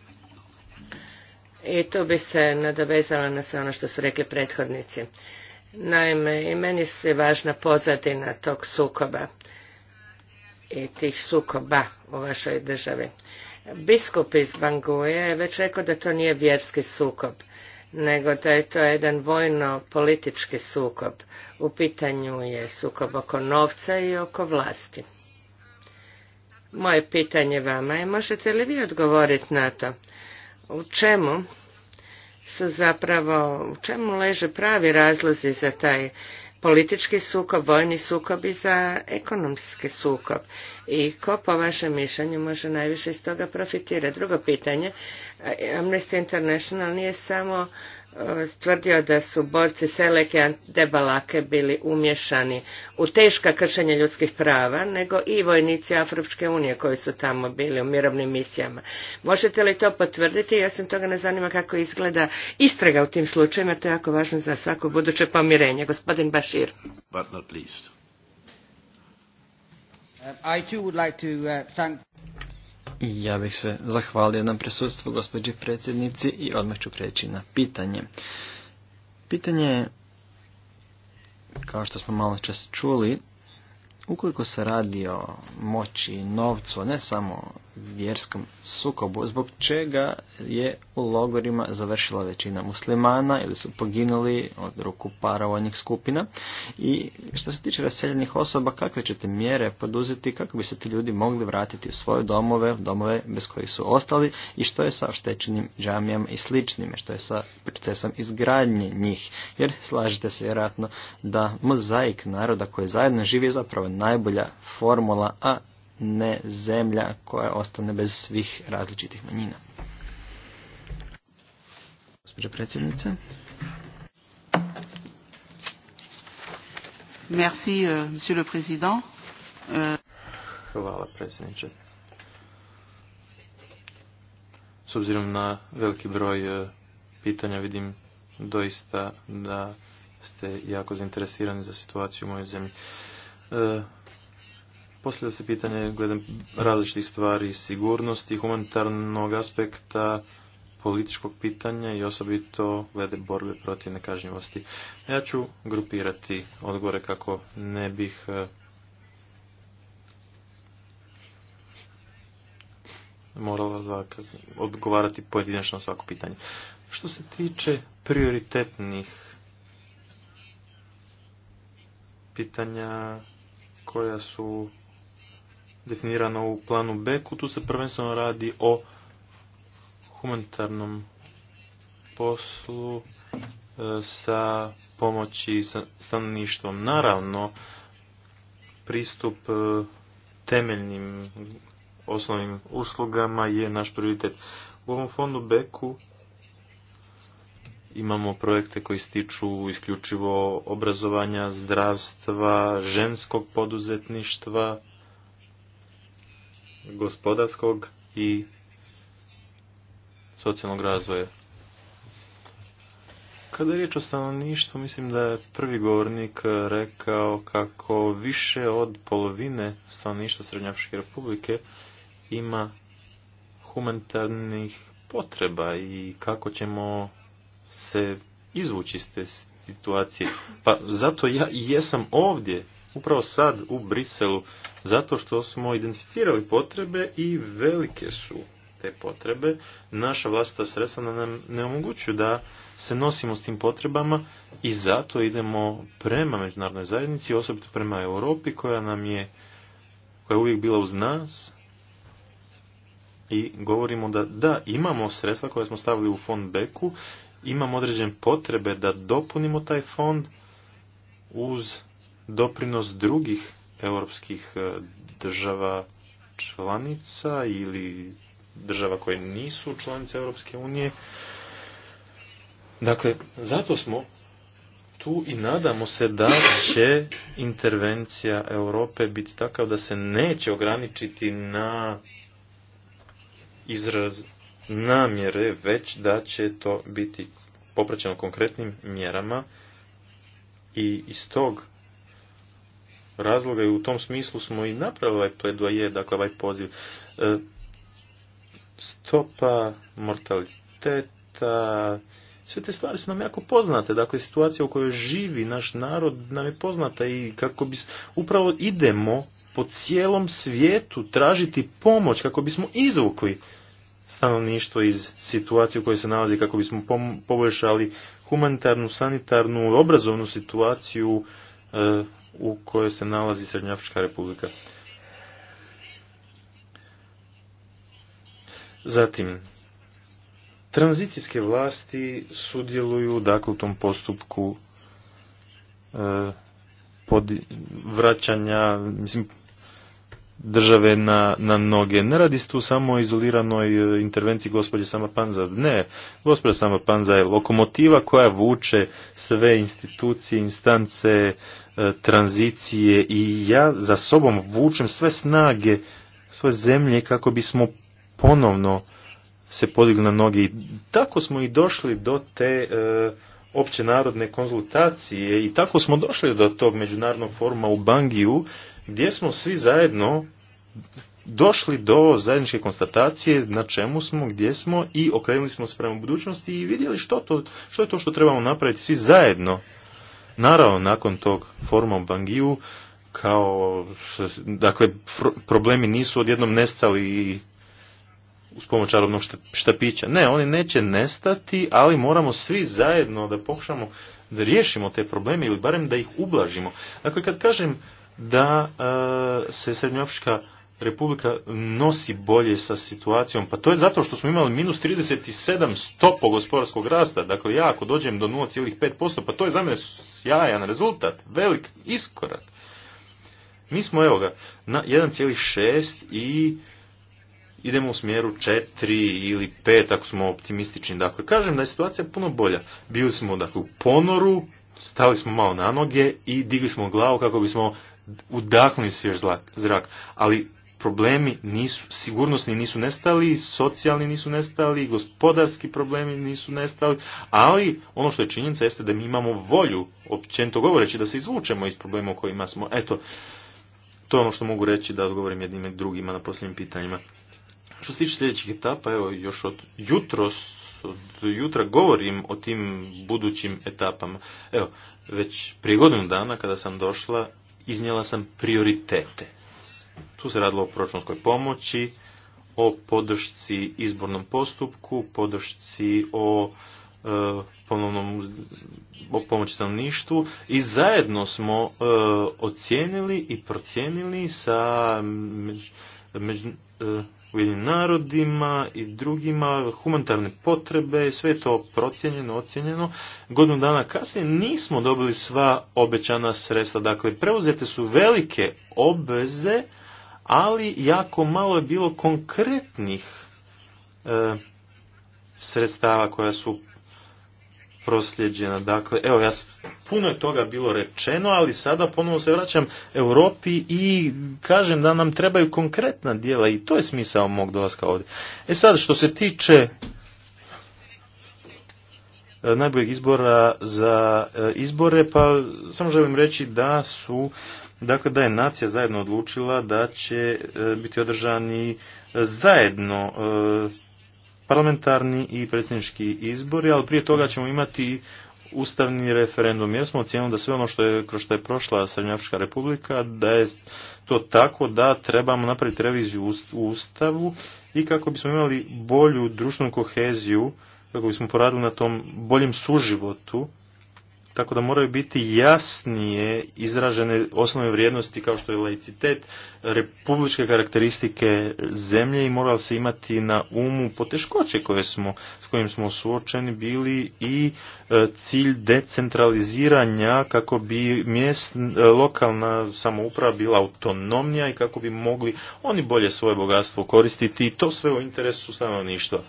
Speaker 1: I tu bi se nadovezala na sve ono što su rekli prethodnici. Naime, i meni se važna pozadina tog sukoba i tih sukoba u vašoj državi. Biskup iz Banguje je već rekao da to nije vjerski sukob, nego da je to jedan vojno-politički sukob. U pitanju je sukob oko novca i oko vlasti. Moje pitanje vama je, možete li vi odgovoriti na to? U čemu su zapravo, u čemu leže pravi razlozi za taj politički sukob, vojni sukob i za ekonomski sukob. I ko po vašem mišljenju može najviše iz toga profitirati? Drugo pitanje, Amnesty International nije samo tvrdio da su borci Seleke Debalake bili umješani u teška kršenja ljudskih prava, nego i vojnici Afričke unije koji su tamo bili u mirovnim misijama. Možete li to potvrditi? Ja sam toga ne zanima kako izgleda istraga u tim slučajevima, to je jako važno za svako buduće pomirenje. Gospodin Bashir.
Speaker 7: Ja bih se zahvalio na prisustvu gospođi predsjednici i odmah ću preći na pitanje. Pitanje je, kao što smo malo čas čuli, ukoliko se radi o moći i novcu, ne samo vjerskom sukobu, zbog čega je u logorima završila većina muslimana ili su poginuli od ruku paravojnih skupina. I što se tiče raseljenih osoba, kakve ćete mjere poduzeti kako bi se ti ljudi mogli vratiti u svoje domove, domove bez kojih su ostali i što je sa oštećenim džamijama i sličnime, što je sa procesom izgradnje njih. Jer slažete se vjerojatno da mozaik naroda koji zajedno živi je zapravo najbolja formula, a ne zemlja koja ostane bez svih različitih manjina. Gospođa predsjednica.
Speaker 4: Merci, euh, monsieur le président.
Speaker 6: Euh, Hvala, predsjedniče. S obzirom na veliki broj e, pitanja vidim doista da ste jako zainteresirani za situaciju u mojoj zemlji. E, poslije se pitanje gledam različitih stvari, sigurnosti, humanitarnog aspekta, političkog pitanja i osobito glede borbe protiv nekažnjivosti. Ja ću grupirati odgovore kako ne bih e, morala odgovarati pojedinačno svako pitanje. Što se tiče prioritetnih pitanja koja su definirano u planu Beku. Tu se prvenstveno radi o humanitarnom poslu e, sa pomoći stanovništvom. Naravno, pristup e, temeljnim osnovnim uslugama je naš prioritet. U ovom fondu Beku imamo projekte koji stiču isključivo obrazovanja, zdravstva, ženskog poduzetništva, gospodarskog i socijalnog razvoja. Kada je riječ o stanovništvu, mislim da je prvi govornik rekao kako više od polovine stanovništva Srednjačke republike ima humanitarnih potreba i kako ćemo se izvući iz te situacije. Pa zato ja i jesam ovdje upravo sad u Briselu, zato što smo identificirali potrebe i velike su te potrebe. Naša vlastita sredstva nam ne omogućuju da se nosimo s tim potrebama i zato idemo prema međunarodnoj zajednici, osobito prema Europi koja nam je, koja je uvijek bila uz nas i govorimo da da, imamo sredstva koje smo stavili u fond Beku, imamo određene potrebe da dopunimo taj fond uz doprinos drugih europskih e, država članica ili država koje nisu članice Europske unije. Dakle, zato smo tu i nadamo se da će intervencija Europe biti takav da se neće ograničiti na izraz namjere, već da će to biti popraćeno konkretnim mjerama i iz tog razloga i u tom smislu smo i napravili ovaj pledoje, dakle ovaj poziv. E, stopa mortaliteta, sve te stvari su nam jako poznate, dakle situacija u kojoj živi naš narod nam je poznata i kako bi upravo idemo po cijelom svijetu tražiti pomoć kako bismo izvukli stanovništvo iz situacije u kojoj se nalazi, kako bismo poboljšali humanitarnu, sanitarnu, obrazovnu situaciju e, u kojoj se nalazi Srednjoafrička republika. Zatim, tranzicijske vlasti sudjeluju dakle, u tom postupku e, vraćanja mislim, države na, na noge. Ne radi se tu samo o izoliranoj e, intervenciji gospođe Sama Panza. Ne, gospođa Sama Panza je lokomotiva koja vuče sve institucije, instance, E, tranzicije i ja za sobom vučem sve snage, svoje zemlje kako bismo ponovno se podigli na noge. I tako smo i došli do te e, opće narodne konzultacije i tako smo došli do tog međunarodnog foruma u Bangiju gdje smo svi zajedno došli do zajedničke konstatacije na čemu smo, gdje smo i okrenuli smo se prema budućnosti i vidjeli što, to, što je to što trebamo napraviti svi zajedno. Naravno, nakon tog formom Bangiju, kao, dakle, problemi nisu odjednom nestali i uz pomoć štapića. Ne, oni neće nestati, ali moramo svi zajedno da pokušamo da riješimo te probleme ili barem da ih ublažimo. Dakle, kad kažem da e, se Srednjoafrička Republika nosi bolje sa situacijom? Pa to je zato što smo imali minus 37 stopo gospodarskog rasta. Dakle, ja ako dođem do 0,5%, pa to je za mene sjajan rezultat, velik iskorak. Mi smo, evo ga, na 1,6 i idemo u smjeru 4 ili 5, ako smo optimistični. Dakle, kažem da je situacija puno bolja. Bili smo, dakle, u ponoru, stali smo malo na noge i digli smo glavu kako bismo udahnuli svjež zrak. Ali problemi nisu, sigurnosni nisu nestali, socijalni nisu nestali, gospodarski problemi nisu nestali, ali ono što je činjenica jeste da mi imamo volju, općenito govoreći, da se izvučemo iz problema u kojima smo. Eto, to je ono što mogu reći da odgovorim jednim drugima na posljednjim pitanjima. Što se tiče sljedećih etapa, evo još od jutros od jutra govorim o tim budućim etapama. Evo, već prije godinu dana kada sam došla, iznijela sam prioritete. Tu se radilo o proračunskoj pomoći, o podršci izbornom postupku, podršci o e, ponovnom pomoći stanovništvu i zajedno smo e, ocijenili i procijenili sa među, e, narodima i drugima, humanitarne potrebe, sve je to procijenjeno, ocijenjeno. Godinu dana kasnije nismo dobili sva obećana sredstva. Dakle, preuzete su velike obveze, ali jako malo je bilo konkretnih e, sredstava koja su prosljeđena. Dakle, evo, ja, puno je toga bilo rečeno, ali sada ponovno se vraćam Europi i kažem da nam trebaju konkretna dijela i to je smisao mog dolaska ovdje. E sad, što se tiče e, najboljeg izbora za e, izbore, pa samo želim reći da su dakle da je nacija zajedno odlučila da će e, biti održani e, zajedno e, parlamentarni i predsjednički izbori, ali prije toga ćemo imati ustavni referendum, jer smo ocijenili da sve ono što je, kroz što je prošla Srednjoafrička republika, da je to tako da trebamo napraviti reviziju u ustavu i kako bismo imali bolju društvenu koheziju, kako bismo poradili na tom boljem suživotu, tako da moraju biti jasnije izražene osnovne vrijednosti kao što je laicitet, republičke karakteristike zemlje i mora se imati na umu poteškoće koje smo, s kojim smo suočeni bili i e, cilj decentraliziranja kako bi mjest, e, lokalna samouprava bila autonomnija i kako bi mogli oni bolje svoje bogatstvo koristiti i to sve u interesu stanovništva.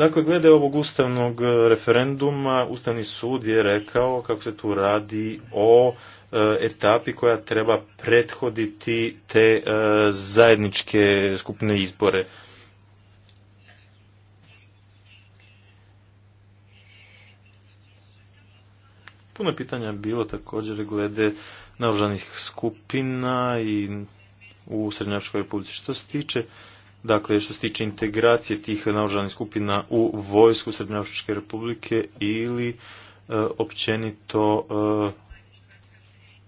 Speaker 6: Dakle, glede ovog ustavnog e, referenduma, Ustavni sud je rekao kako se tu radi o e, etapi koja treba prethoditi te e, zajedničke skupne izbore. Puno pitanja bilo također glede naoružanih skupina i u Srednjačkoj republici. Što se tiče Dakle, što se tiče integracije tih naoružanih skupina u vojsku Srednjoafričke republike ili e, općenito e,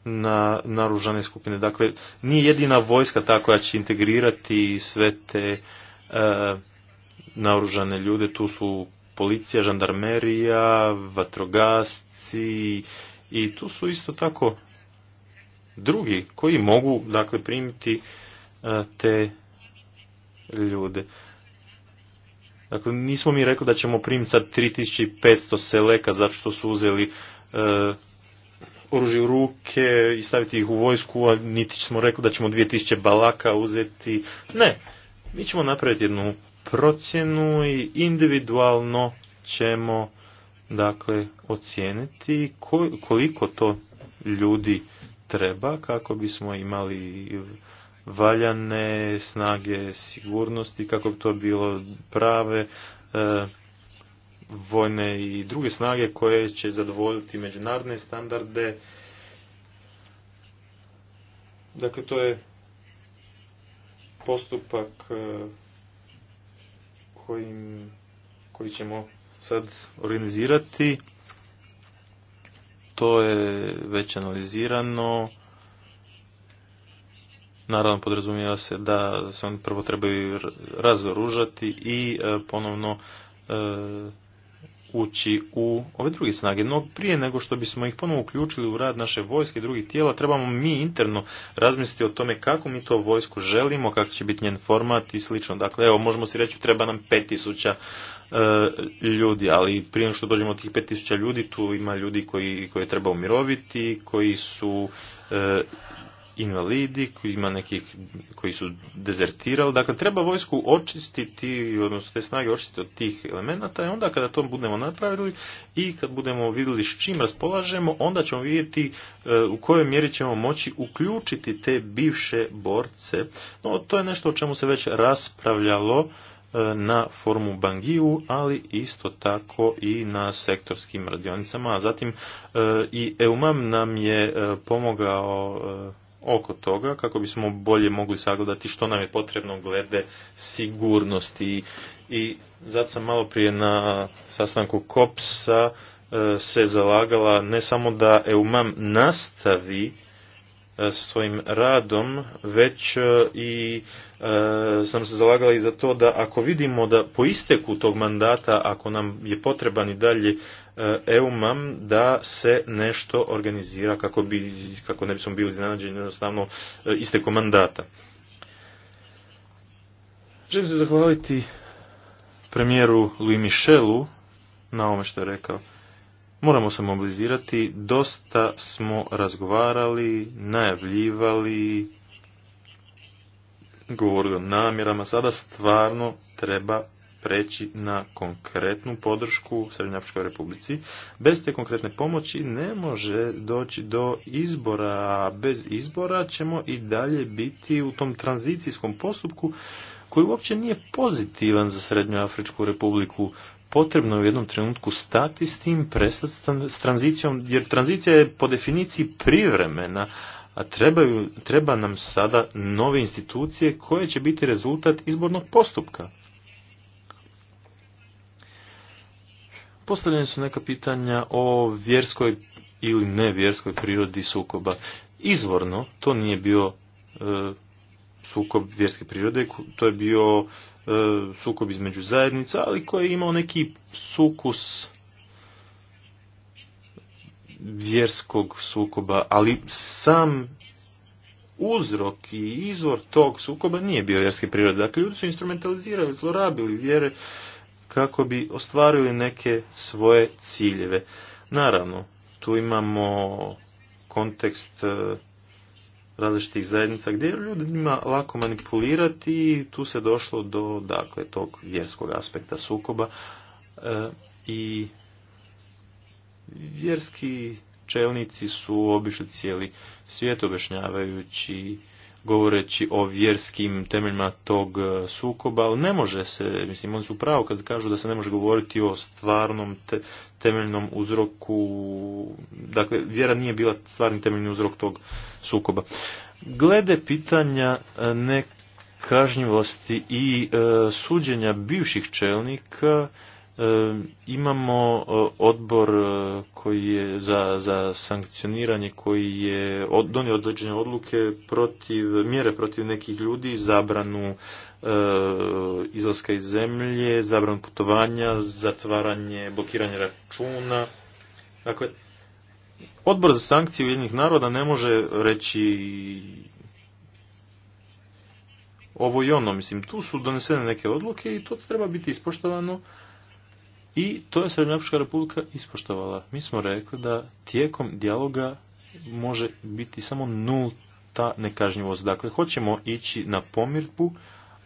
Speaker 6: na naružane skupine. Dakle, nije jedina vojska ta koja će integrirati sve te e, naoružane ljude. Tu su policija, žandarmerija, vatrogasci i tu su isto tako drugi koji mogu dakle primiti e, te ljude. Dakle, nismo mi rekli da ćemo primiti sad 3500 seleka zato što su uzeli e, oružje u ruke i staviti ih u vojsku, a niti smo rekli da ćemo 2000 balaka uzeti. Ne, mi ćemo napraviti jednu procjenu i individualno ćemo dakle ocijeniti koliko to ljudi treba kako bismo imali valjane snage sigurnosti, kako bi to bilo prave e, vojne i druge snage koje će zadovoljiti međunarodne standarde. Dakle, to je postupak e, kojim, koji ćemo sad organizirati. To je već analizirano naravno podrazumijeva se da se oni prvo trebaju razoružati i e, ponovno e, ući u ove druge snage. No prije nego što bismo ih ponovno uključili u rad naše vojske i drugih tijela, trebamo mi interno razmisliti o tome kako mi to vojsku želimo, kako će biti njen format i slično. Dakle, evo, možemo si reći treba nam pet tisuća e, ljudi, ali prije nego što dođemo od tih tisuća ljudi, tu ima ljudi koji, koje treba umiroviti, koji su invalidi koji ima nekih koji su dezertirali. Dakle, treba vojsku očistiti, odnosno te snage očistiti od tih elemenata i onda kada to budemo napravili i kad budemo vidjeli s čim raspolažemo, onda ćemo vidjeti eh, u kojoj mjeri ćemo moći uključiti te bivše borce. No, to je nešto o čemu se već raspravljalo eh, na formu Bangiju, ali isto tako i na sektorskim radionicama. A zatim eh, i EUMAM nam je pomogao oko toga kako bismo bolje mogli sagledati što nam je potrebno glede sigurnosti. I zato sam malo prije na sastanku KOPSA e, se zalagala ne samo da EUMAM nastavi e, svojim radom, već e, i sam se zalagala i za to da ako vidimo da po isteku tog mandata, ako nam je potreban i dalje EUMAM da se nešto organizira kako, bi, kako ne bismo bili iznenađeni jednostavno e, iste mandata. Želim se zahvaliti premijeru Louis Michelu na ovome što je rekao. Moramo se mobilizirati, dosta smo razgovarali, najavljivali, govorili o namjerama, sada stvarno treba preći na konkretnu podršku Srednjoafričkoj republici. Bez te konkretne pomoći ne može doći do izbora, a bez izbora ćemo i dalje biti u tom tranzicijskom postupku koji uopće nije pozitivan za Srednjoafričku republiku. Potrebno je u jednom trenutku stati s tim, prestati s tranzicijom, jer tranzicija je po definiciji privremena, a trebaju, treba nam sada nove institucije koje će biti rezultat izbornog postupka. Postavljene su neka pitanja o vjerskoj ili nevjerskoj prirodi sukoba. Izvorno to nije bio e, sukob vjerske prirode, to je bio e, sukob između zajednica, ali koji je imao neki sukus vjerskog sukoba, ali sam uzrok i izvor tog sukoba nije bio vjerske prirode. Dakle, ljudi su instrumentalizirali, zlorabili vjere, kako bi ostvarili neke svoje ciljeve. Naravno, tu imamo kontekst e, različitih zajednica gdje je ljudima lako manipulirati i tu se došlo do dakle, tog vjerskog aspekta sukoba e, i vjerski čelnici su obišli cijeli svijet objašnjavajući govoreći o vjerskim temeljima tog e, sukoba, ali ne može se, mislim, oni su pravo kad kažu da se ne može govoriti o stvarnom temeljnom uzroku, dakle, vjera nije bila stvarni temeljni uzrok tog sukoba. Glede pitanja e, nekažnjivosti i e, suđenja bivših čelnika, E, imamo e, odbor e, koji je za, za sankcioniranje koji je donio određene odluke protiv mjere protiv nekih ljudi zabranu e, izlaska iz zemlje zabranu putovanja zatvaranje blokiranje računa dakle odbor za sankcije ujedinjenih naroda ne može reći ovo i ono mislim tu su donesene neke odluke i to treba biti ispoštovano i to je Srednjoafrička republika ispoštovala. Mi smo rekli da tijekom dijaloga može biti samo ta nekažnjivost. Dakle, hoćemo ići na pomirbu,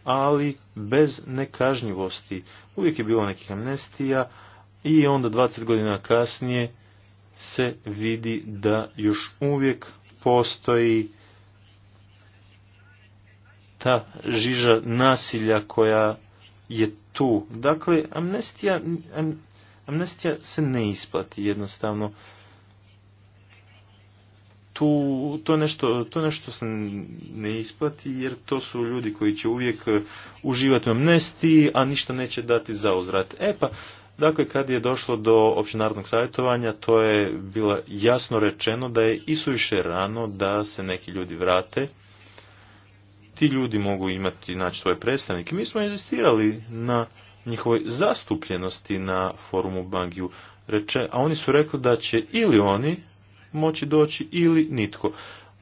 Speaker 6: ali bez nekažnjivosti. Uvijek je bilo nekih amnestija i onda 20 godina kasnije se vidi da još uvijek postoji ta žiža nasilja koja je tu. Dakle, amnestija, amnestija se ne isplati jednostavno. Tu, to, nešto, to nešto se ne isplati jer to su ljudi koji će uvijek e, uživati u amnestiji, a ništa neće dati za uzrat. E pa, Dakle, kad je došlo do općenarodnog savjetovanja, to je bilo jasno rečeno da je isuviše rano da se neki ljudi vrate ti ljudi mogu imati naći svoje predstavnike. Mi smo inzistirali na njihovoj zastupljenosti na forumu Bangiju, reče, a oni su rekli da će ili oni moći doći ili nitko.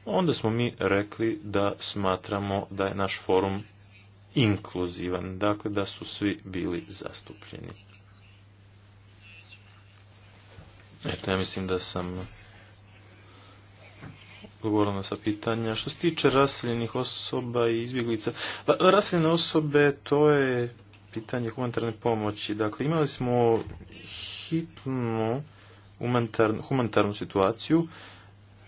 Speaker 6: Onda smo mi rekli da smatramo da je naš forum inkluzivan, dakle da su svi bili zastupljeni. Eto, ja mislim da sam odgovorila na sa pitanja. Što se tiče raseljenih osoba i izbjeglica, pa, raseljene osobe to je pitanje humanitarne pomoći. Dakle, imali smo hitnu humanitarnu situaciju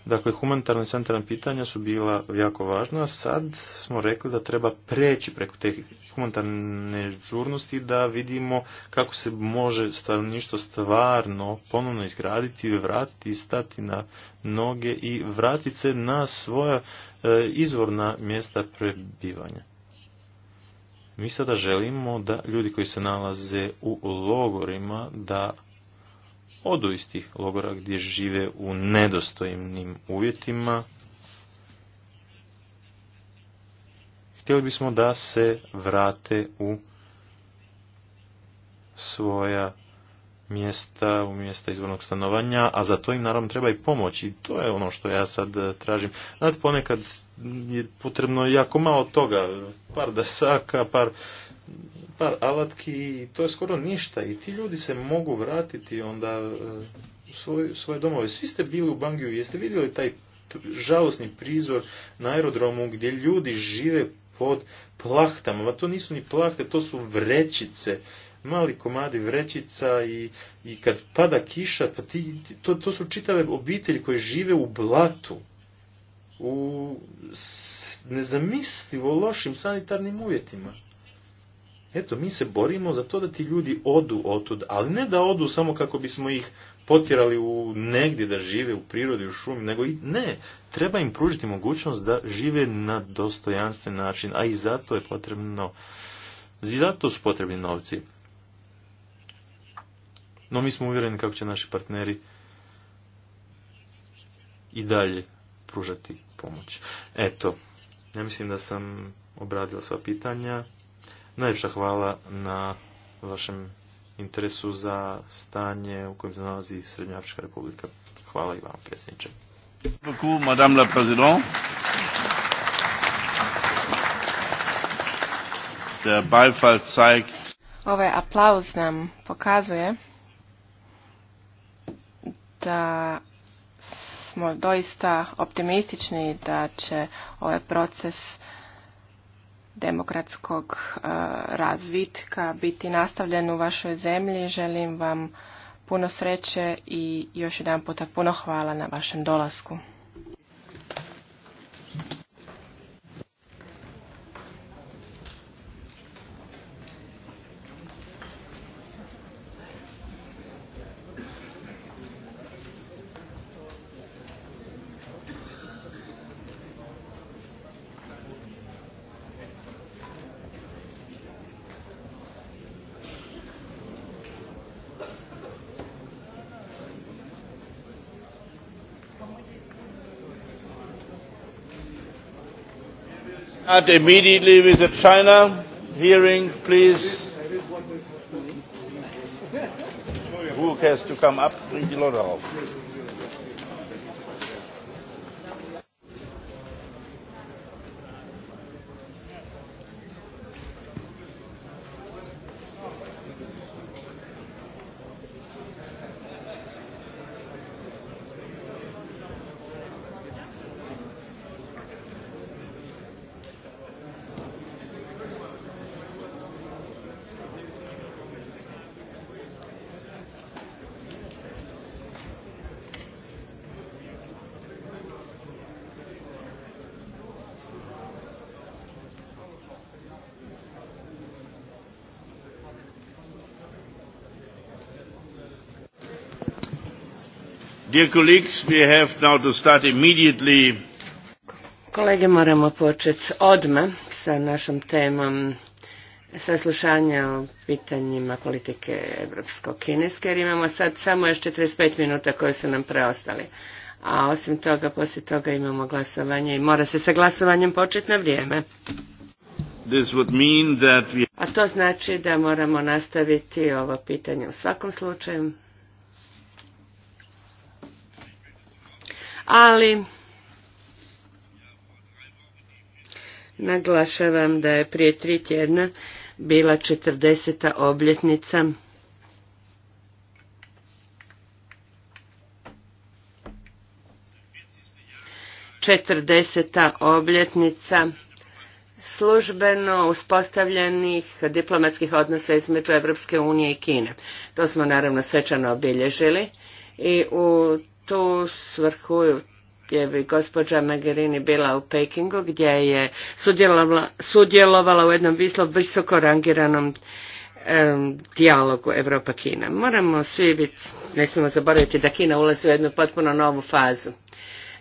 Speaker 6: Dakle, humanitarna i pitanja su bila jako važna. Sad smo rekli da treba preći preko te humanitarne žurnosti da vidimo kako se može stanovništvo stvarno ponovno izgraditi, vratiti, stati na noge i vratiti se na svoja e, izvorna mjesta prebivanja. Mi sada želimo da ljudi koji se nalaze u logorima da odu iz tih logora gdje žive u nedostojnim uvjetima. Htjeli bismo da se vrate u svoja mjesta, u mjesta izvornog stanovanja, a za to im naravno treba i pomoć i to je ono što ja sad e, tražim. Znate, ponekad je potrebno jako malo toga, par dasaka, par par alatki i to je skoro ništa i ti ljudi se mogu vratiti onda e, u svoj, svoje domove. Svi ste bili u Bangiju, jeste vidjeli taj žalosni prizor na aerodromu gdje ljudi žive pod plahtama, ma to nisu ni plahte, to su vrećice, mali komadi vrećica i, i kad pada kiša, pa ti, to, to su čitave obitelji koje žive u blatu, u nezamislivo lošim sanitarnim uvjetima. Eto, mi se borimo za to da ti ljudi odu otud, ali ne da odu samo kako bismo ih potjerali u negdje da žive u prirodi, u šumi, nego i ne, treba im pružiti mogućnost da žive na dostojanstven način, a i zato je potrebno, i zato su potrebni novci. No mi smo uvjereni kako će naši partneri i dalje pružati pomoć. Eto, ja mislim da sam obradila sva pitanja. Najljepša hvala na vašem interesu za stanje u kojem se nalazi Srednjoafrička republika. Hvala i vama, predsjedniče.
Speaker 2: Madame la Présidente.
Speaker 4: Ovaj aplauz nam pokazuje da smo doista optimistični da će ovaj proces demokratskog e, razvitka biti nastavljen u vašoj zemlji. Želim vam puno sreće i još jedan puta puno hvala na vašem dolasku.
Speaker 2: start immediately with the China hearing, please. Who has to come up? Bring the
Speaker 1: Kolege, moramo početi odmah sa našom temom saslušanja o pitanjima politike evropsko-kineske, jer imamo sad samo još 45 minuta koje su nam preostali. A osim toga, poslije toga imamo glasovanje i mora se sa glasovanjem početi na vrijeme. A to znači da moramo nastaviti ovo pitanje u svakom slučaju. ali naglašavam da je prije tri tjedna bila 40. obljetnica četrdeseta obljetnica službeno uspostavljenih diplomatskih odnosa između Europske unije i Kine. To smo naravno svečano obilježili i u tu svrhu, gdje bi gospođa Magherini bila u Pekingu gdje je sudjelovala, u jednom visoko rangiranom dijalogu Europa-Kina. Moramo svi biti, ne smijemo zaboraviti da Kina ulazi u jednu potpuno novu fazu.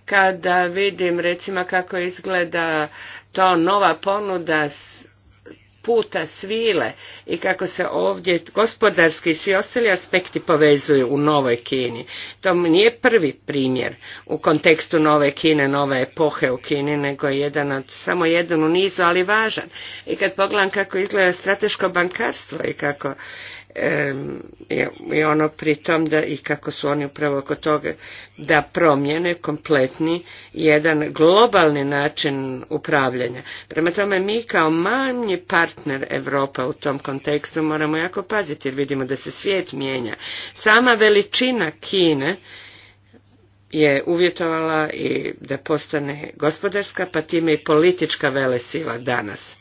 Speaker 1: Kada vidim recimo kako izgleda to nova ponuda puta svile i kako se ovdje gospodarski i svi ostali aspekti povezuju u novoj Kini. To nije prvi primjer u kontekstu nove Kine, nove epohe u Kini, nego je jedan od, samo jedan u nizu, ali važan. I kad pogledam kako izgleda strateško bankarstvo i kako i ono pritom da i kako su oni upravo oko toga da promjene kompletni jedan globalni način upravljanja. Prema tome mi kao manji partner Europa u tom kontekstu moramo jako paziti jer vidimo da se svijet mijenja. Sama veličina Kine je uvjetovala i da postane gospodarska pa time i politička velesila danas.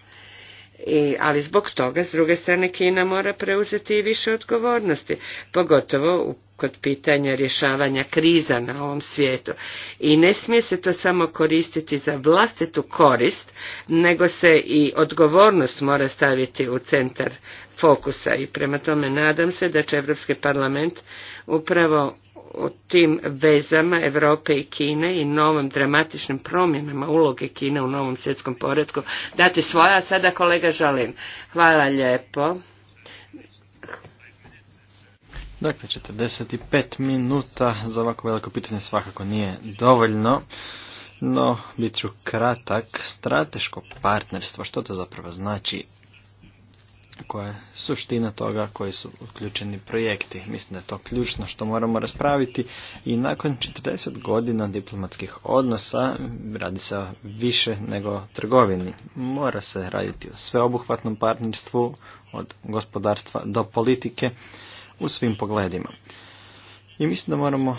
Speaker 1: I, ali zbog toga, s druge strane, Kina mora preuzeti i više odgovornosti, pogotovo kod pitanja rješavanja kriza na ovom svijetu. I ne smije se to samo koristiti za vlastitu korist, nego se i odgovornost mora staviti u centar fokusa. I prema tome nadam se da će Europski parlament upravo o tim vezama Europe i Kine i novim dramatičnim promjenama uloge Kine u novom svjetskom poredku dati svoja. sada kolega Žalin. Hvala lijepo.
Speaker 7: Dakle, 45 minuta za ovako veliko pitanje svakako nije dovoljno. No, bit ću kratak. Strateško partnerstvo, što to zapravo znači? koja je suština toga koji su uključeni projekti. Mislim da je to ključno što moramo raspraviti i nakon 40 godina diplomatskih odnosa radi se više nego trgovini. Mora se raditi o sveobuhvatnom partnerstvu od gospodarstva do politike u svim pogledima. I mislim da moramo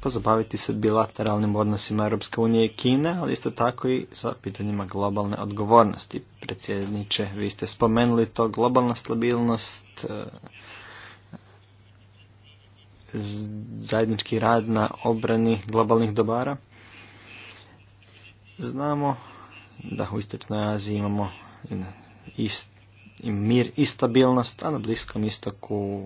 Speaker 7: pozabaviti se bilateralnim odnosima Europske unije i Kine, ali isto tako i sa pitanjima globalne odgovornosti. Predsjedniče, vi ste spomenuli to globalna stabilnost, e, zajednički rad na obrani globalnih dobara. Znamo da u Istočnoj Aziji imamo i mir i stabilnost, a na Bliskom istoku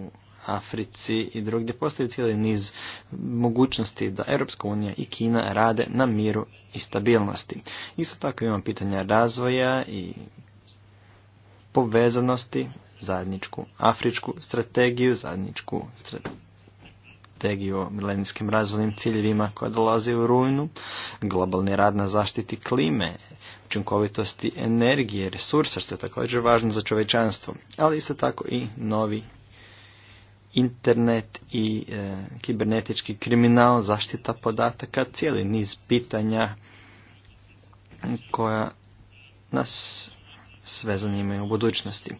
Speaker 7: Africi i drugdje postoji cijeli niz mogućnosti da Europska unija i Kina rade na miru i stabilnosti. Isto tako imam pitanja razvoja i povezanosti, zajedničku afričku strategiju, zajedničku strategiju o milenijskim razvojnim ciljevima koja dolazi u rujnu, globalni rad na zaštiti klime, učinkovitosti energije, resursa, što je također važno za čovečanstvo, ali isto tako i novi internet i e, kibernetički kriminal, zaštita podataka, cijeli niz pitanja koja nas sve zanimaju u budućnosti.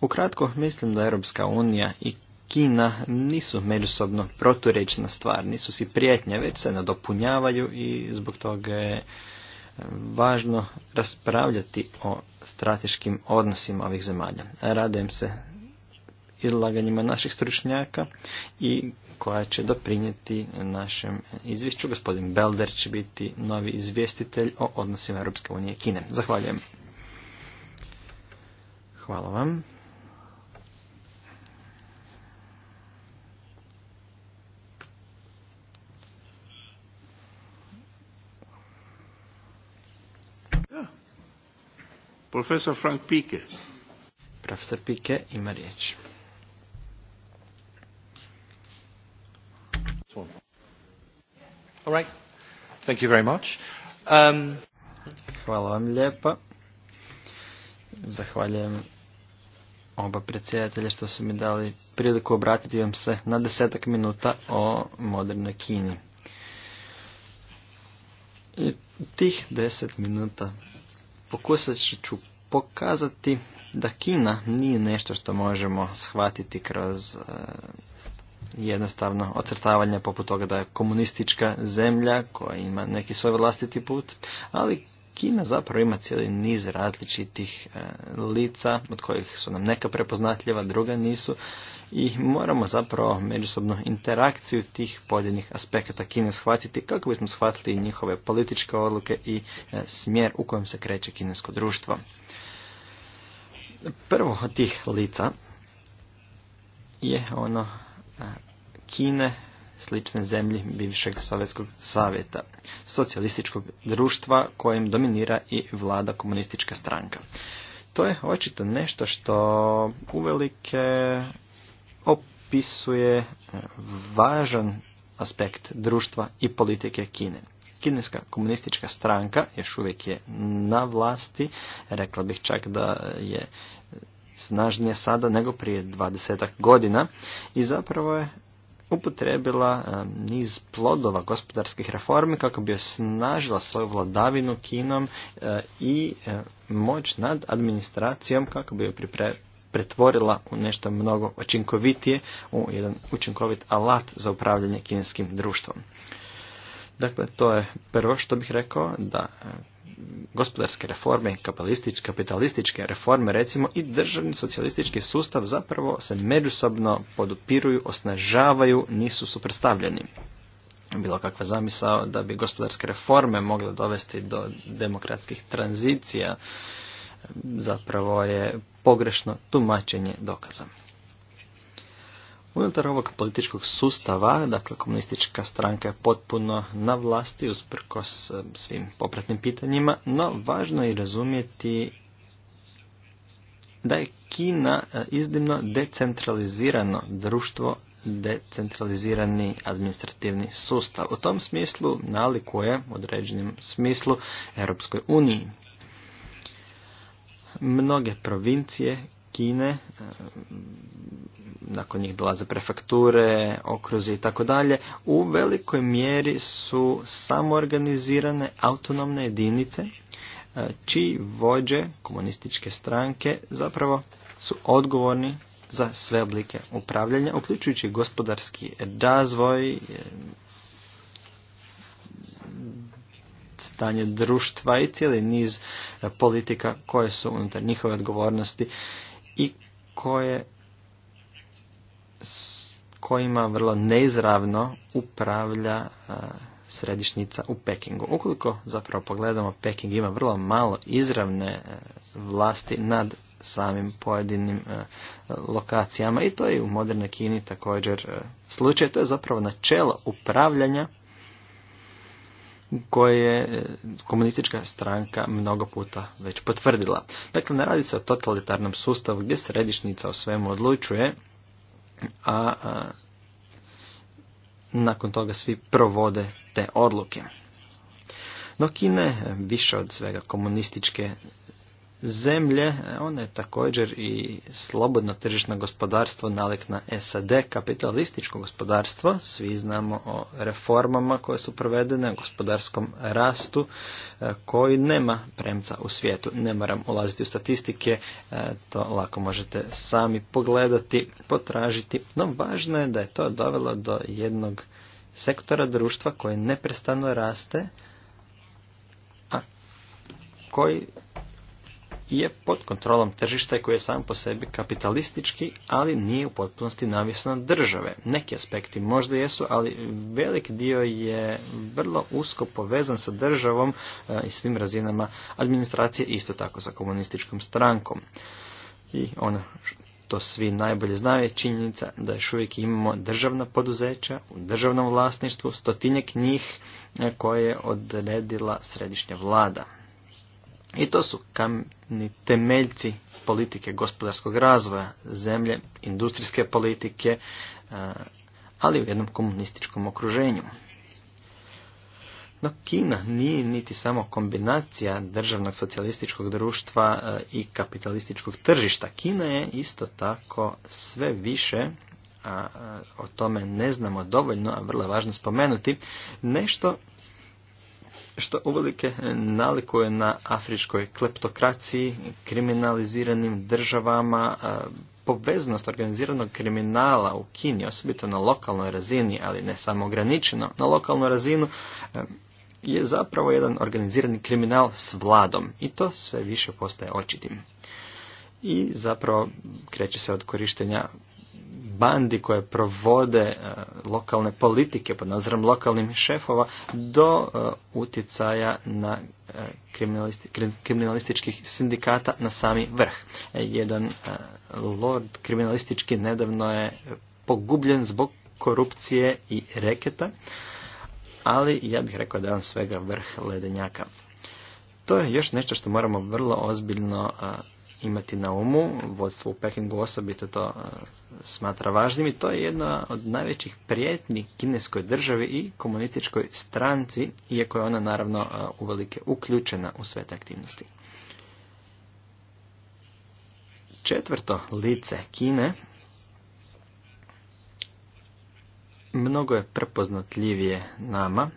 Speaker 7: Ukratko, mislim da Europska unija i Kina nisu međusobno proturečna stvar, nisu si prijetnje, već se nadopunjavaju i zbog toga je e, važno raspravljati o strateškim odnosima ovih zemalja. Radujem se izlaganjima naših stručnjaka i koja će doprinijeti našem izvješću. Gospodin Belder će biti novi izvjestitelj o odnosima Europske unije i Kine. Zahvaljujem. Hvala vam.
Speaker 2: Profesor Frank Pike. Profesor
Speaker 7: Pike ima riječ. All right. Thank you very much. Um... Hvala vam lijepa. Zahvaljujem oba predsjedatelja što su mi dali priliku obratiti vam se na desetak minuta o modernoj Kini. I tih deset minuta pokusat ću pokazati da Kina nije nešto što možemo shvatiti kroz eh, jednostavno ocrtavanja poput toga da je komunistička zemlja koja ima neki svoj vlastiti put, ali Kina zapravo ima cijeli niz različitih e, lica od kojih su nam neka prepoznatljiva, druga nisu i moramo zapravo međusobnu interakciju tih pojedinih aspekata Kine shvatiti kako bismo shvatili njihove političke odluke i e, smjer u kojem se kreće kinesko društvo. Prvo od tih lica je ono Kine, slične zemlji bivšeg Sovjetskog savjeta, socijalističkog društva kojim dominira i vlada komunistička stranka. To je očito nešto što uvelike opisuje e, važan aspekt društva i politike Kine. Kineska komunistička stranka još uvijek je na vlasti, rekla bih čak da je snažnije sada nego prije dvadesetak godina i zapravo je upotrebila e, niz plodova gospodarskih reformi kako bi osnažila svoju vladavinu Kinom e, i e, moć nad administracijom kako bi joj pretvorila u nešto mnogo učinkovitije, u jedan učinkovit alat za upravljanje kineskim društvom. Dakle, to je prvo što bih rekao, da gospodarske reforme, kapitalističke reforme, recimo i državni socijalistički sustav zapravo se međusobno podupiruju, osnažavaju, nisu suprotstavljeni. Bilo kakva zamisao da bi gospodarske reforme mogle dovesti do demokratskih tranzicija zapravo je pogrešno tumačenje dokaza. Unutar ovog političkog sustava, dakle komunistička stranka je potpuno na vlasti usprkos eh, svim popratnim pitanjima, no važno je razumjeti da je Kina eh, iznimno decentralizirano društvo, decentralizirani administrativni sustav. U tom smislu nalikuje u određenim smislu Europskoj uniji. Mnoge provincije Kine, e, nakon njih dolaze prefekture, okruzi i tako dalje, u velikoj mjeri su samoorganizirane autonomne jedinice e, čiji vođe komunističke stranke zapravo su odgovorni za sve oblike upravljanja, uključujući gospodarski razvoj, e, stanje društva i cijeli niz politika koje su unutar njihove odgovornosti i koje kojima vrlo neizravno upravlja e, središnjica u Pekingu. Ukoliko zapravo pogledamo, Peking ima vrlo malo izravne e, vlasti nad samim pojedinim e, lokacijama i to je u modernoj Kini također slučaj. To je zapravo načelo upravljanja koje je eh, komunistička stranka mnogo puta već potvrdila. Dakle, ne radi se o totalitarnom sustavu gdje središnica o svemu odlučuje, a, nakon toga svi provode te odluke. No Kine, eh, više od svega komunističke zemlje, e, one je također i slobodno tržišno gospodarstvo nalik na SAD, kapitalističko gospodarstvo, svi znamo o reformama koje su provedene, o gospodarskom rastu e, koji nema premca u svijetu. Ne moram ulaziti u statistike, e, to lako možete sami pogledati, potražiti, no važno je da je to dovelo do jednog sektora društva koji neprestano raste, a koji je pod kontrolom tržišta koji je sam po sebi kapitalistički, ali nije u potpunosti navisno države. Neki aspekti možda jesu, ali velik dio je vrlo usko povezan sa državom eh, i svim razinama administracije, isto tako sa komunističkom strankom. I ono to svi najbolje znaju je činjenica da još uvijek imamo državna poduzeća u državnom vlasništvu, stotinjak njih eh, koje je odredila središnja vlada. I to su kamni temeljci politike gospodarskog razvoja zemlje, industrijske politike, e, ali u jednom komunističkom okruženju. No Kina nije niti samo kombinacija državnog socijalističkog društva e, i kapitalističkog tržišta. Kina je isto tako sve više, a o tome ne znamo dovoljno, a vrlo je važno spomenuti, nešto što uvelike nalikuje na afričkoj kleptokraciji, kriminaliziranim državama, poveznost organiziranog kriminala u Kini, osobito na lokalnoj razini, ali ne samo ograničeno, na lokalnu razinu je zapravo jedan organizirani kriminal s vladom i to sve više postaje očitim. I zapravo kreće se od korištenja bandi koje provode e, lokalne politike pod nazirom lokalnim šefova do e, utjecaja na e, kriminalističkih sindikata na sami vrh. Jedan lord kriminalistički nedavno je pogubljen zbog korupcije i reketa, ali ja bih rekao da je on svega vrh ledenjaka. To je još nešto što moramo vrlo ozbiljno imati na umu. Vodstvo u Pekingu osobito to e, smatra važnim i to je jedna od najvećih prijetnji kineskoj državi i komunističkoj stranci, iako je ona naravno e, uvelike uključena u sve te aktivnosti. Četvrto lice Kine mnogo je prepoznatljivije nama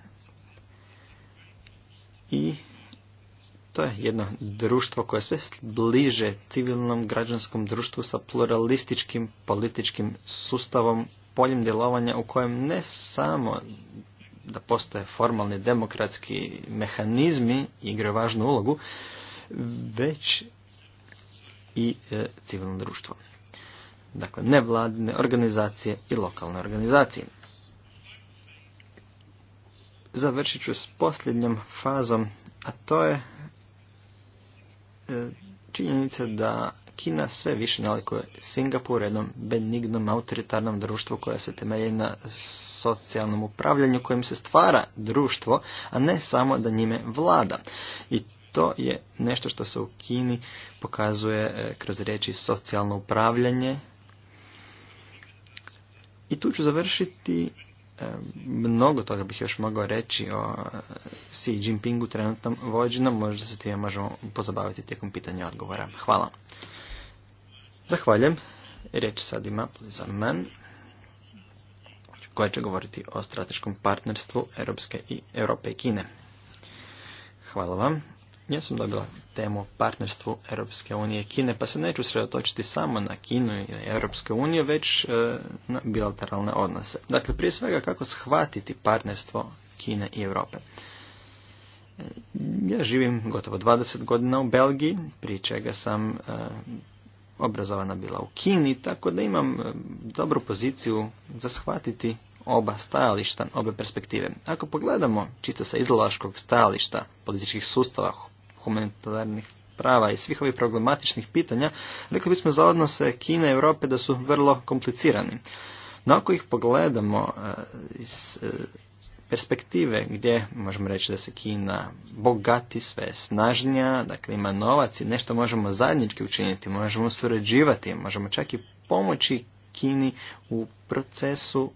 Speaker 7: i to je jedno društvo koje sve bliže civilnom građanskom društvu sa pluralističkim političkim sustavom, poljem djelovanja u kojem ne samo da postoje formalni demokratski mehanizmi igre važnu ulogu, već i e, civilno društvo. Dakle, nevladine organizacije i lokalne organizacije. Završit ću s posljednjom fazom, a to je E, činjenica da Kina sve više nalikuje Singapur, jednom benignom autoritarnom društvu koje se temelji na socijalnom upravljanju kojim se stvara društvo, a ne samo da njime vlada. I to je nešto što se u Kini pokazuje e, kroz riječi socijalno upravljanje. I tu ću završiti Mnogo toga bih još mogao reći o eh, Xi Jinpingu trenutnom vođenom, možda se time možemo pozabaviti tijekom pitanja odgovora. Hvala. Zahvaljujem. Riječ sad ima za men koja će govoriti o strateškom partnerstvu Europske i Europe i Kine. Hvala vam. Ja sam dobila temu o partnerstvu Europske unije i Kine, pa se neću sredotočiti samo na Kinu i Europske unije, već e, na bilateralne odnose. Dakle, prije svega kako shvatiti partnerstvo Kine i Europe. E, ja živim gotovo 20 godina u Belgiji, prije čega sam e, obrazovana bila u Kini, tako da imam dobru poziciju za shvatiti oba stajališta, obe perspektive. Ako pogledamo čisto sa izlaškog stajališta političkih sustava, humanitarnih prava i svih ovih problematičnih pitanja, rekli bismo za odnose Kine i Europe da su vrlo komplicirani. No ako ih pogledamo e, iz e, perspektive gdje možemo reći da se Kina bogati, sve je snažnija, dakle ima novac i nešto možemo zajednički učiniti, možemo surađivati, možemo čak i pomoći Kini u procesu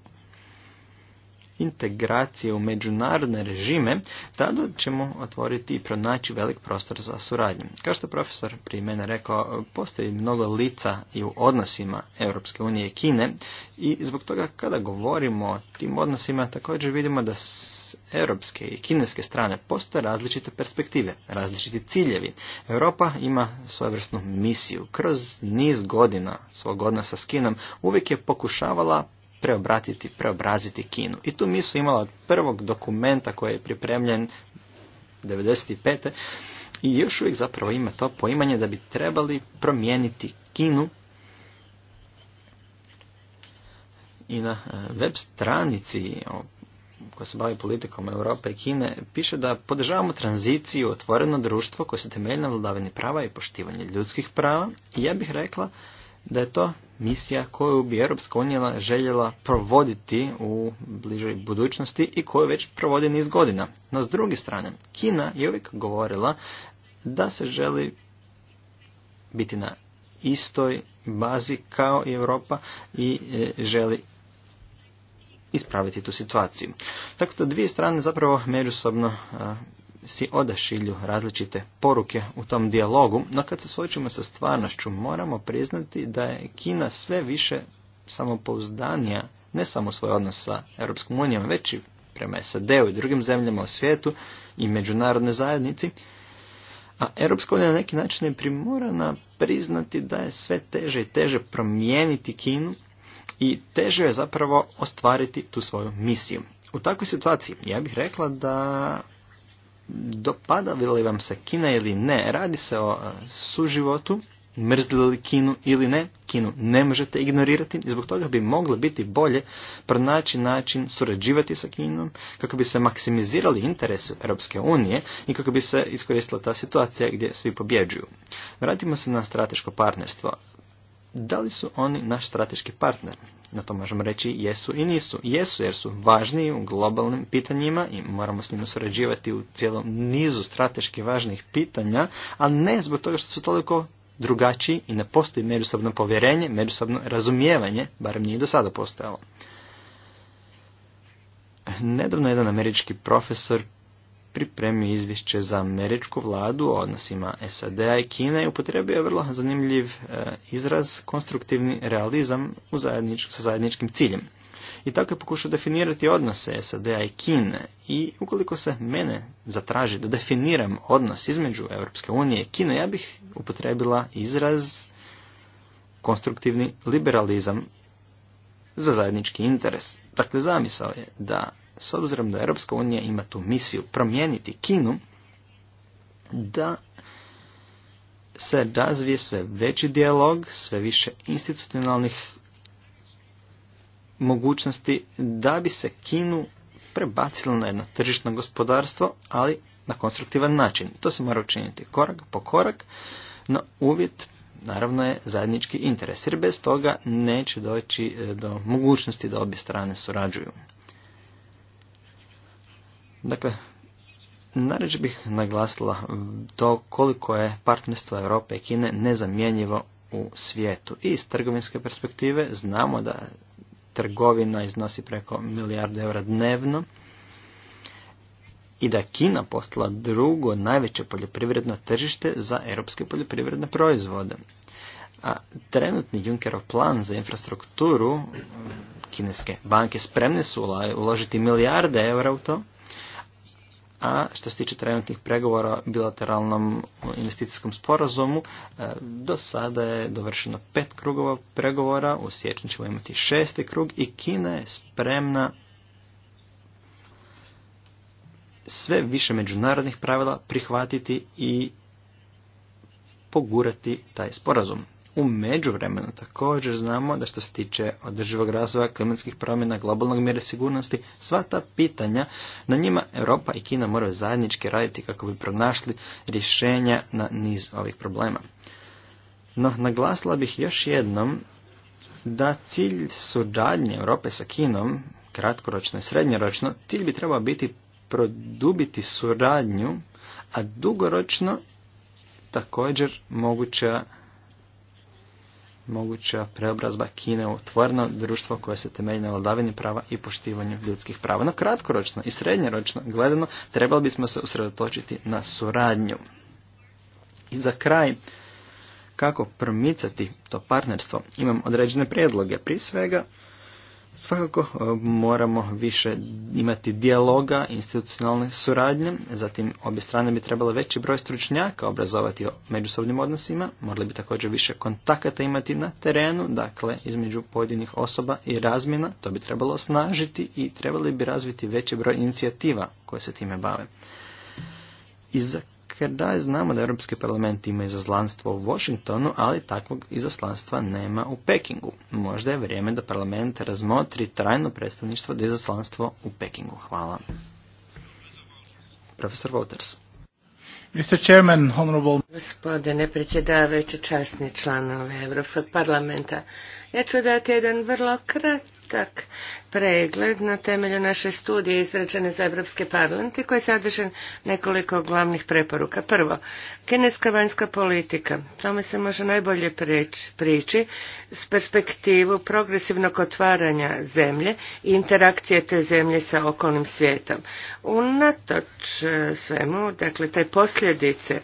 Speaker 7: integracije u međunarodne režime, tada ćemo otvoriti i pronaći velik prostor za suradnju. Kao što profesor prije mene rekao, postoji mnogo lica i u odnosima Europske unije i Kine i zbog toga kada govorimo o tim odnosima također vidimo da s europske i kineske strane postoje različite perspektive, različiti ciljevi. Europa ima svojevrsnu misiju. Kroz niz godina svog odnosa s Kinom uvijek je pokušavala preobratiti, preobraziti Kinu. I tu misu imala prvog dokumenta koji je pripremljen 95. i još uvijek zapravo ima to poimanje da bi trebali promijeniti Kinu i na e, web stranici koja se bavi politikom Europe i Kine piše da podržavamo tranziciju otvoreno društvo koje se temelji na vladavini prava i poštivanje ljudskih prava i ja bih rekla da je to misija koju bi Europska unija željela provoditi u bližoj budućnosti i koju već provodi niz godina. No s druge strane, Kina je uvijek govorila da se želi biti na istoj bazi kao i Europa i e, želi ispraviti tu situaciju. Tako da dvije strane zapravo međusobno si odašilju različite poruke u tom dijalogu, no kad se svojčimo sa stvarnošću moramo priznati da je Kina sve više samopouzdanija, ne samo svoj odnos sa Europskom unijom, već i prema SAD-u i drugim zemljama u svijetu i međunarodne zajednici, a Europska unija na neki način je primorana priznati da je sve teže i teže promijeniti Kinu i teže je zapravo ostvariti tu svoju misiju. U takvoj situaciji ja bih rekla da dopada li vam se Kina ili ne, radi se o e, suživotu, Mrzili li Kinu ili ne, Kinu ne možete ignorirati i zbog toga bi moglo biti bolje pronaći način surađivati sa Kinom kako bi se maksimizirali interesi Europske unije i kako bi se iskoristila ta situacija gdje svi pobjeđuju. Vratimo se na strateško partnerstvo da li su oni naš strateški partner? Na to možemo reći jesu i nisu. Jesu jer su važniji u globalnim pitanjima i moramo s njima surađivati u cijelom nizu strateški važnih pitanja, a ne zbog toga što su toliko drugačiji i ne postoji međusobno povjerenje, međusobno razumijevanje, barem nije do sada postojalo. Nedavno jedan američki profesor pripremio izvješće za američku vladu o odnosima SAD-a i Kine i upotrebio je vrlo zanimljiv e, izraz konstruktivni realizam u zajednič sa zajedničkim ciljem. I tako je pokušao definirati odnose SAD-a i Kine i ukoliko se mene zatraži da definiram odnos između Europske unije i Kine, ja bih upotrebila izraz konstruktivni liberalizam za zajednički interes. Dakle, zamisao je da s obzirom da Europska unija ima tu misiju promijeniti Kinu, da se razvije sve veći dijalog, sve više institucionalnih mogućnosti da bi se Kinu prebacilo na jedno tržišno gospodarstvo, ali na konstruktivan način. To se mora učiniti korak po korak, no uvjet naravno je zajednički interes, jer bez toga neće doći e, do mogućnosti da obje strane surađuju. Dakle, naređe bih naglasila mm, to koliko je partnerstvo Europe i Kine nezamjenjivo u svijetu. I iz trgovinske perspektive znamo da trgovina iznosi preko milijardu eura dnevno i da Kina postala drugo najveće poljoprivredno tržište za europske poljoprivredne proizvode. A trenutni Junckerov plan za infrastrukturu kineske banke spremne su uložiti milijarde eura u to a što se tiče trenutnih pregovora o bilateralnom investicijskom sporazumu, e, do sada je dovršeno pet krugova pregovora, u siječnju ćemo imati šesti krug i Kina je spremna sve više međunarodnih pravila prihvatiti i pogurati taj sporazum. U međuvremenu također znamo da što se tiče održivog razvoja klimatskih promjena, globalnog mjera sigurnosti, sva ta pitanja na njima Europa i Kina moraju zajednički raditi kako bi pronašli rješenja na niz ovih problema. No, naglasila bih još jednom da cilj suradnje Europe sa Kinom, kratkoročno i srednjoročno, cilj bi trebao biti produbiti suradnju, a dugoročno također moguća moguća preobrazba Kine u otvoreno društvo koje se temelji na vladavini prava i poštivanju ljudskih prava. No kratkoročno i srednjoročno gledano trebali bismo se usredotočiti na suradnju. I za kraj, kako promicati to partnerstvo, imam određene prijedloge. Prije svega, Svakako e, moramo više imati dijaloga, institucionalne suradnje, zatim obje strane bi trebalo veći broj stručnjaka obrazovati o međusobnim odnosima, morali bi također više kontakata imati na terenu, dakle između pojedinih osoba i razmjena, to bi trebalo osnažiti i trebali bi razviti veći broj inicijativa koje se time bave. I za kraj znamo da Europski parlament ima izaslanstvo u Washingtonu, ali takvog izaslanstva nema u Pekingu. Možda je vrijeme da parlament razmotri trajno predstavništvo da izaslanstvo u Pekingu.
Speaker 8: Hvala. Profesor Waters. Mr. Chairman, honorable...
Speaker 1: Gospodine predsjedavajući časni članove Europskog parlamenta, ja ću dati jedan vrlo kratak pregled na temelju naše studije izrađene za Evropske parlamenti koji je sadržen nekoliko glavnih preporuka. Prvo, kineska vanjska politika. Tome se može najbolje priči s perspektivu progresivnog otvaranja zemlje i interakcije te zemlje sa okolnim svijetom. Unatoč eh, svemu, dakle, te posljedice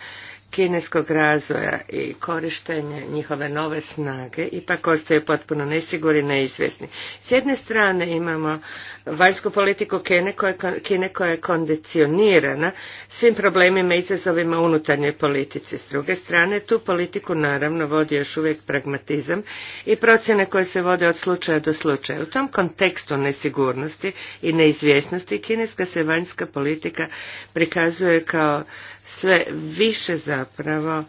Speaker 1: kineskog razvoja i korištenje njihove nove snage ipak ostaje potpuno nesigurni i neizvjesni. S jedne strane imamo vanjsku politiku Kine koja, Kine koja je kondicionirana svim problemima i izazovima unutarnje politici. S druge strane tu politiku naravno vodi još uvijek pragmatizam i procjene koje se vode od slučaja do slučaja. U tom kontekstu nesigurnosti i neizvjesnosti kineska se vanjska politika prikazuje kao sve više zapravo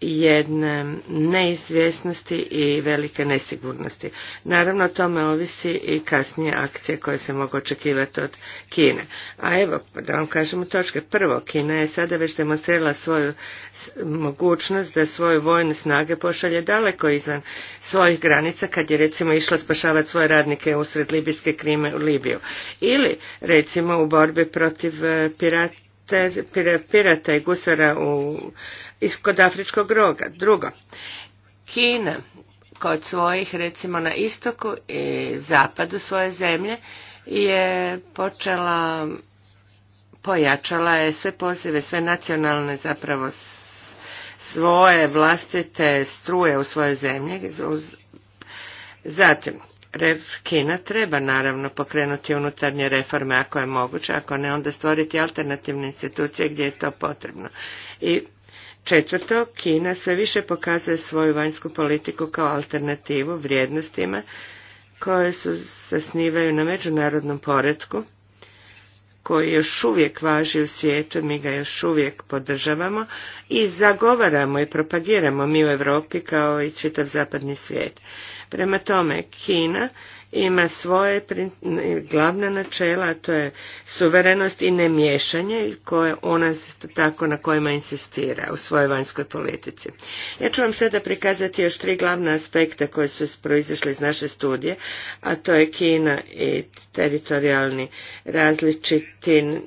Speaker 1: jedne neizvjesnosti i velike nesigurnosti. Naravno, tome ovisi i kasnije akcije koje se mogu očekivati od Kine. A evo, da vam kažemo točke. Prvo, Kina je sada već demonstrirala svoju mogućnost da svoje vojne snage pošalje daleko izvan svojih granica kad je recimo išla spašavati svoje radnike usred libijske krime u Libiju. Ili recimo u borbi protiv e, pirata te, pirata i gusara u, kod afričkog roga. Drugo, Kina kod svojih recimo na istoku i zapadu svoje zemlje je počela pojačala je sve pozive, sve nacionalne zapravo svoje vlastite struje u svojoj zemlji. Zatim, Rev Kina treba naravno pokrenuti unutarnje reforme ako je moguće, ako ne onda stvoriti alternativne institucije gdje je to potrebno. I Četvrto, Kina sve više pokazuje svoju vanjsku politiku kao alternativu vrijednostima koje su, se snivaju na međunarodnom poretku koji još uvijek važi u svijetu, mi ga još uvijek podržavamo i zagovaramo i propagiramo mi u Europi kao i čitav zapadni svijet. Prema tome, Kina ima svoje glavna načela, a to je suverenost i nemiješanje koje ona tako na kojima insistira u svojoj vanjskoj politici. Ja ću vam sada prikazati još tri glavna aspekta koje su proizašli iz naše studije, a to je Kina i teritorijalni različiti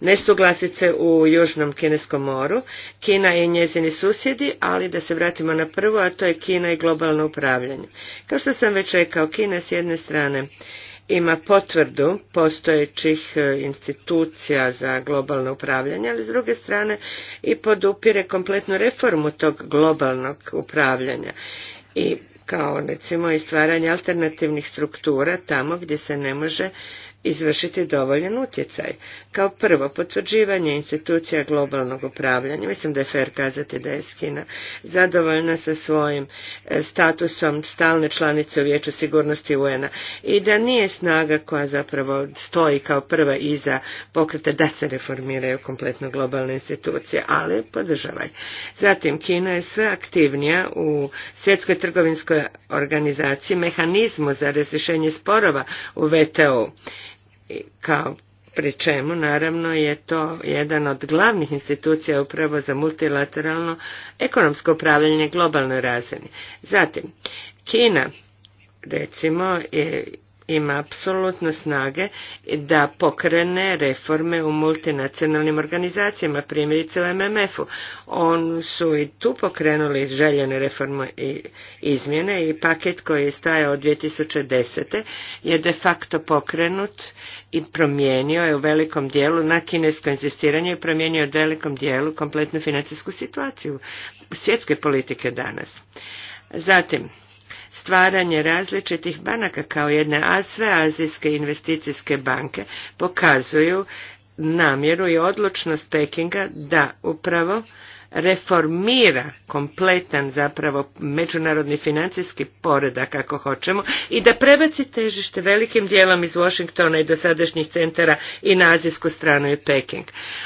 Speaker 1: nesuglasice u Južnom Kineskom moru, Kina i njezini susjedi, ali da se vratimo na prvo, a to je Kina i globalno upravljanje. Kao što sam već rekao, Kina s jedne strane ima potvrdu postojećih e, institucija za globalno upravljanje, ali s druge strane i podupire kompletnu reformu tog globalnog upravljanja i kao recimo i stvaranje alternativnih struktura tamo gdje se ne može izvršiti dovoljan utjecaj. Kao prvo, potvrđivanje institucija globalnog upravljanja. Mislim da je fair kazati da je Kina zadovoljna sa svojim e, statusom stalne članice u Vijeću sigurnosti UN-a i da nije snaga koja zapravo stoji kao prva iza pokreta da se reformiraju kompletno globalne institucije, ali podržavaj. Zatim, Kina je sve aktivnija u svjetskoj trgovinskoj organizaciji mehanizmu za razrješenje sporova u VTO kao pri čemu naravno je to jedan od glavnih institucija upravo za multilateralno ekonomsko upravljanje globalnoj razini. Zatim, Kina recimo je ima apsolutno snage da pokrene reforme u multinacionalnim organizacijama, primjerice u MMF-u. On su i tu pokrenuli željene reforme i izmjene i paket koji je stajao od 2010. je de facto pokrenut i promijenio je u velikom dijelu na kinesko insistiranje i promijenio je u velikom dijelu kompletnu financijsku situaciju svjetske politike danas. Zatim, stvaranje različitih banaka kao jedne a sve azijske investicijske banke pokazuju namjeru i odlučnost Pekinga da upravo reformira kompletan zapravo međunarodni financijski poredak ako hoćemo i da prebaci težište velikim dijelom iz Washingtona i dosadašnjih centara i na azijsku stranu i Peking.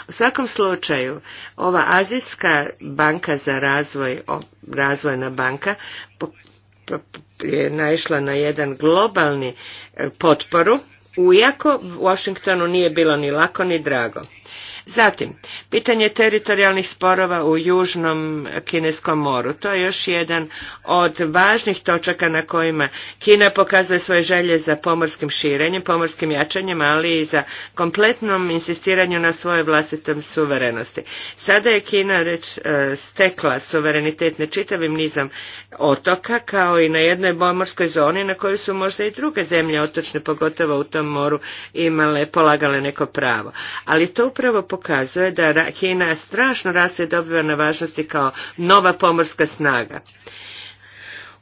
Speaker 1: U svakom slučaju ova azijska banka za razvoj, razvojna banka je naišla na jedan globalni e, potporu, iako Washingtonu nije bilo ni lako ni drago. Zatim, pitanje teritorijalnih sporova u Južnom Kineskom moru. To je još jedan od važnih točaka na kojima Kina pokazuje svoje želje za pomorskim širenjem, pomorskim jačanjem, ali i za kompletnom insistiranju na svojoj vlastitom suverenosti. Sada je Kina reč e, stekla suverenitet na čitavim nizom otoka, kao i na jednoj pomorskoj zoni na kojoj su možda i druge zemlje otočne, pogotovo u tom moru, imale, polagale neko pravo. Ali to upravo ukazuje da Kina strašno raste i dobiva na važnosti kao nova pomorska snaga.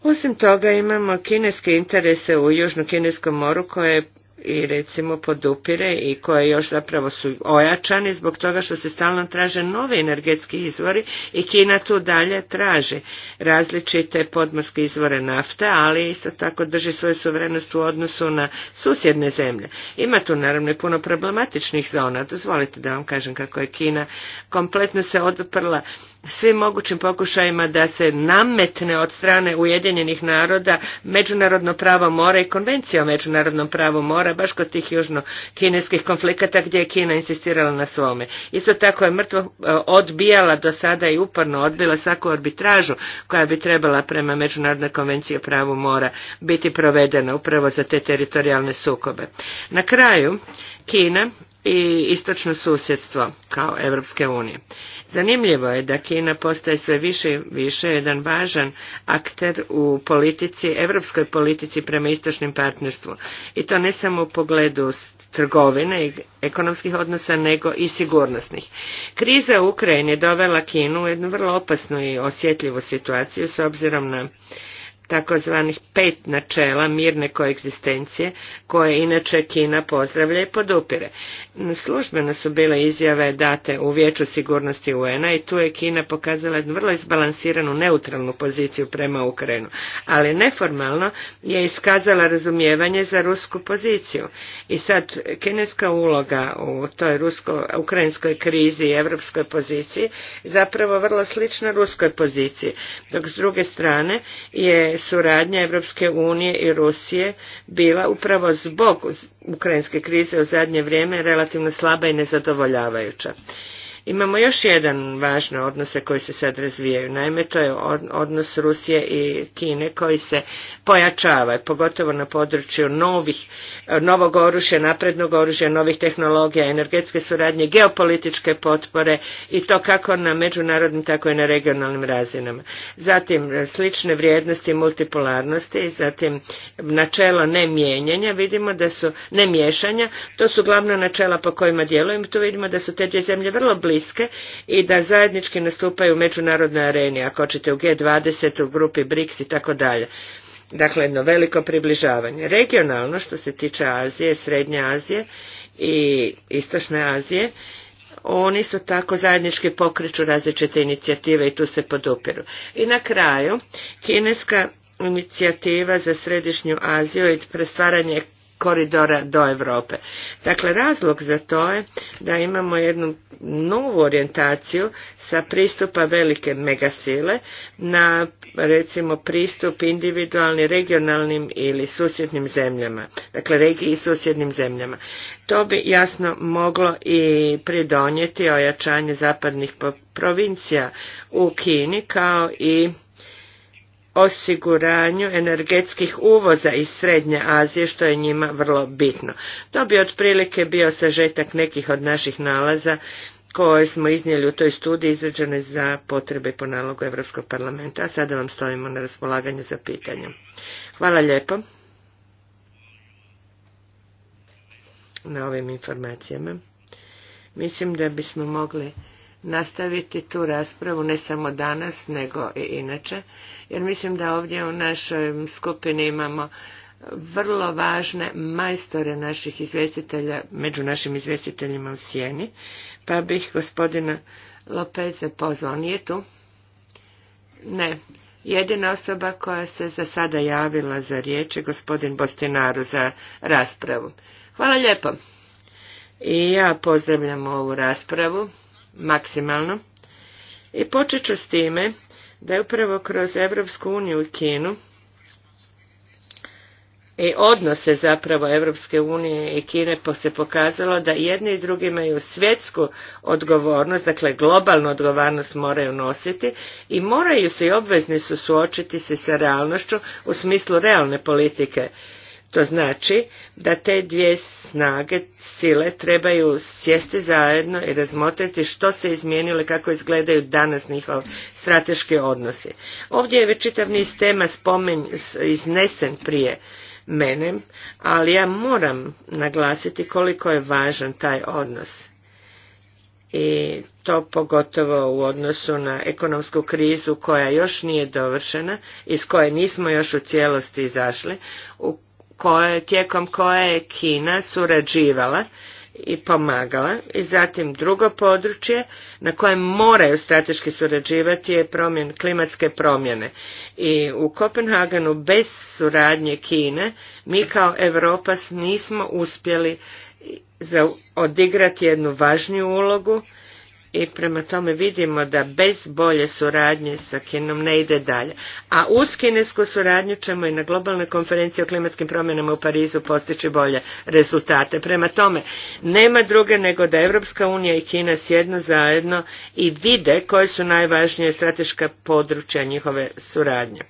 Speaker 1: Osim toga imamo kineske interese u Južno-Kineskom moru koje i recimo podupire i koje još zapravo su ojačane zbog toga što se stalno traže novi energetski izvori i Kina tu dalje traži različite podmorske izvore nafte, ali isto tako drži svoju suverenost u odnosu na susjedne zemlje. Ima tu naravno i puno problematičnih zona, dozvolite da vam kažem kako je Kina kompletno se odprla svim mogućim pokušajima da se nametne od strane Ujedinjenih naroda međunarodno pravo mora i konvencija o međunarodnom pravu mora baš kod tih južno-kineskih konflikata gdje je Kina insistirala na svome. Isto tako je mrtvo e, odbijala do sada i uporno odbila svaku arbitražu koja bi trebala prema Međunarodnoj konvenciji o pravu mora biti provedena upravo za te teritorijalne sukobe. Na kraju, Kina i istočno susjedstvo kao Evropske unije. Zanimljivo je da Kina postaje sve više i više jedan važan akter u politici, evropskoj politici prema istočnim partnerstvu. I to ne samo u pogledu trgovine i ekonomskih odnosa, nego i sigurnosnih. Kriza u Ukrajini dovela Kinu u jednu vrlo opasnu i osjetljivu situaciju s obzirom na takozvanih pet načela mirne koegzistencije, koje inače Kina pozdravlja i podupire. Službeno su bile izjave date u vječu sigurnosti UN-a i tu je Kina pokazala vrlo izbalansiranu neutralnu poziciju prema Ukrajinu, ali neformalno je iskazala razumijevanje za rusku poziciju. I sad kineska uloga u toj rusko-ukrajinskoj krizi i evropskoj poziciji zapravo vrlo slična ruskoj poziciji, dok s druge strane je suradnja Europske unije i Rusije bila upravo zbog ukrajinske krize u zadnje vrijeme relativno slaba i nezadovoljavajuća. Imamo još jedan važne odnose koji se sad razvijaju. Naime, to je odnos Rusije i Kine koji se pojačava, pogotovo na području novih, novog oružja, naprednog oružja, novih tehnologija, energetske suradnje, geopolitičke potpore i to kako na međunarodnim, tako i na regionalnim razinama. Zatim, slične vrijednosti multipolarnosti i zatim načelo nemijenjanja, vidimo da su, nemiješanja, to su glavna načela po kojima djelujemo, tu vidimo da su te dvije zemlje vrlo blizu i da zajednički nastupaju u međunarodnoj areni, ako hoćete u G20, u grupi BRICS i tako dalje. Dakle, jedno veliko približavanje. Regionalno, što se tiče Azije, Srednje Azije i Istočne Azije, oni su tako zajednički pokreću različite inicijative i tu se podupiru. I na kraju, kineska inicijativa za Središnju Aziju i prestvaranje koridora do Europe. Dakle, razlog za to je da imamo jednu novu orijentaciju sa pristupa velike megasile na recimo pristup individualni regionalnim ili susjednim zemljama, dakle regiji i susjednim zemljama. To bi jasno moglo i pridonijeti ojačanje zapadnih provincija u Kini kao i osiguranju energetskih uvoza iz Srednje Azije, što je njima vrlo bitno. To bi otprilike bio sažetak nekih od naših nalaza koje smo iznijeli u toj studiji izrađene za potrebe po nalogu Europskog parlamenta. A sada vam stojimo na raspolaganju za pitanje. Hvala lijepo na ovim informacijama. Mislim da bismo mogli nastaviti tu raspravu ne samo danas nego i inače jer mislim da ovdje u našoj skupini imamo vrlo važne majstore naših izvjestitelja među našim izvjestiteljima u sjeni pa bih gospodina Lopeze pozvao nije tu ne jedina osoba koja se za sada javila za riječ je gospodin Bostinaru za raspravu hvala lijepo i ja pozdravljam ovu raspravu maksimalno. I počet ću s time da je upravo kroz Evropsku uniju i Kinu i odnose zapravo Evropske unije i Kine se pokazalo da jedni i drugi imaju svjetsku odgovornost, dakle globalnu odgovornost moraju nositi i moraju se i obvezni su suočiti se sa realnošću u smislu realne politike to znači da te dvije snage, sile, trebaju sjesti zajedno i razmotriti što se izmijenilo i kako izgledaju danas njihov strateški odnosi. Ovdje je već čitav niz tema spomen, iznesen prije mene, ali ja moram naglasiti koliko je važan taj odnos i to pogotovo u odnosu na ekonomsku krizu koja još nije dovršena, iz koje nismo još u cijelosti izašli, u koje, tijekom koje je Kina surađivala i pomagala. I zatim drugo područje na kojem moraju strateški surađivati je promjen, klimatske promjene. I u Kopenhagenu bez suradnje Kine mi kao Europa nismo uspjeli za odigrati jednu važniju ulogu i prema tome vidimo da bez bolje suradnje sa Kinom ne ide dalje. A uz kinesku suradnju ćemo i na globalnoj konferenciji o klimatskim promjenama u Parizu postići bolje rezultate. Prema tome, nema druge nego da Evropska unija i Kina sjednu zajedno i vide koje su najvažnije strateška područja njihove suradnje.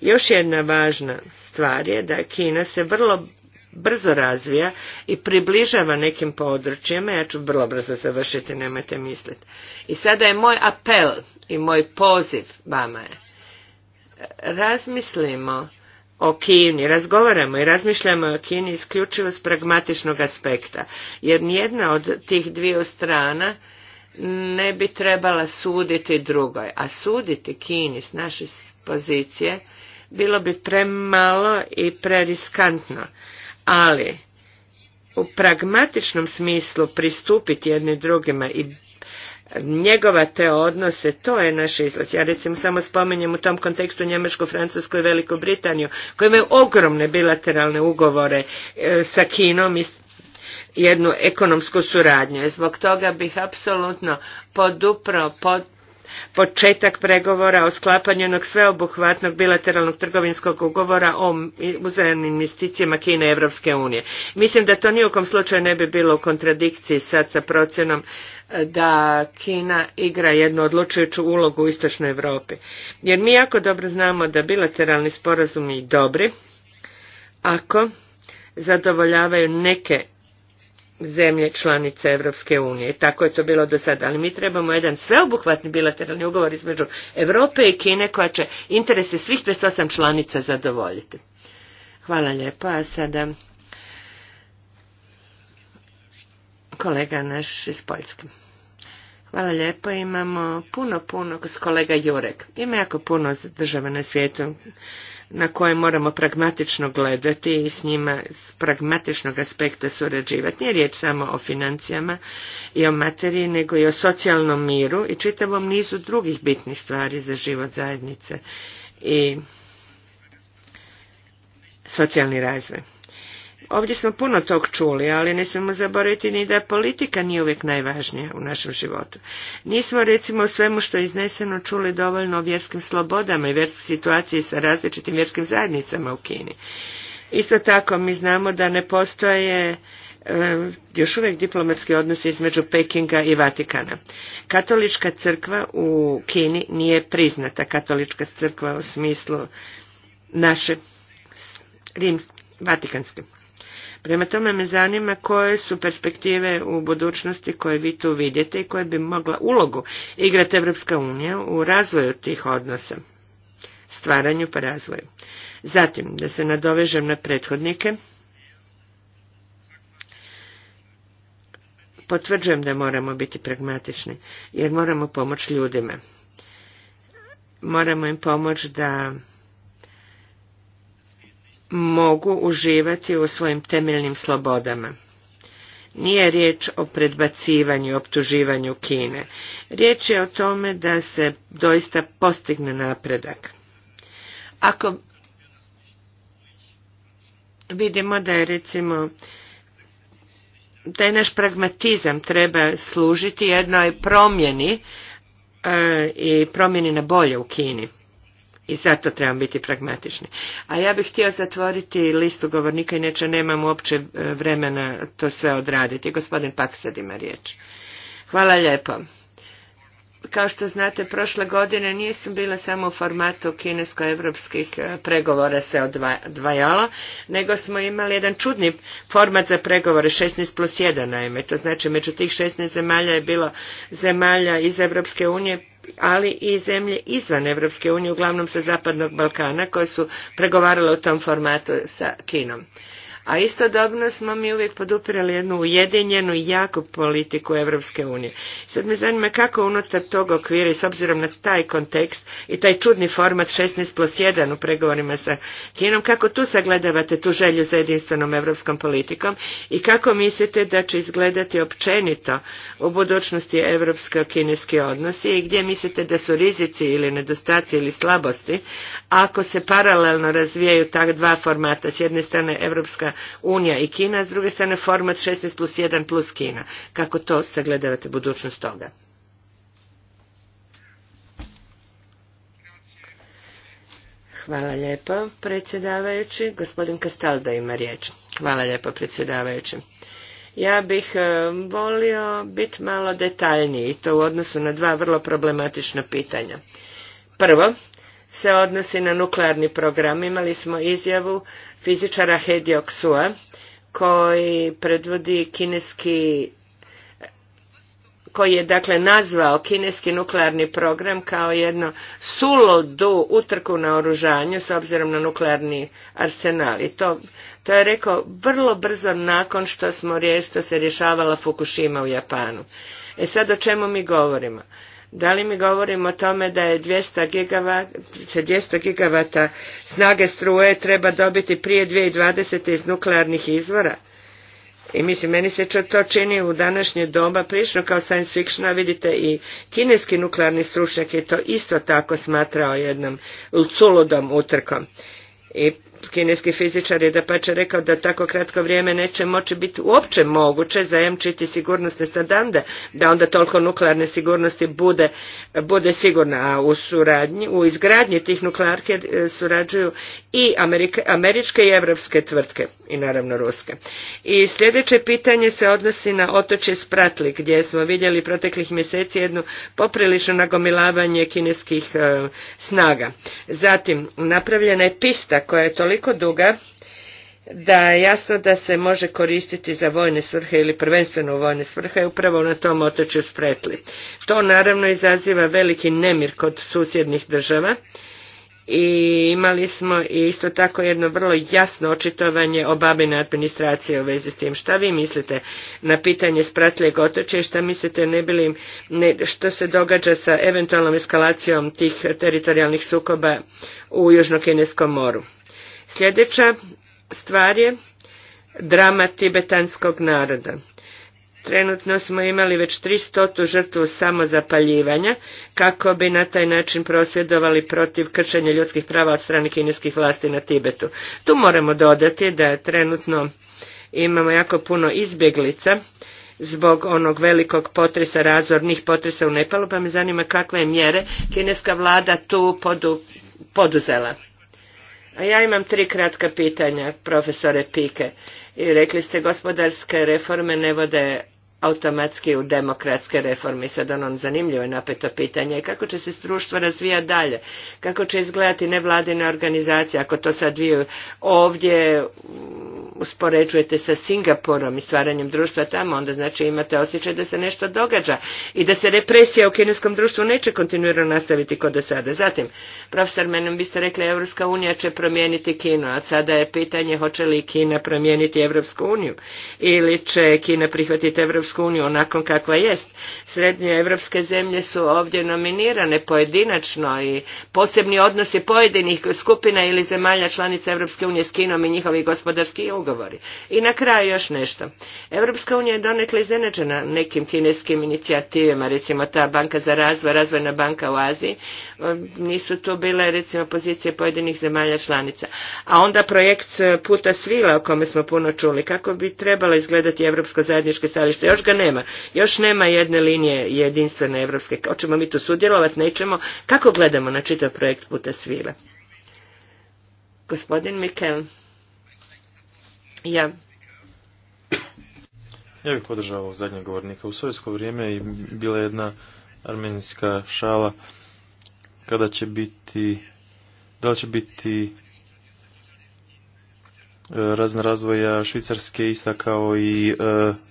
Speaker 1: Još jedna važna stvar je da Kina se vrlo brzo razvija i približava nekim područjima, ja ću vrlo brzo završiti, nemojte misliti. I sada je moj apel i moj poziv vama je, razmislimo o Kini, razgovaramo i razmišljamo o Kini isključivo s pragmatičnog aspekta, jer nijedna od tih dviju strana ne bi trebala suditi drugoj, a suditi Kini s naše pozicije bilo bi premalo i preriskantno ali u pragmatičnom smislu pristupiti jedni drugima i njegova te odnose, to je naš izlaz. Ja recimo samo spominjem u tom kontekstu Njemačku, Francusku i Veliku Britaniju, koje imaju ogromne bilateralne ugovore e, sa Kinom i jednu ekonomsku suradnju. E, zbog toga bih apsolutno podupro pod, početak pregovora o sklapanju onog sveobuhvatnog bilateralnog trgovinskog ugovora o uzajamnim investicijama Kine i Evropske unije. Mislim da to nijukom slučaju ne bi bilo u kontradikciji sad sa procjenom e, da Kina igra jednu odlučujuću ulogu u istočnoj Europi. Jer mi jako dobro znamo da bilateralni sporazumi dobri ako zadovoljavaju neke zemlje članice Europske unije. Tako je to bilo do sada. Ali mi trebamo jedan sveobuhvatni bilateralni ugovor između Europe i Kine koja će interese svih 28 članica zadovoljiti. Hvala lijepa. A sada kolega naš iz Poljske. Hvala lijepo. Imamo puno, puno kolega Jurek. Ima jako puno država na svijetu na koje moramo pragmatično gledati i s njima s pragmatičnog aspekta surađivati. Nije riječ samo o financijama i o materiji, nego i o socijalnom miru i čitavom nizu drugih bitnih stvari za život zajednice i socijalni razvoj. Ovdje smo puno tog čuli, ali ne smijemo zaboraviti ni da politika nije uvijek najvažnija u našem životu. Nismo recimo o svemu što je izneseno čuli dovoljno o vjerskim slobodama i vjerskim situaciji sa različitim vjerskim zajednicama u Kini. Isto tako mi znamo da ne postoje e, još uvijek diplomatski odnosi između Pekinga i Vatikana. Katolička crkva u Kini nije priznata katolička crkva u smislu naše Rim, Vatikanske. Prema tome me zanima koje su perspektive u budućnosti koje vi tu vidite i koje bi mogla ulogu igrati Evropska unija u razvoju tih odnosa, stvaranju pa razvoju. Zatim, da se nadovežem na prethodnike, potvrđujem da moramo biti pragmatični, jer moramo pomoći ljudima. Moramo im pomoći da mogu uživati u svojim temeljnim slobodama. Nije riječ o predbacivanju, optuživanju Kine. Riječ je o tome da se doista postigne napredak. Ako vidimo da je recimo da je naš pragmatizam treba služiti jednoj promjeni e, i promjeni na bolje u Kini. I zato trebamo biti pragmatični. A ja bih htio zatvoriti listu govornika, inače nemam uopće e, vremena to sve odraditi. Gospodin Paksad ima riječ. Hvala lijepo. Kao što znate, prošle godine nisu bila samo u formatu kinesko-evropskih e, pregovora se odvajala, nego smo imali jedan čudni format za pregovore, 16 plus 1 naime. To znači, među tih 16 zemalja je bilo zemalja iz Evropske unije, ali i zemlje izvan Europske unije, uglavnom sa Zapadnog Balkana, koje su pregovarale u tom formatu sa Kinom a istodobno smo mi uvijek podupirali jednu ujedinjenu i jaku politiku Evropske unije. Sad me zanima kako unutar tog okvira i s obzirom na taj kontekst i taj čudni format 16 plus 1 u pregovorima sa Kinom, kako tu sagledavate tu želju za jedinstvenom evropskom politikom i kako mislite da će izgledati općenito u budućnosti evropsko-kineski odnosi i gdje mislite da su rizici ili nedostaci ili slabosti ako se paralelno razvijaju tak dva formata, s jedne strane evropska Unija i Kina, a s druge strane format 16 plus 1 plus Kina. Kako to sagledavate budućnost toga? Hvala lijepo, predsjedavajući. Gospodin Kastaldo ima riječ. Hvala lijepo, predsjedavajući. Ja bih e, volio biti malo detaljniji, i to u odnosu na dva vrlo problematična pitanja. Prvo, se odnosi na nuklearni program. Imali smo izjavu fizičara He Dioksua koji predvodi kineski koji je dakle nazvao kineski nuklearni program kao jedno sulodu utrku na oružanju s obzirom na nuklearni arsenal. I to, to je rekao vrlo brzo nakon što smo što se rješavala Fukushima u Japanu. E sad o čemu mi govorimo? Da li mi govorimo o tome da je 200 gigavata, gigavata snage struje treba dobiti prije 2020. iz nuklearnih izvora? I mislim, meni se to čini u današnje doba prično kao science fiction, a vidite i kineski nuklearni stručnjak je to isto tako smatrao jednom culudom utrkom. I kineski fizičar je da pa će rekao da tako kratko vrijeme neće moći biti uopće moguće zajamčiti sigurnosne standarde, da onda toliko nuklearne sigurnosti bude, bude sigurna, a u suradnji, u izgradnji tih nuklearke e, surađuju i američke i evropske tvrtke i naravno ruske. I sljedeće pitanje se odnosi na otočje Spratli gdje smo vidjeli proteklih mjeseci jednu poprilično nagomilavanje kineskih e, snaga. Zatim napravljena je pista koja je to toliko duga da je jasno da se može koristiti za vojne svrhe ili prvenstveno u vojne svrhe upravo na tom otočju Spretli. To naravno izaziva veliki nemir kod susjednih država i imali smo isto tako jedno vrlo jasno očitovanje obabine administracije u vezi s tim. Šta vi mislite na pitanje spratljeg otočja i šta mislite ne bili, ne, što se događa sa eventualnom eskalacijom tih teritorijalnih sukoba u Južnokineskom moru? Sljedeća stvar je drama tibetanskog naroda. Trenutno smo imali već 300 žrtvu samozapaljivanja kako bi na taj način prosvjedovali protiv kršenja ljudskih prava od strane kineskih vlasti na Tibetu. Tu moramo dodati da trenutno imamo jako puno izbjeglica zbog onog velikog potresa, razornih potresa u Nepalu, pa me zanima kakve mjere kineska vlada tu poduzela. A ja imam tri kratka pitanja, profesore Pike. I rekli ste gospodarske reforme ne vode automatski u demokratske reforme. Sad ono zanimljivo je napeto pitanje kako će se društvo razvijati dalje, kako će izgledati nevladine organizacije, ako to sad vi ovdje uspoređujete sa Singapurom i stvaranjem društva tamo, onda znači imate osjećaj da se nešto događa i da se represija u kineskom društvu neće kontinuirano nastaviti kod do sada. Zatim, profesor, menom biste rekli Evropska unija će promijeniti Kino, a sada je pitanje hoće li Kina promijeniti Evropsku uniju ili će Kina prihvatiti Evropsku Europsku uniju onakom kakva jest. Srednje evropske zemlje su ovdje nominirane pojedinačno i posebni odnosi pojedinih skupina ili zemalja članica Europske unije s Kinom i njihovi gospodarski ugovori. I na kraju još nešto. Europska unija je donekle iznenađena nekim kineskim inicijativima, recimo ta banka za razvoj, razvojna banka u Aziji, nisu tu bile recimo pozicije pojedinih zemalja članica. A onda projekt puta svila o kome smo puno čuli, kako bi trebalo izgledati europsko zajedničko stajalište. Još još ga nema. Još nema jedne linije jedinstvene evropske. Hoćemo mi tu sudjelovati, nećemo. Kako gledamo na čitav projekt Puta svile? Gospodin Mikel. Ja.
Speaker 6: Ja bih podržao ovog zadnjeg govornika. U sovjetsko vrijeme je bila jedna armenijska šala kada će biti da li će biti razna razvoja Švicarske ista kao e,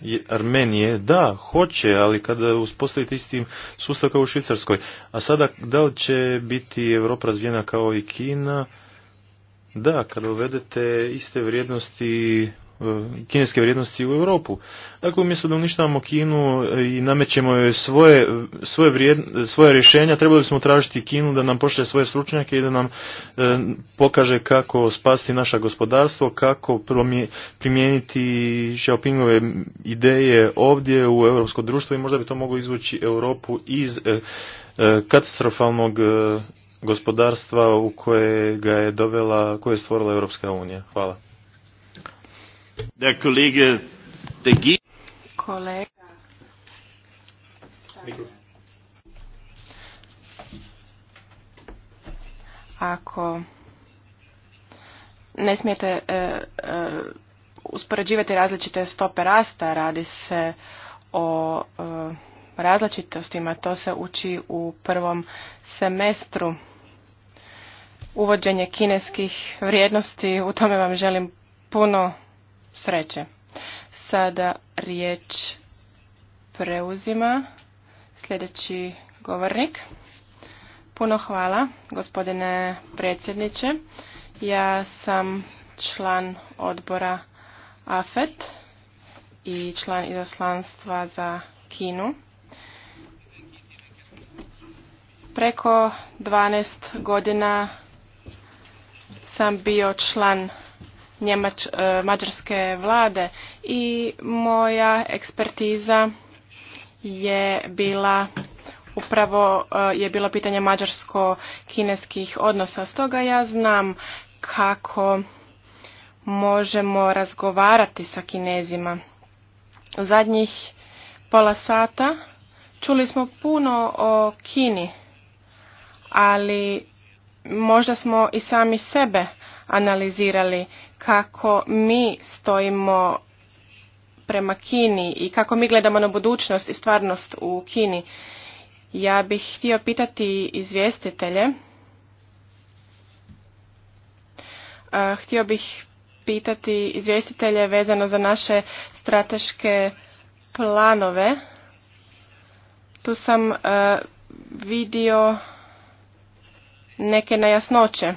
Speaker 6: i Armenije. Da, hoće, ali kada uspostavite isti sustav kao u Švicarskoj. A sada, da li će biti Europa razvijena kao i Kina? Da, kada uvedete iste vrijednosti E, kineske vrijednosti u Europu. Dakle, umjesto da uništavamo Kinu i namećemo joj svoje, svoje, svoje rješenja, trebali smo tražiti Kinu da nam pošle svoje stručnjake i da nam e, pokaže kako spasti naše gospodarstvo, kako primijeniti Xiaopingove ideje ovdje u europsko društvo i možda bi to moglo izvući Europu iz e, katastrofalnog gospodarstva u koje ga je dovela, koje je stvorila Europska
Speaker 2: unija. Hvala. Der
Speaker 4: Kolega. Ako ne smijete e, e, uspoređivati različite stope rasta, radi se o e, različitostima, to se uči u prvom semestru. Uvođenje kineskih vrijednosti, u tome vam želim puno sreće. Sada riječ preuzima sljedeći govornik. Puno hvala, gospodine predsjedniče. Ja sam član odbora AFET i član izaslanstva za Kinu. Preko 12 godina sam bio član Njemač, e, mađarske vlade i moja ekspertiza je bila upravo e, je bilo pitanje mađarsko-kineskih odnosa. Stoga ja znam kako možemo razgovarati sa kinezima. U zadnjih pola sata čuli smo puno o Kini, ali možda smo i sami sebe analizirali kako mi stojimo prema Kini i kako mi gledamo na budućnost i stvarnost u Kini. Ja bih htio pitati izvjestitelje. E, htio bih pitati izvjestitelje vezano za naše strateške planove. Tu sam e, vidio neke nejasnoće.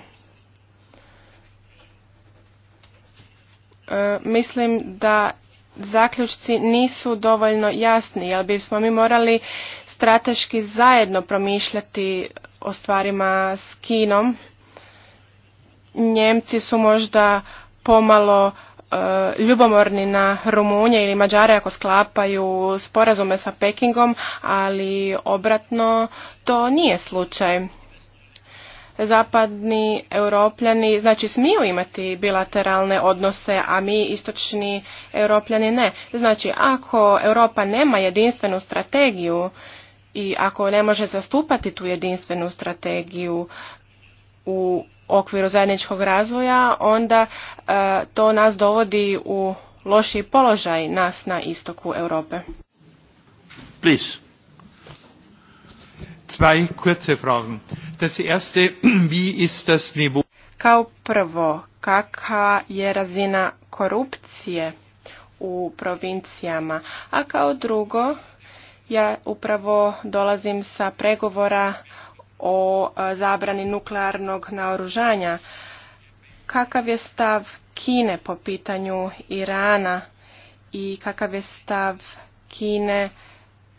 Speaker 4: E, mislim da zaključci nisu dovoljno jasni, jer bismo mi morali strateški zajedno promišljati o stvarima s Kinom. Njemci su možda pomalo e, ljubomorni na Rumunje ili Mađare ako sklapaju sporazume sa Pekingom, ali obratno to nije slučaj zapadni europljani znači smiju imati bilateralne odnose, a mi istočni europljani ne. Znači ako Europa nema jedinstvenu strategiju i ako ne može zastupati tu jedinstvenu strategiju u okviru zajedničkog razvoja, onda e, to nas dovodi u lošiji položaj nas na istoku Europe.
Speaker 2: Please. Zwei kurze Fragen. Das
Speaker 4: Kao prvo, kakva je razina korupcije u provincijama? A kao drugo, ja upravo dolazim sa pregovora o e, zabrani nuklearnog naoružanja. Kakav je stav Kine po pitanju Irana i kakav je stav Kine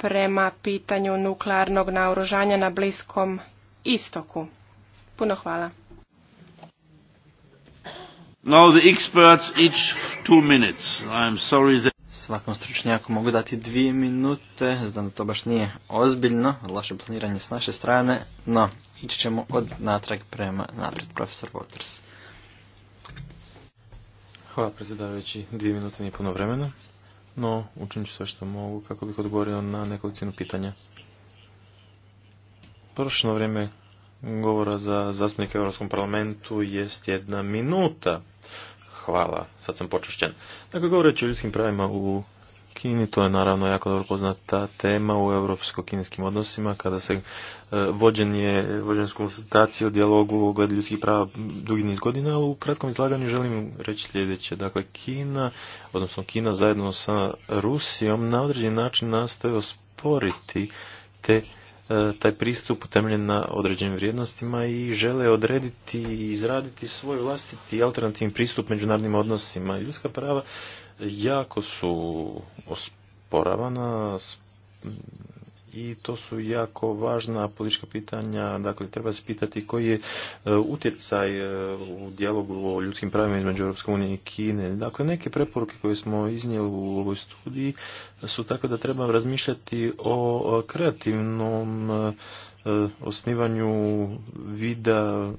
Speaker 4: prema pitanju nuklearnog naoružanja na Bliskom istoku. Puno hvala.
Speaker 2: Now the experts each two minutes. I'm sorry that... Svakom stručnjaku mogu dati
Speaker 7: dvije minute, znam da to baš nije ozbiljno, loše planiranje s naše strane, no ići ćemo od natrag prema naprijed, profesor Waters.
Speaker 6: Hvala predsjedavajući, dvije minute nije puno vremena no učinit ću sve što mogu kako bih odgovorio na nekolicinu pitanja. Prošlo vrijeme govora za zastupnike u Europskom parlamentu jest jedna minuta. Hvala, sad sam počašćen. Dakle, govoreći o ljudskim pravima u Kini. To je naravno jako dobro poznata tema u europsko-kineskim odnosima kada se e, vođenje, vođenje konsultacije o dijalogu u gledu ljudskih prava dugi niz godina, ali u kratkom izlaganju želim reći sljedeće. Dakle, Kina, odnosno Kina zajedno sa Rusijom na određen način nastoje osporiti te e, taj pristup utemljen na određenim vrijednostima i žele odrediti i izraditi svoj vlastiti alternativni pristup međunarodnim odnosima. Ljudska prava jako su osporavana i to su jako važna politička pitanja. Dakle, treba se pitati koji je e, utjecaj e, u dijalogu o ljudskim pravima između Europske unije i Kine. Dakle, neke preporuke koje smo iznijeli u ovoj studiji su tako da treba razmišljati o kreativnom e, osnivanju vida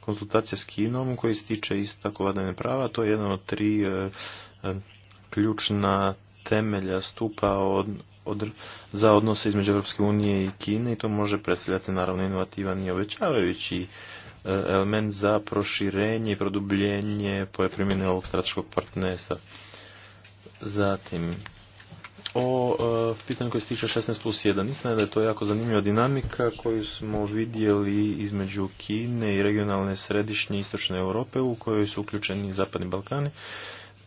Speaker 6: konsultacija s Kinom koji se tiče isto tako vladane prava. To je jedan od tri ključna temelja stupa od, za odnose između Europske unije i Kine i to može predstavljati naravno inovativan i obećavajući e, element za proširenje i produbljenje primjene ovog strateškog partnerstva. Zatim, o e, pitanju koje se tiče 16 plus 1. Mislim da je to jako zanimljiva dinamika koju smo vidjeli između Kine i regionalne središnje i istočne Europe u kojoj su uključeni Zapadni Balkani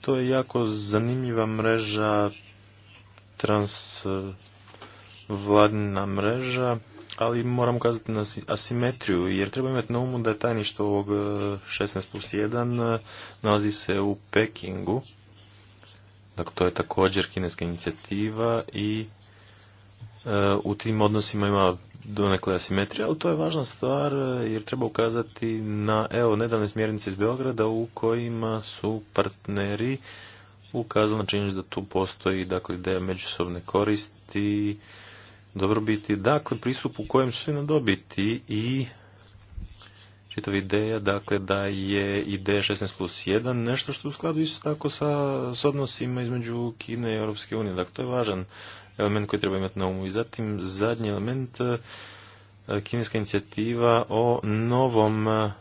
Speaker 6: to je jako zanimljiva mreža, transvladina mreža, ali moram kazati na asimetriju, jer treba imati na umu da je tajništvo ovog 16 e, plus 1 e, nalazi se u Pekingu. Dakle, to je također kineska inicijativa i E, u tim odnosima ima donekle asimetrije, ali to je važna stvar e, jer treba ukazati na evo nedavne smjernice iz Beograda u kojima su partneri ukazali na činjenicu da tu postoji dakle ideja međusobne koristi, dobrobiti, dakle pristup u kojem će na dobiti i čitava ideja dakle da je ideja 16 plus 1 nešto što je u skladu isto tako sa odnosima između Kine i Europske unije. Dakle, to je važan element koji treba imati na umu. I zatim zadnji element, e, kineska inicijativa o novom e,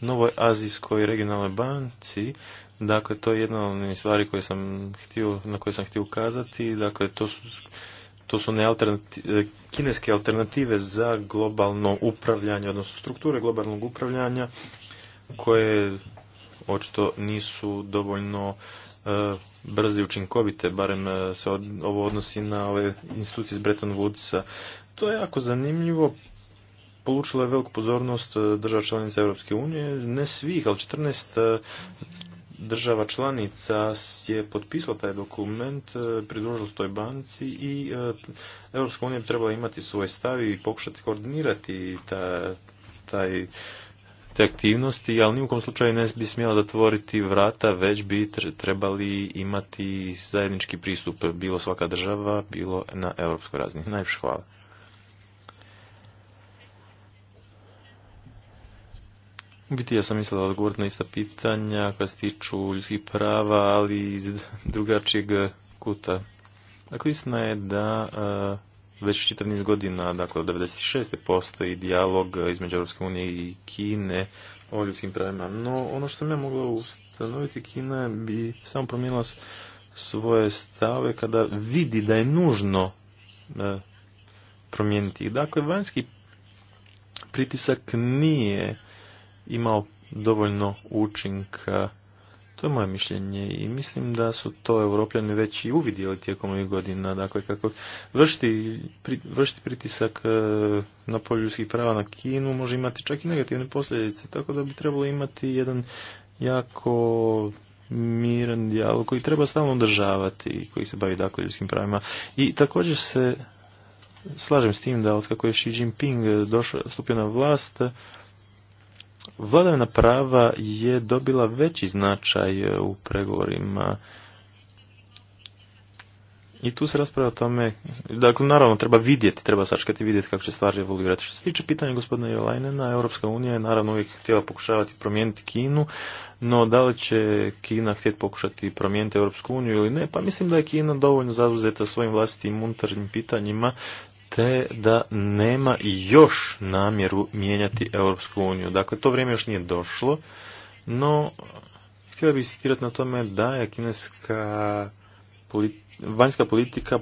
Speaker 6: novoj azijskoj regionalnoj banci. Dakle, to je jedna od stvari koje sam htio, na koje sam htio ukazati. Dakle, to su, to su alternative, e, kineske alternative za globalno upravljanje, odnosno strukture globalnog upravljanja koje očito nisu dovoljno E, brze i učinkovite, barem e, se ovo odnosi na ove institucije iz Bretton Woodsa. To je jako zanimljivo, polučila je veliku pozornost e, država članica Europske unije, ne svih, ali 14 država članica je potpisala taj dokument, pridružila toj banci i Europska unija bi trebala imati svoje stav i pokušati koordinirati ta, taj te aktivnosti, ali nijekom slučaju ne bi smjela zatvoriti vrata, već bi trebali imati zajednički pristup, bilo svaka država, bilo na europskoj razini. Najviše hvala. U biti ja sam mislila odgovoriti na ista pitanja koja se tiču ljudskih prava, ali iz drugačijeg kuta. Dakle, istina je da već čitav niz godina, dakle od 96. postoji dijalog između Europske unije i Kine o ljudskim pravima. No, ono što sam ja mogla ustanoviti, Kina bi samo promijenila svoje stave kada vidi da je nužno e, promijeniti ih. Dakle, vanjski pritisak nije imao dovoljno učinka to je moje mišljenje i mislim da su to europljani već i uvidjeli tijekom ovih godina. Dakle, kako vršiti, pritisak e, na poljuskih prava na Kinu može imati čak i negativne posljedice, tako da bi trebalo imati jedan jako miran dijalog koji treba stalno održavati i koji se bavi dakle ljudskim pravima. I također se slažem s tim da od kako je Xi Jinping došao, stupio na vlast, vladavina prava je dobila veći značaj e, u pregovorima i tu se rasprava o tome, dakle naravno treba vidjeti, treba sačekati vidjeti kako će stvari evoluirati. Što se tiče pitanja gospodina Jolajnena, Europska unija je naravno uvijek htjela pokušavati promijeniti Kinu, no da li će Kina htjeti pokušati promijeniti Europsku uniju ili ne, pa mislim da je Kina dovoljno zauzeta svojim vlastitim unutarnjim pitanjima te da nema još namjeru mijenjati Europsku uniju. Dakle, to vrijeme još nije došlo, no htio bih citirati na tome da je kineska politika vanjska politika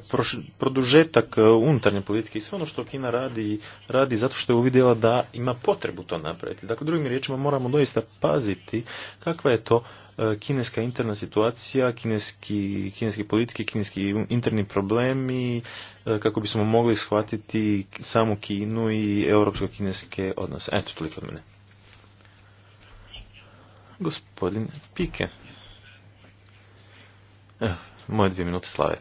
Speaker 6: produžetak e, unutarnje politike i sve ono što Kina radi, radi zato što je uvidjela da ima potrebu to napraviti. Dakle, drugim riječima moramo doista paziti kakva je to e, kineska interna situacija, kineski, kineski politike, kineski interni problemi, e, kako bismo mogli shvatiti samu Kinu i europsko-kineske odnose. Eto, toliko od mene. Gospodin Pike. Evo moje dvije minute slave.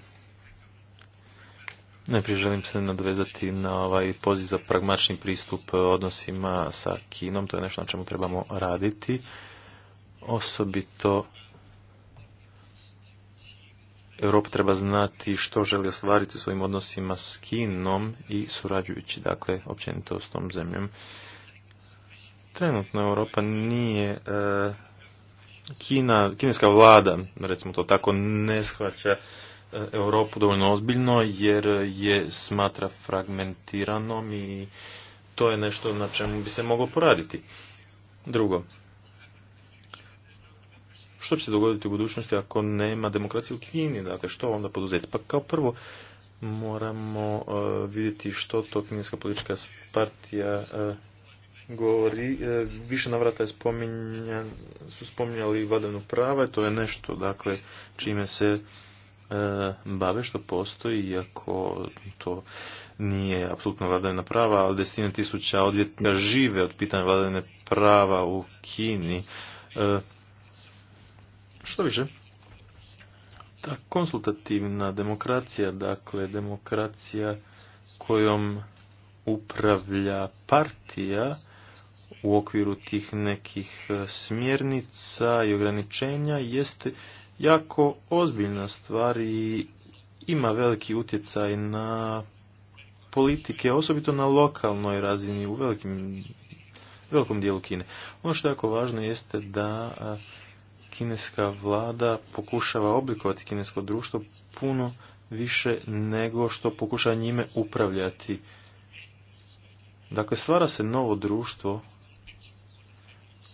Speaker 6: Najprije želim se nadvezati na ovaj poziv za pragmačni pristup odnosima sa Kinom. To je nešto na čemu trebamo raditi. Osobito Europa treba znati što želi ostvariti svojim odnosima s Kinom i surađujući, dakle, općenito s tom zemljom. Trenutno Europa nije e, Kina, kineska vlada, recimo to tako, ne shvaća e, Europu dovoljno ozbiljno jer je smatra fragmentiranom i to je nešto na čemu bi se moglo poraditi. Drugo, što će se dogoditi u budućnosti ako nema demokracije u Kini? Dakle, što onda poduzeti? Pa kao prvo, moramo e, vidjeti što to kineska politička partija e, govori, e, više navrata je spominjan su spominjali vladavinu prava i to je nešto dakle čime se e, bave što postoji, iako to nije apsolutno vladavina prava, ali desetine tisuća odvjetnika žive od pitanja vladavine prava u Kini. E, što više, ta konsultativna demokracija, dakle demokracija kojom upravlja partija, u okviru tih nekih e, smjernica i ograničenja jeste jako ozbiljna stvar i ima veliki utjecaj na politike, osobito na lokalnoj razini u velikim, velikom dijelu Kine. Ono što je jako važno jeste da e, kineska vlada pokušava oblikovati kinesko društvo puno više nego što pokušava njime upravljati. Dakle, stvara se novo društvo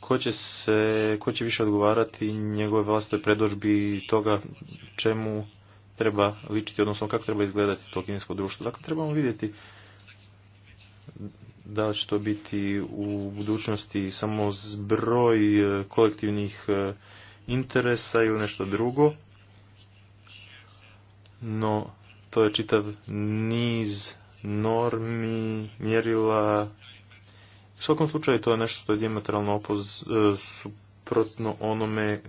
Speaker 6: ko će, se, ko će više odgovarati njegove vlastitoj predložbi toga čemu treba ličiti, odnosno kako treba izgledati to kinesko društvo. Dakle, trebamo vidjeti da će to biti u budućnosti samo zbroj e, kolektivnih e, interesa ili nešto drugo, no to je čitav niz normi, mjerila u svakom slučaju to je nešto što je diametralno opoz, e, suprotno onome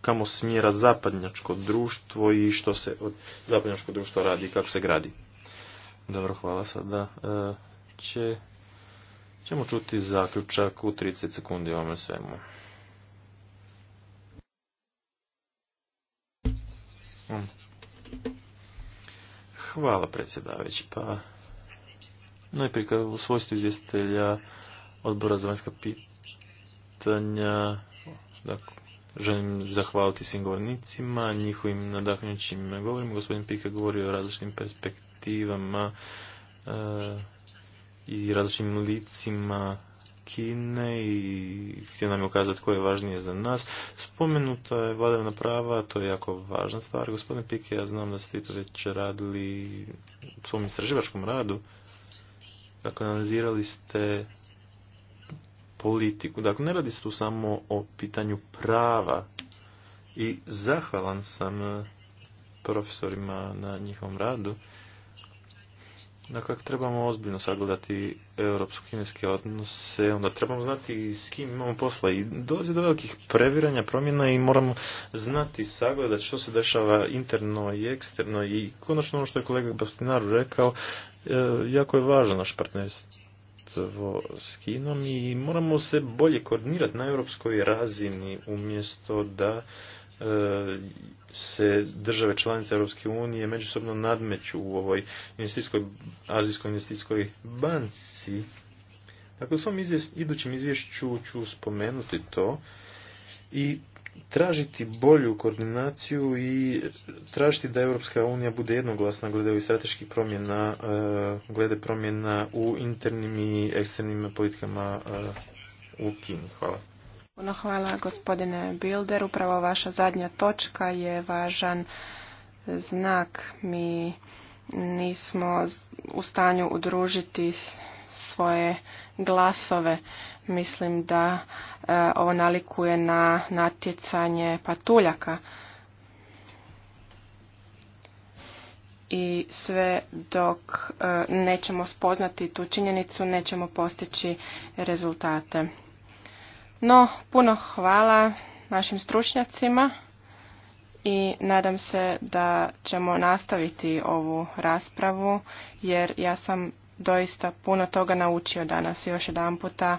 Speaker 6: kamo smjera zapadnjačko društvo i što se od zapadnjačko društva radi i kako se gradi. Dobro, hvala sada. E, će, ćemo čuti zaključak u 30 sekundi ovome svemu. Hvala predsjedavajući. Pa Najprije prika u svojstvu izvjestitelja odbora za vanjska pitanja, dakle, želim zahvaliti svim govornicima, njihovim nadahnućim govorima. Gospodin Pika govori o različitim perspektivama e, i različitim licima Kine i htio nam je ukazati koje je važnije za nas. Spomenuta je vladavna prava, to je jako važna stvar. Gospodin Pike, ja znam da ste to već radili u svom istraživačkom radu Dakle, analizirali ste politiku. Dakle, ne radi se tu samo o pitanju prava i zahvalan sam e, profesorima na njihovom radu. Dakle, trebamo ozbiljno sagledati europsko-kineske odnose, onda trebamo znati s kim imamo posla i dolazi do velikih previranja, promjena i moramo znati, sagledati što se dešava interno i eksterno i konačno ono što je kolega Bastinaru rekao, E, jako je važno naš partnerstvo s Kinom i moramo se bolje koordinirati na europskoj razini umjesto da e, se države članice Europske unije međusobno nadmeću u ovoj investicijskoj, azijskoj investicijskoj banci. Dakle, u svom idućem izvješću ću spomenuti to i tražiti bolju koordinaciju i tražiti da Europska unija bude jednoglasna glede ovih strateških promjena, e, glede promjena u internim i eksternim politikama e, u Kini. Hvala.
Speaker 4: Puno hvala gospodine Bilder. Upravo vaša zadnja točka je važan znak. Mi nismo u stanju udružiti svoje glasove. Mislim da e, ovo nalikuje na natjecanje patuljaka. I sve dok e, nećemo spoznati tu činjenicu, nećemo postići rezultate. No, puno hvala našim stručnjacima i nadam se da ćemo nastaviti ovu raspravu jer ja sam doista puno toga naučio danas. Još jedan puta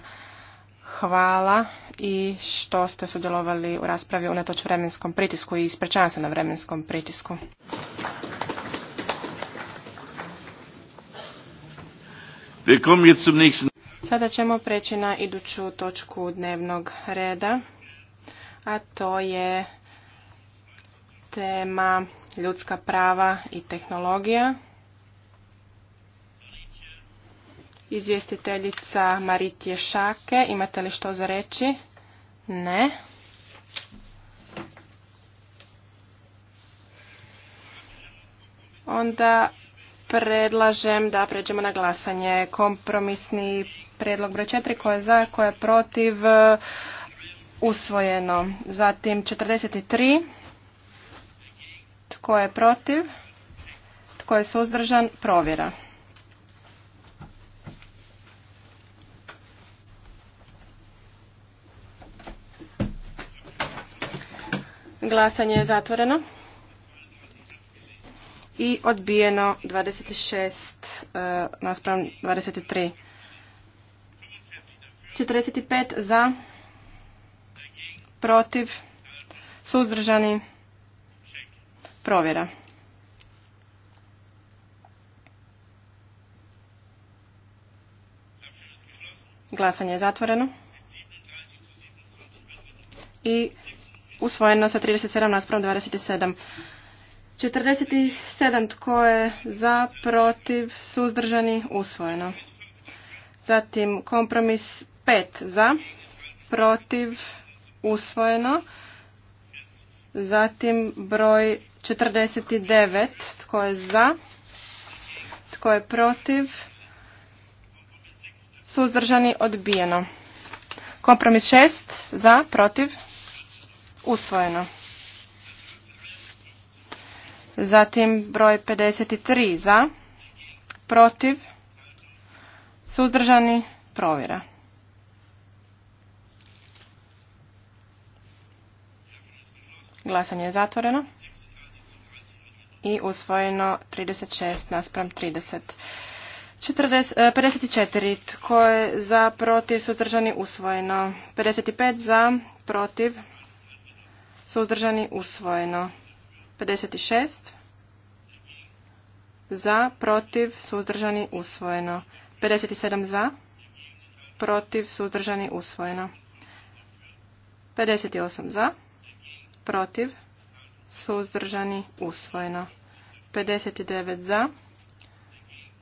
Speaker 4: hvala i što ste sudjelovali u raspravi unatoč vremenskom pritisku i ispričavam se na vremenskom pritisku. Sada ćemo preći na iduću točku dnevnog reda, a to je tema ljudska prava i tehnologija. izvjestiteljica Maritje Šake. Imate li što za reći? Ne. Onda predlažem da pređemo na glasanje. Kompromisni predlog broj 4 koje je za, koje je protiv, usvojeno. Zatim 43. Tko je protiv? Tko je suzdržan? Provjera. Glasanje je zatvoreno. I odbijeno 26 naspravno e, naspram 23. 45 za, protiv, suzdržani, provjera. Glasanje je zatvoreno. I usvojeno sa 37 naspram 27. 47 tko je za, protiv, suzdržani, usvojeno. Zatim kompromis 5 za, protiv, usvojeno. Zatim broj 49 tko je za, tko je protiv, suzdržani, odbijeno. Kompromis 6 za, protiv, usvojeno. Zatim broj 53 za, protiv, suzdržani, provjera. Glasanje je zatvoreno i usvojeno 36 naspram 30. 54. E, tko je za, protiv, suzdržani, usvojeno. 55 za, protiv, suzdržani usvojeno 56 za protiv suzdržani usvojeno 57 za protiv suzdržani usvojeno 58 za protiv suzdržani usvojeno 59 za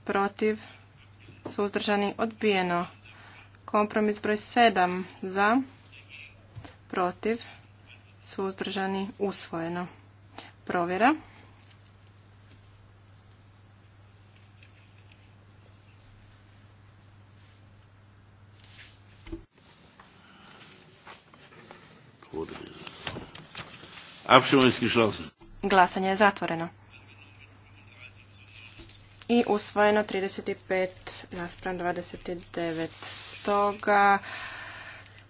Speaker 4: protiv suzdržani odbijeno kompromis broj 7 za protiv suzdržani, usvojeno. Provjera. Glasanje je zatvoreno. I usvojeno 35 naspram 29. Stoga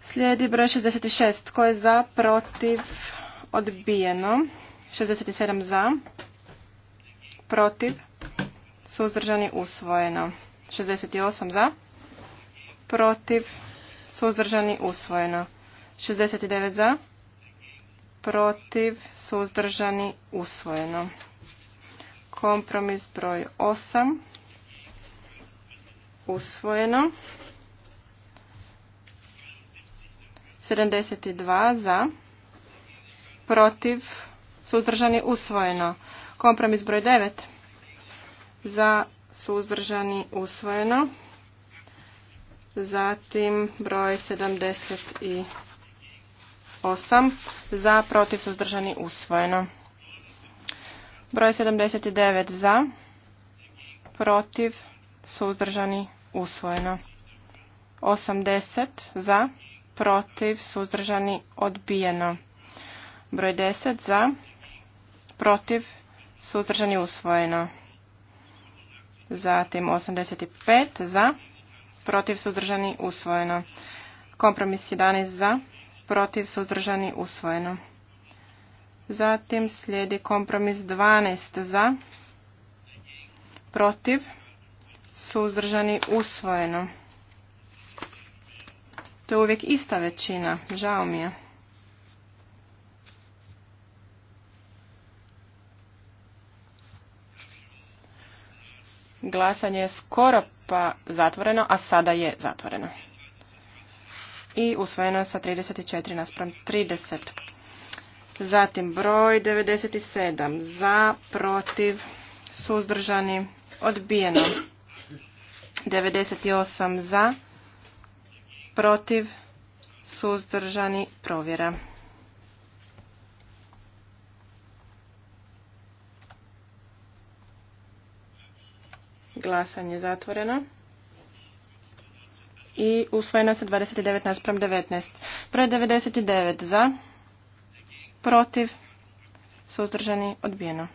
Speaker 4: Slijedi broj 66. Tko je za, protiv, odbijeno. 67 za, protiv, suzdržani, usvojeno. 68 za, protiv, suzdržani, usvojeno. 69 za, protiv, suzdržani, usvojeno. Kompromis broj 8, usvojeno. 72 za, protiv, suzdržani, usvojeno. Kompromis broj 9 za, suzdržani, usvojeno. Zatim broj 78 za, protiv, suzdržani, usvojeno. Broj 79 za, protiv, suzdržani, usvojeno. 80 za, protiv, suzdržani, odbijeno. Broj 10 za, protiv, suzdržani, usvojeno. Zatim 85 za, protiv, suzdržani, usvojeno. Kompromis 11 za, protiv, suzdržani, usvojeno. Zatim slijedi kompromis 12 za, protiv, suzdržani, usvojeno. To je uvijek ista većina, žao mi je. Glasanje je skoro pa zatvoreno, a sada je zatvoreno. I usvojeno je sa 34 naspram 30. Zatim broj 97. Za, protiv, suzdržani, odbijeno. 98 za, protiv, suzdržani, provjera. Glasanje zatvoreno. I usvojeno se 29 naspram 19. Broj 99 za, protiv, suzdržani, odbijeno.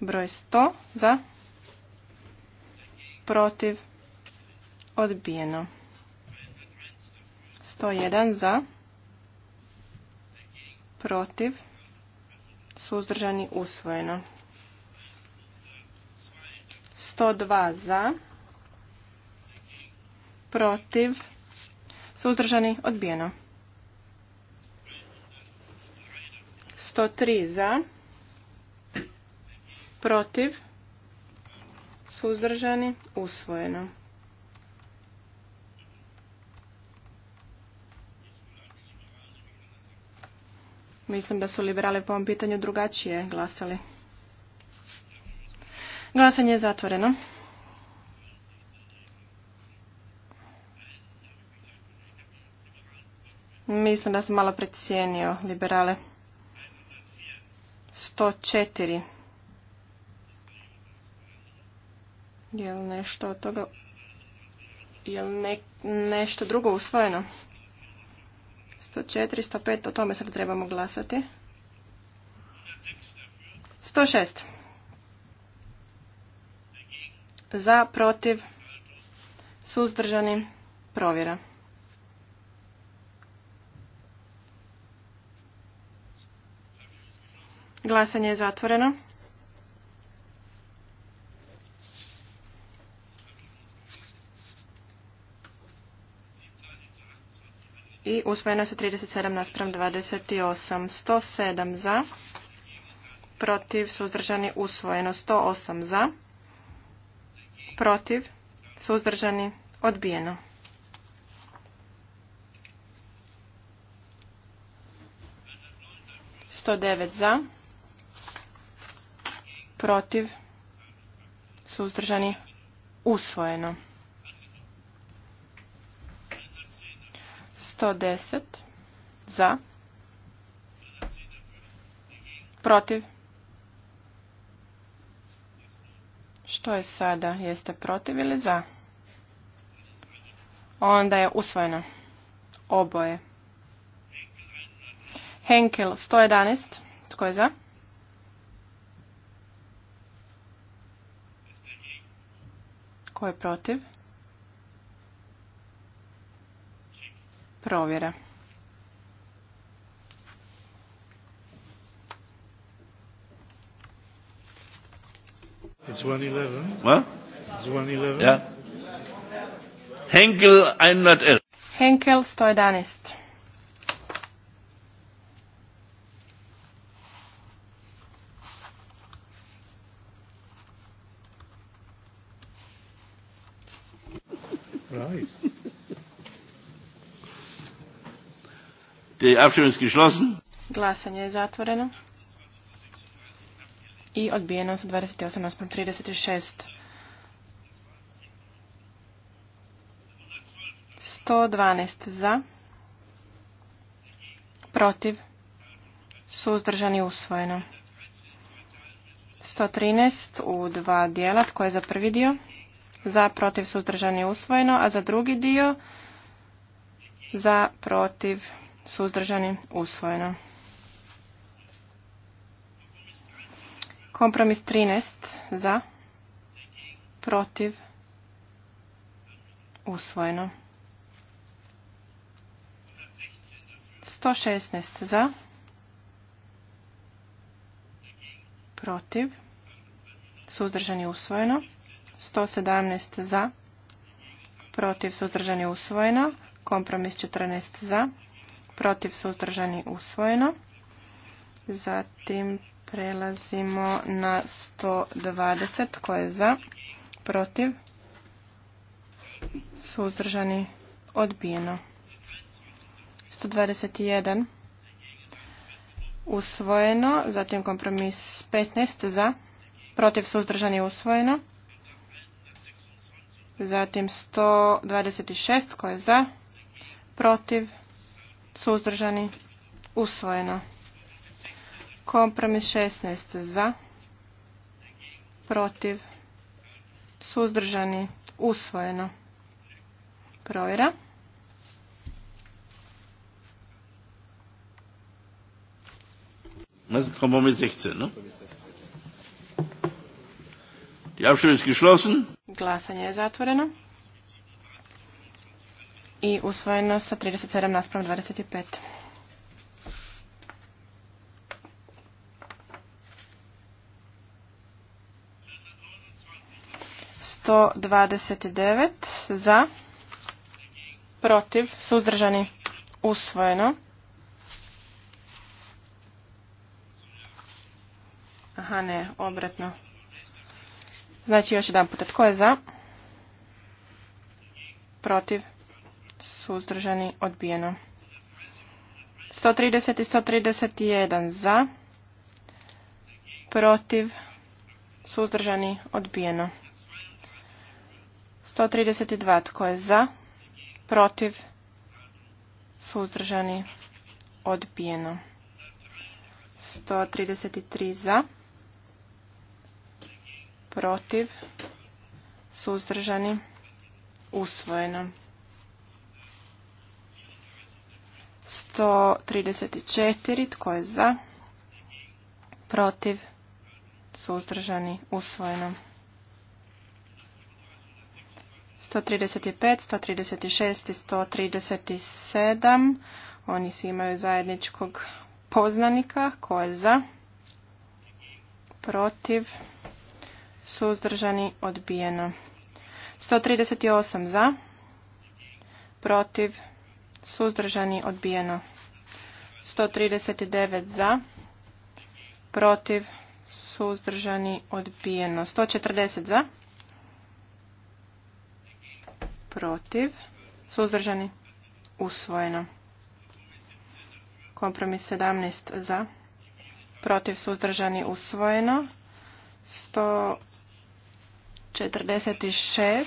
Speaker 4: Broj 100 za, protiv, odbijeno. 101 za, protiv, suzdržani usvojeno. 102 za, protiv, suzdržani odbijeno. 103 za, protiv, suzdržani usvojeno. Mislim da su liberali po ovom pitanju drugačije glasali. Glasanje je zatvoreno. Mislim da sam malo precijenio liberale. 104. Je li nešto toga... Je nešto drugo usvojeno? 104, 105, o tome sad trebamo glasati. 106. Za, protiv, suzdržani, provjera. Glasanje je zatvoreno. i usvojeno se 37 naspram 28. 107 za, protiv, suzdržani, usvojeno 108 za, protiv, suzdržani, odbijeno. Sto devet za, protiv, suzdržani, usvojeno. 110 za protiv što je sada jeste protiv ili za onda je usvojeno oboje Henkel 111 tko je za tko je protiv Provjera.
Speaker 2: It's 111. What? It's 111. Yeah. Henkel 111.
Speaker 4: Henkel 111.
Speaker 2: Die Abstimmung ist geschlossen.
Speaker 4: Glasanje je zatvoreno. I odbijeno sa 28 naspram 36. 112 za. Protiv. Suzdržani usvojeno. 113 u dva dijela. Tko je za prvi dio? Za, protiv, suzdržani usvojeno. A za drugi dio? Za, protiv, suzdržani suzdržani, usvojeno. Kompromis 13 za, protiv, usvojeno. 116 za, protiv, suzdržani, usvojeno. 117 za, protiv, suzdržani, usvojeno. Kompromis 14 za, protiv suzdržani usvojeno. Zatim prelazimo na 120 koje je za, protiv, suzdržani odbijeno. 121 usvojeno, zatim kompromis 15 za, protiv suzdržani usvojeno. Zatim 126 koje je za, protiv, suzdržani, usvojeno. Kompromis 16 za, protiv, suzdržani, usvojeno. Provjera.
Speaker 2: Kompromis 16, no? Die Abstimmung ist geschlossen.
Speaker 4: Glasanje je zatvoreno i usvojeno sa 37 naspram 25. Sto dvadeset devet za, protiv, suzdržani, usvojeno. Aha, ne, obratno. Znači još jedan puta, tko je za? Protiv? suzdržani, odbijeno. 130 i 131 za, protiv, suzdržani, odbijeno. 132 tko je za, protiv, suzdržani, odbijeno. 133 za, protiv, suzdržani, usvojeno. 134. Tko je za? Protiv? Suzdržani? Usvojeno. 135, 136 i 137. Oni svi imaju zajedničkog poznanika. tko je za? Protiv? Suzdržani? Odbijeno. 138 za? Protiv? suzdržani odbijeno 139 za protiv suzdržani odbijeno 140 za protiv suzdržani usvojeno kompromis 17 za protiv suzdržani usvojeno 146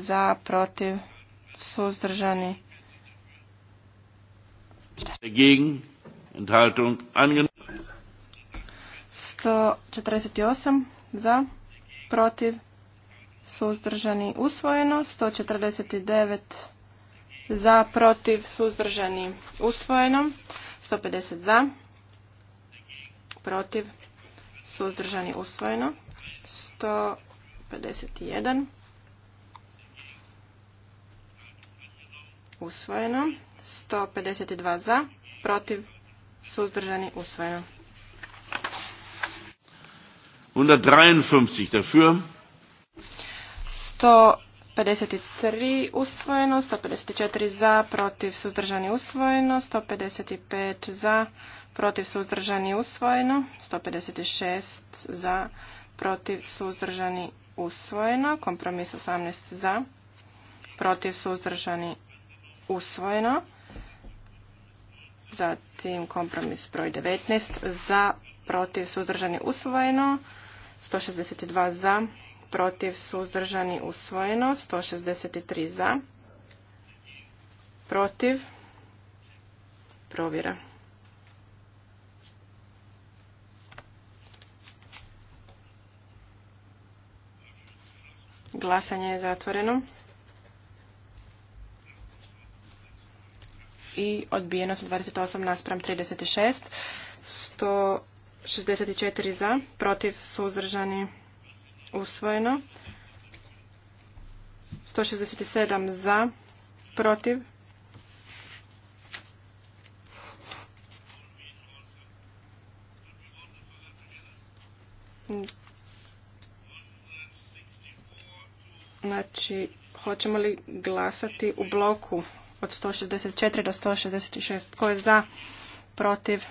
Speaker 4: za, protiv, suzdržani. angenommen. 148 za, protiv, suzdržani, usvojeno. 149 za, protiv, suzdržani, usvojeno. 150 za, protiv, suzdržani, usvojeno. 151 usvojeno. 152 za, protiv, suzdržani, usvojeno.
Speaker 2: 153 dafür.
Speaker 4: 153 usvojeno, 154 za, protiv, suzdržani, usvojeno. 155 za, protiv, suzdržani, usvojeno. 156 za, protiv, suzdržani, usvojeno. Kompromis 18 za, protiv, suzdržani, usvojeno. Zatim kompromis broj 19 za, protiv, suzdržani, usvojeno. 162 za, protiv, suzdržani, usvojeno. 163 za, protiv, provjera. Glasanje je zatvoreno. i odbijeno sa 28 naspram 36. 164 za, protiv, suzdržani, usvojeno. 167 za, protiv. Znači, hoćemo li glasati u bloku od 164 do 166. Tko je za? Protiv?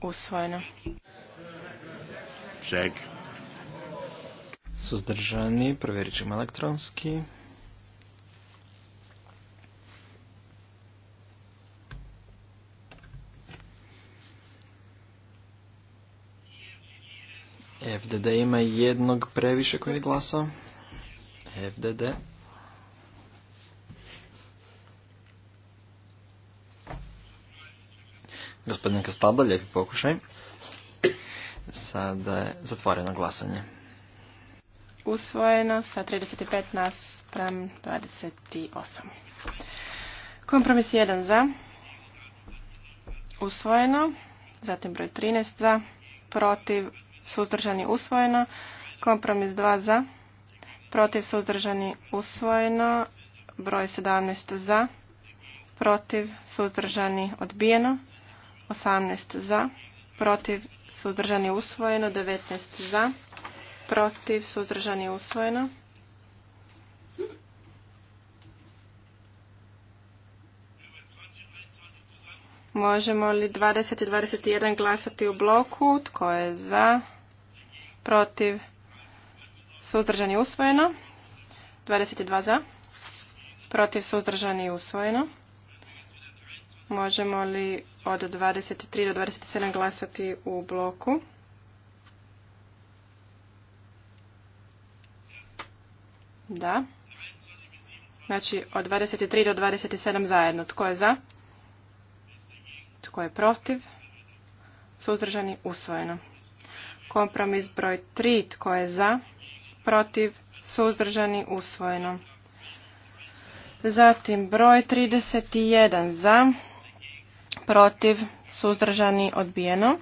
Speaker 4: Usvojeno.
Speaker 7: Ček. Suzdržani, provjerit ćemo elektronski. FDD ima jednog previše koji je glasao. FDD. Gospodin Kastaldo, lijepi pokušaj. Sada je zatvoreno glasanje.
Speaker 4: Usvojeno sa 35 nas pram 28. Kompromis 1 za. Usvojeno. Zatim broj 13 za. Protiv suzdržani usvojeno. Kompromis 2 za. Protiv suzdržani usvojeno. Broj 17 za. Protiv suzdržani odbijeno. 18 za, protiv, suzdržani usvojeno, 19 za, protiv, suzdržani usvojeno. Možemo li 20 i 21 glasati u bloku? Tko je za? Protiv? Suzdržani usvojeno. 22 za. Protiv suzdržani usvojeno. Možemo li od 23 do 27 glasati u bloku? Da. Znači od 23 do 27 zajedno. Tko je za? Tko je protiv? Suzdržani usvojeno. Kompromis broj 3. Tko je za? Protiv? Suzdržani usvojeno. Zatim broj 31 za protiv, suzdržani, odbijeno.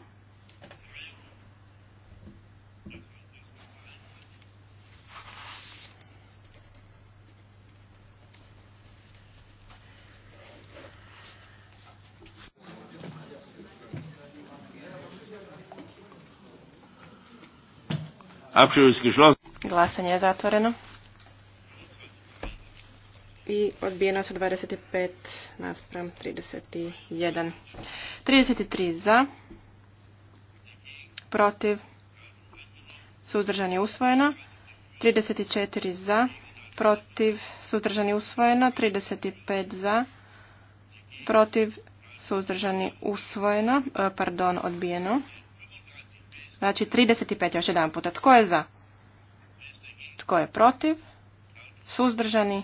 Speaker 4: Glasanje je zatvoreno i odbijeno sa 25 naspram 31. 33 za, protiv, suzdržan je usvojeno. 34 za, protiv, suzdržani usvojeno. 35 za, protiv, suzdržani usvojeno, e, pardon, odbijeno. Znači 35 još jedan puta. Tko je za? Tko je protiv? Suzdržani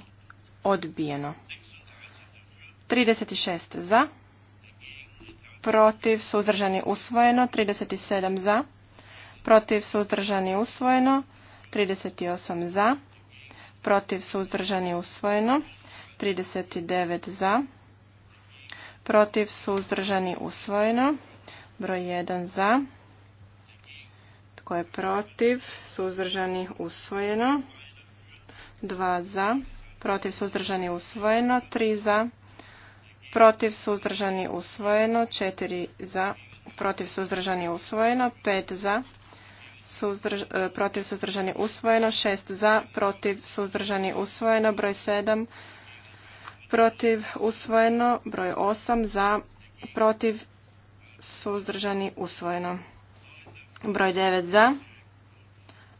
Speaker 4: odbijeno. 36 za, protiv suzdržani usvojeno, 37 za, protiv suzdržani usvojeno, 38 za, protiv suzdržani usvojeno, 39 za, protiv suzdržani usvojeno, broj 1 za, tko je protiv, suzdržani usvojeno, 2 za, protiv suzdržani usvojeno, 3 za, protiv suzdržani usvojeno, 4 za, protiv suzdržani usvojeno, 5 za, suzdrž, e, protiv suzdržani usvojeno, 6 za, protiv suzdržani usvojeno, broj 7 protiv usvojeno, broj 8 za, protiv suzdržani usvojeno. Broj 9 za.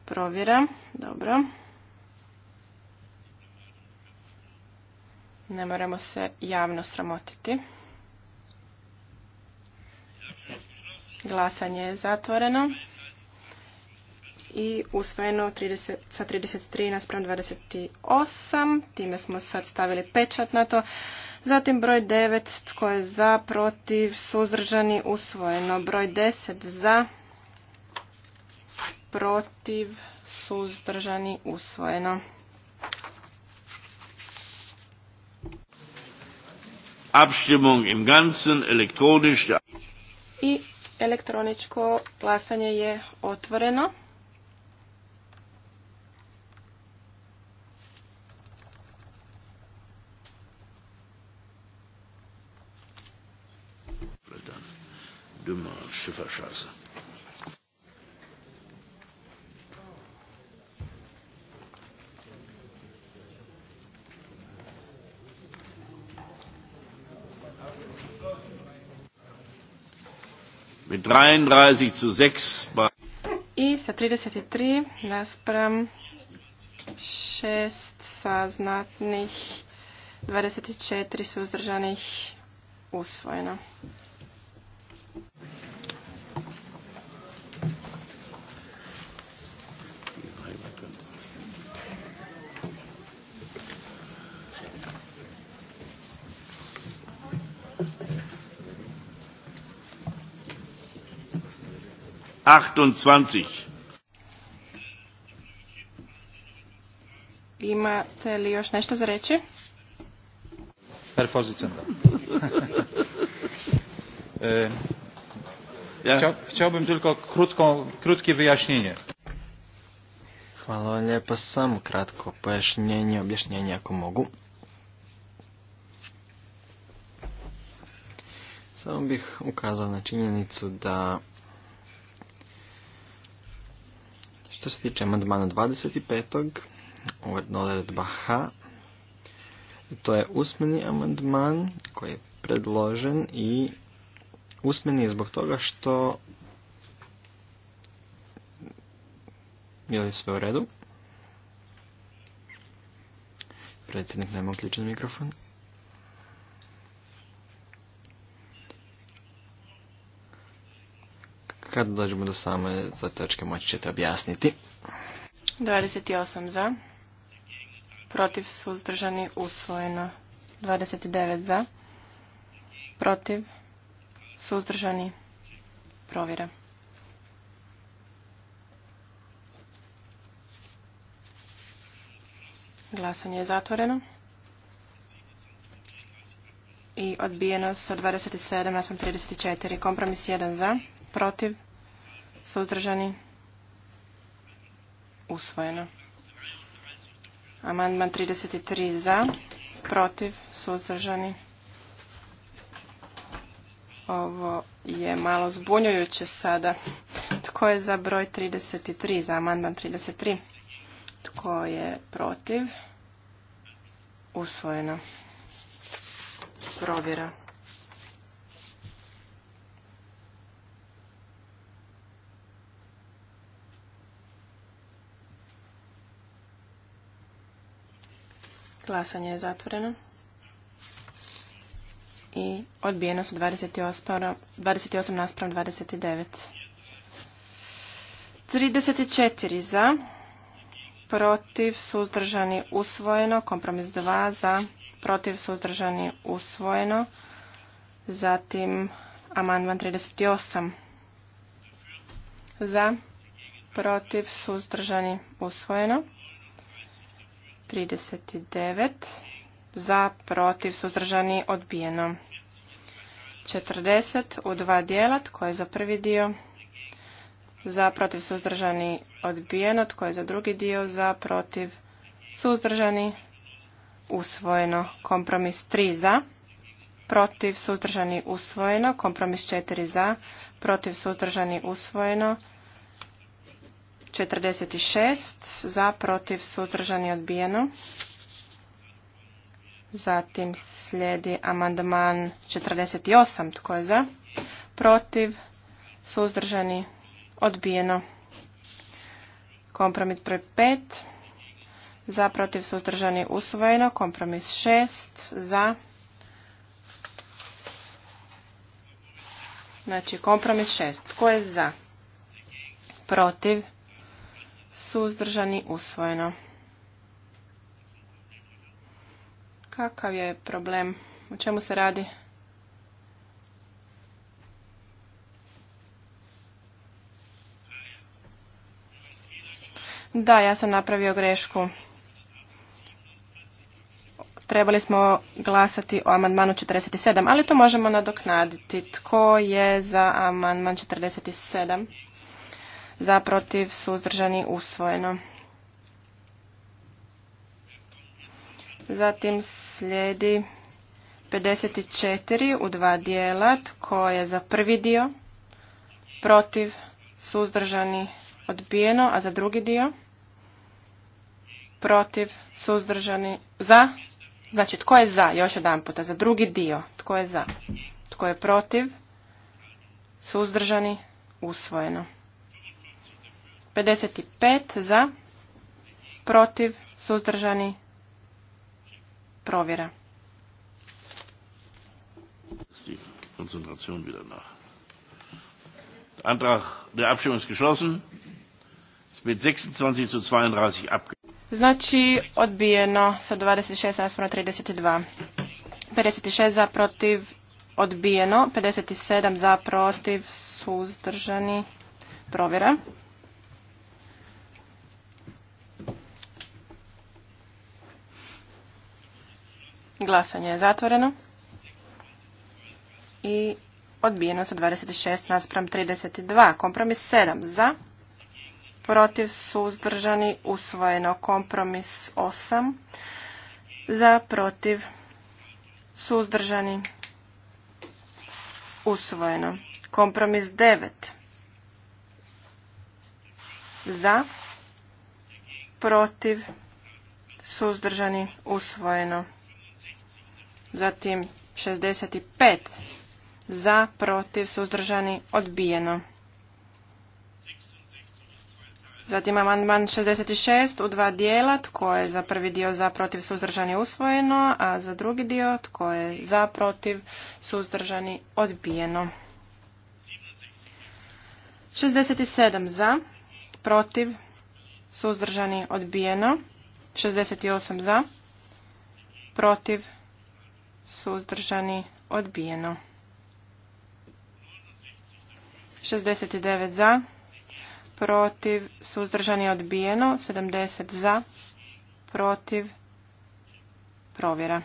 Speaker 4: Provjera. Dobro. Ne moramo se javno sramotiti. Glasanje je zatvoreno i usvojeno 30, sa 33 naspram 28. Time smo sad stavili pečat na to. Zatim broj 9, tko je za, protiv, suzdržani, usvojeno. Broj 10 za, protiv, suzdržani, usvojeno.
Speaker 2: Abstimmung im Ganzen elektronisch.
Speaker 4: I elektroničko glasanje je otvoreno.
Speaker 2: 33 zu 6 i sa
Speaker 4: 33 naspram 6 sa znatnih 24 suzdržanih usvojeno.
Speaker 2: 28.
Speaker 4: Imate li još nešto za reći?
Speaker 8: pozicijom, da. e, ja. chciałbym tylko krótką, krótkie wyjaśnienie.
Speaker 7: Hvala vam lijepo, samo kratko pojašnjenje, objašnjenje ako mogu. Samo bih ukazao na činjenicu da Što se tiče amandmana 25. je odredba H, to je usmeni amandman koji je predložen i usmeni je zbog toga što je li sve u redu? Predsjednik nema uključen mikrofon. Kad dođemo do same za točke moći ćete objasniti.
Speaker 4: 28 za. Protiv suzdržani usvojeno. 29 za. Protiv suzdržani provjera. Glasanje je zatvoreno. I odbijeno sa 27 na 34. Kompromis 1 za. Protiv Suzdržani? Usvojeno. Amandman 33 za, protiv, suzdržani. Ovo je malo zbunjujuće sada. Tko je za broj 33, za amandman 33? Tko je protiv? Usvojeno. Provjera. Glasanje je zatvoreno. I odbijeno su 28, 28 naspram 29. 34 za, protiv, suzdržani, usvojeno, kompromis 2 za, protiv, suzdržani, usvojeno, zatim amandman 38 za, protiv, suzdržani, usvojeno. 39 za, protiv, suzdržani, odbijeno. 40 u dva dijela, tko je za prvi dio? Za, protiv, suzdržani, odbijeno. Tko je za drugi dio? Za, protiv, suzdržani, usvojeno. Kompromis 3 za, protiv, suzdržani, usvojeno. Kompromis 4 za, protiv, suzdržani, usvojeno. 46 za protiv suzdržani odbijeno. Zatim slijedi amandman 48. Tko je za? Protiv suzdržani odbijeno. Kompromis broj 5. Za protiv suzdržani usvojeno. Kompromis 6. Za. Znači kompromis 6. Tko je za? Protiv suzdržani usvojeno. Kakav je problem? O čemu se radi? Da, ja sam napravio grešku. Trebali smo glasati o amandmanu 47, ali to možemo nadoknaditi. Tko je za amandman 47? za protiv suzdržani usvojeno. Zatim slijedi 54 u dva dijela, tko je za prvi dio, protiv, suzdržani, odbijeno, a za drugi dio, protiv, suzdržani, za, znači tko je za, još jedan puta, za drugi dio, tko je za, tko je protiv, suzdržani, usvojeno. 55 za, protiv, suzdržani, provjera.
Speaker 2: Koncentracijom na. Antrag der Abstimmung geschlossen. Ist 26 zu 32 abgelehnt.
Speaker 4: Znači odbijeno sa 26 nasprano 32. 56 za protiv odbijeno, 57 za protiv suzdržani provjera. Glasanje je zatvoreno. I odbijeno sa 26 naspram 32. Kompromis 7 za. Protiv suzdržani usvojeno. Kompromis 8 za. Protiv suzdržani usvojeno. Kompromis 9 za. Protiv suzdržani usvojeno. Zatim 65 za, protiv, suzdržani, odbijeno. Zatim amandman 66 u dva dijela, tko je za prvi dio za, protiv, suzdržani, usvojeno, a za drugi dio tko je za, protiv, suzdržani, odbijeno. 67 za, protiv, suzdržani, odbijeno. 68 za, protiv, suzdržani, odbijeno. 69 za, protiv, suzdržani, odbijeno. 70 za, protiv, provjera.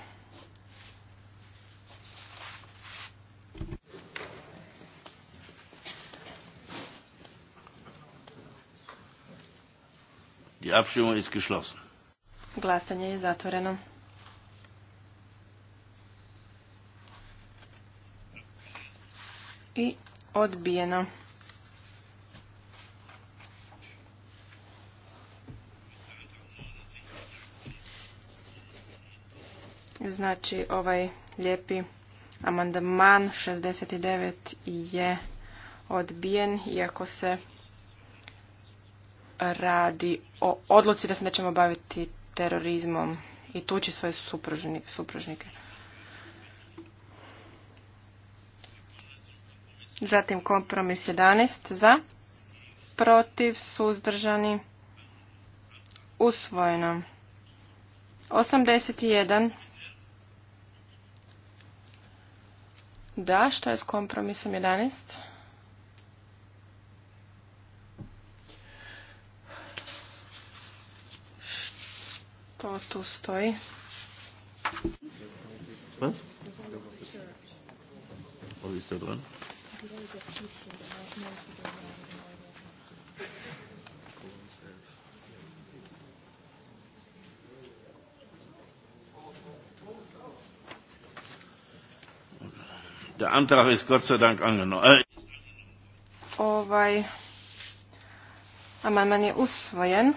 Speaker 2: Die Abstimmung ist geschlossen.
Speaker 4: Glasanje je zatvoreno. i odbijeno. Znači ovaj lijepi amandman 69 je odbijen, iako se radi o odluci da se nećemo baviti terorizmom i tući svoje supružnike. Zatim kompromis 11 za, protiv, suzdržani, usvojeno. 81. Da, što je s kompromisom 11? Što tu stoji?
Speaker 5: Vas?
Speaker 2: Was ist Der Antrag ist Gott sei Dank angenommen. Äh,
Speaker 4: ovaj amandman je usvojen.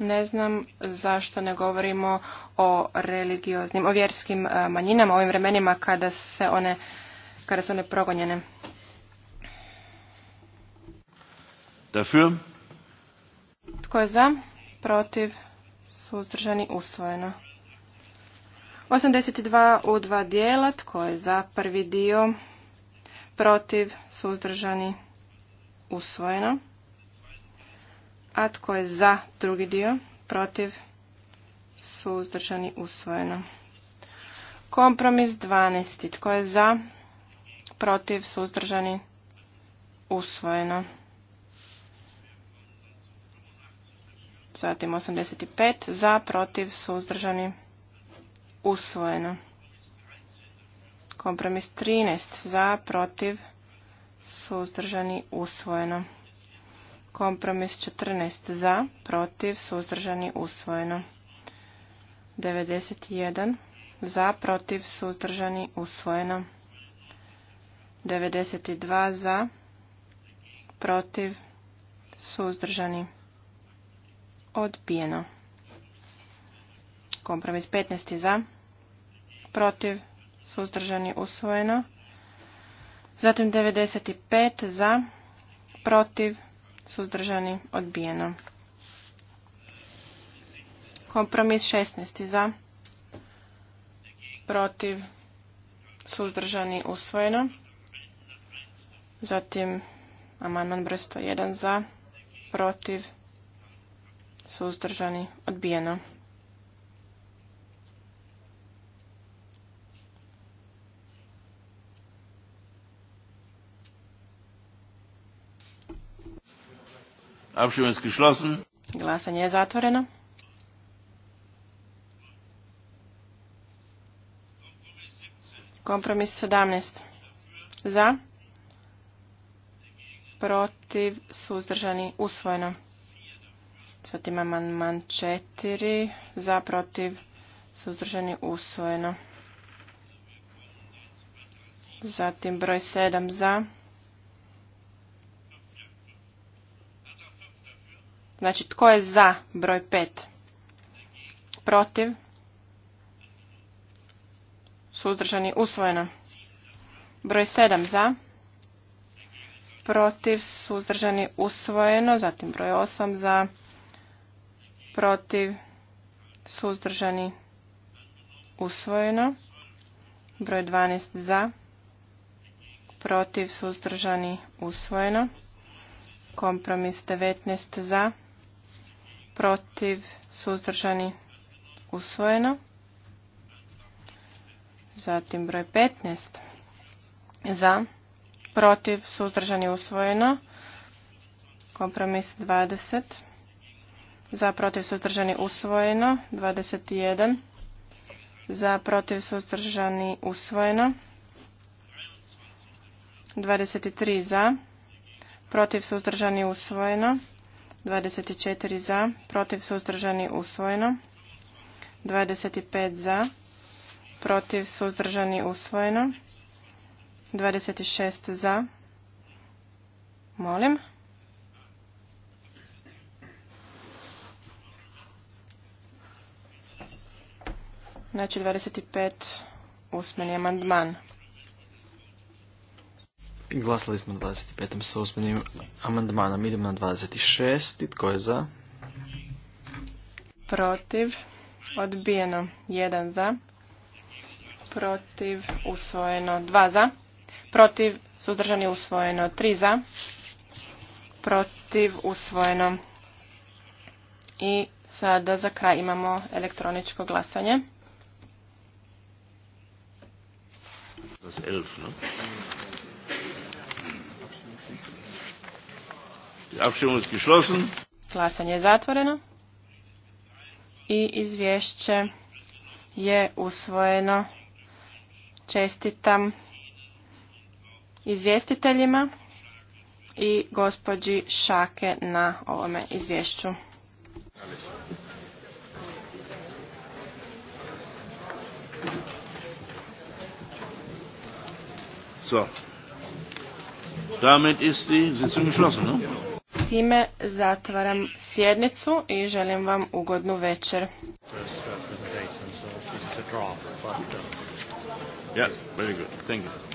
Speaker 4: ne znam zašto ne govorimo o religioznim, o vjerskim e, manjinama, u ovim vremenima kada, se one, kada su one progonjene. Dafür? Tko je za? Protiv? Suzdržani? Usvojeno. 82 u dva dijela. Tko je za? Prvi dio? Protiv? Suzdržani? Usvojeno. A tko je za drugi dio? Protiv? Suzdržani usvojeno. Kompromis 12. Tko je za? Protiv? Suzdržani usvojeno. Zatim 85. Za? Protiv? Suzdržani usvojeno. Kompromis 13. Za? Protiv? Suzdržani usvojeno. Kompromis 14 za, protiv, suzdržani, usvojeno. 91 za, protiv, suzdržani, usvojeno. 92 za, protiv, suzdržani, odbijeno. Kompromis 15 za, protiv, suzdržani, usvojeno. Zatim 95 za, protiv, suzdržani, odbijeno. Kompromis 16. za, protiv, suzdržani, usvojeno. Zatim amandman broj 101 za, protiv, suzdržani, odbijeno. Glasanje je zatvoreno. Kompromis 17. Za. Protiv. Suzdržani. Usvojeno. Zatim amandman 4. Za. Protiv. Suzdržani. Usvojeno. Zatim broj 7. Za. Znači, tko je za broj 5? Protiv? Suzdržani usvojeno. Broj 7 za. Protiv suzdržani usvojeno. Zatim broj 8 za. Protiv suzdržani usvojeno. Broj 12 za. Protiv suzdržani usvojeno. Kompromis 19 za protiv, suzdržani, usvojeno. Zatim broj 15 za, protiv, suzdržani, usvojeno. Kompromis 20 za, protiv, suzdržani, usvojeno. 21 za, protiv, suzdržani, usvojeno. 23 za, protiv, suzdržani, usvojeno. 24 za, protiv suzdržani usvojeno. 25 za, protiv suzdržani usvojeno. 26 za. Molim. Znači 25 usmeni amandman.
Speaker 7: Glasali smo 25. sa uspjenim amandmanom. Idemo na 26. Tko je za?
Speaker 4: Protiv. Odbijeno. 1 za. Protiv. Usvojeno. 2 za. Protiv. Suzdržani usvojeno. 3 za. Protiv. Usvojeno. I sada za kraj imamo elektroničko glasanje.
Speaker 2: Das elf, no?
Speaker 4: Glasanje je zatvoreno. I izvješće je usvojeno. Čestitam izvjestiteljima i gospođi Šake na ovome izvješću.
Speaker 2: So. Damit ist die Sitzung geschlossen, ne?
Speaker 4: Time zatvaram sjednicu i želim vam ugodnu večer.
Speaker 2: Uh,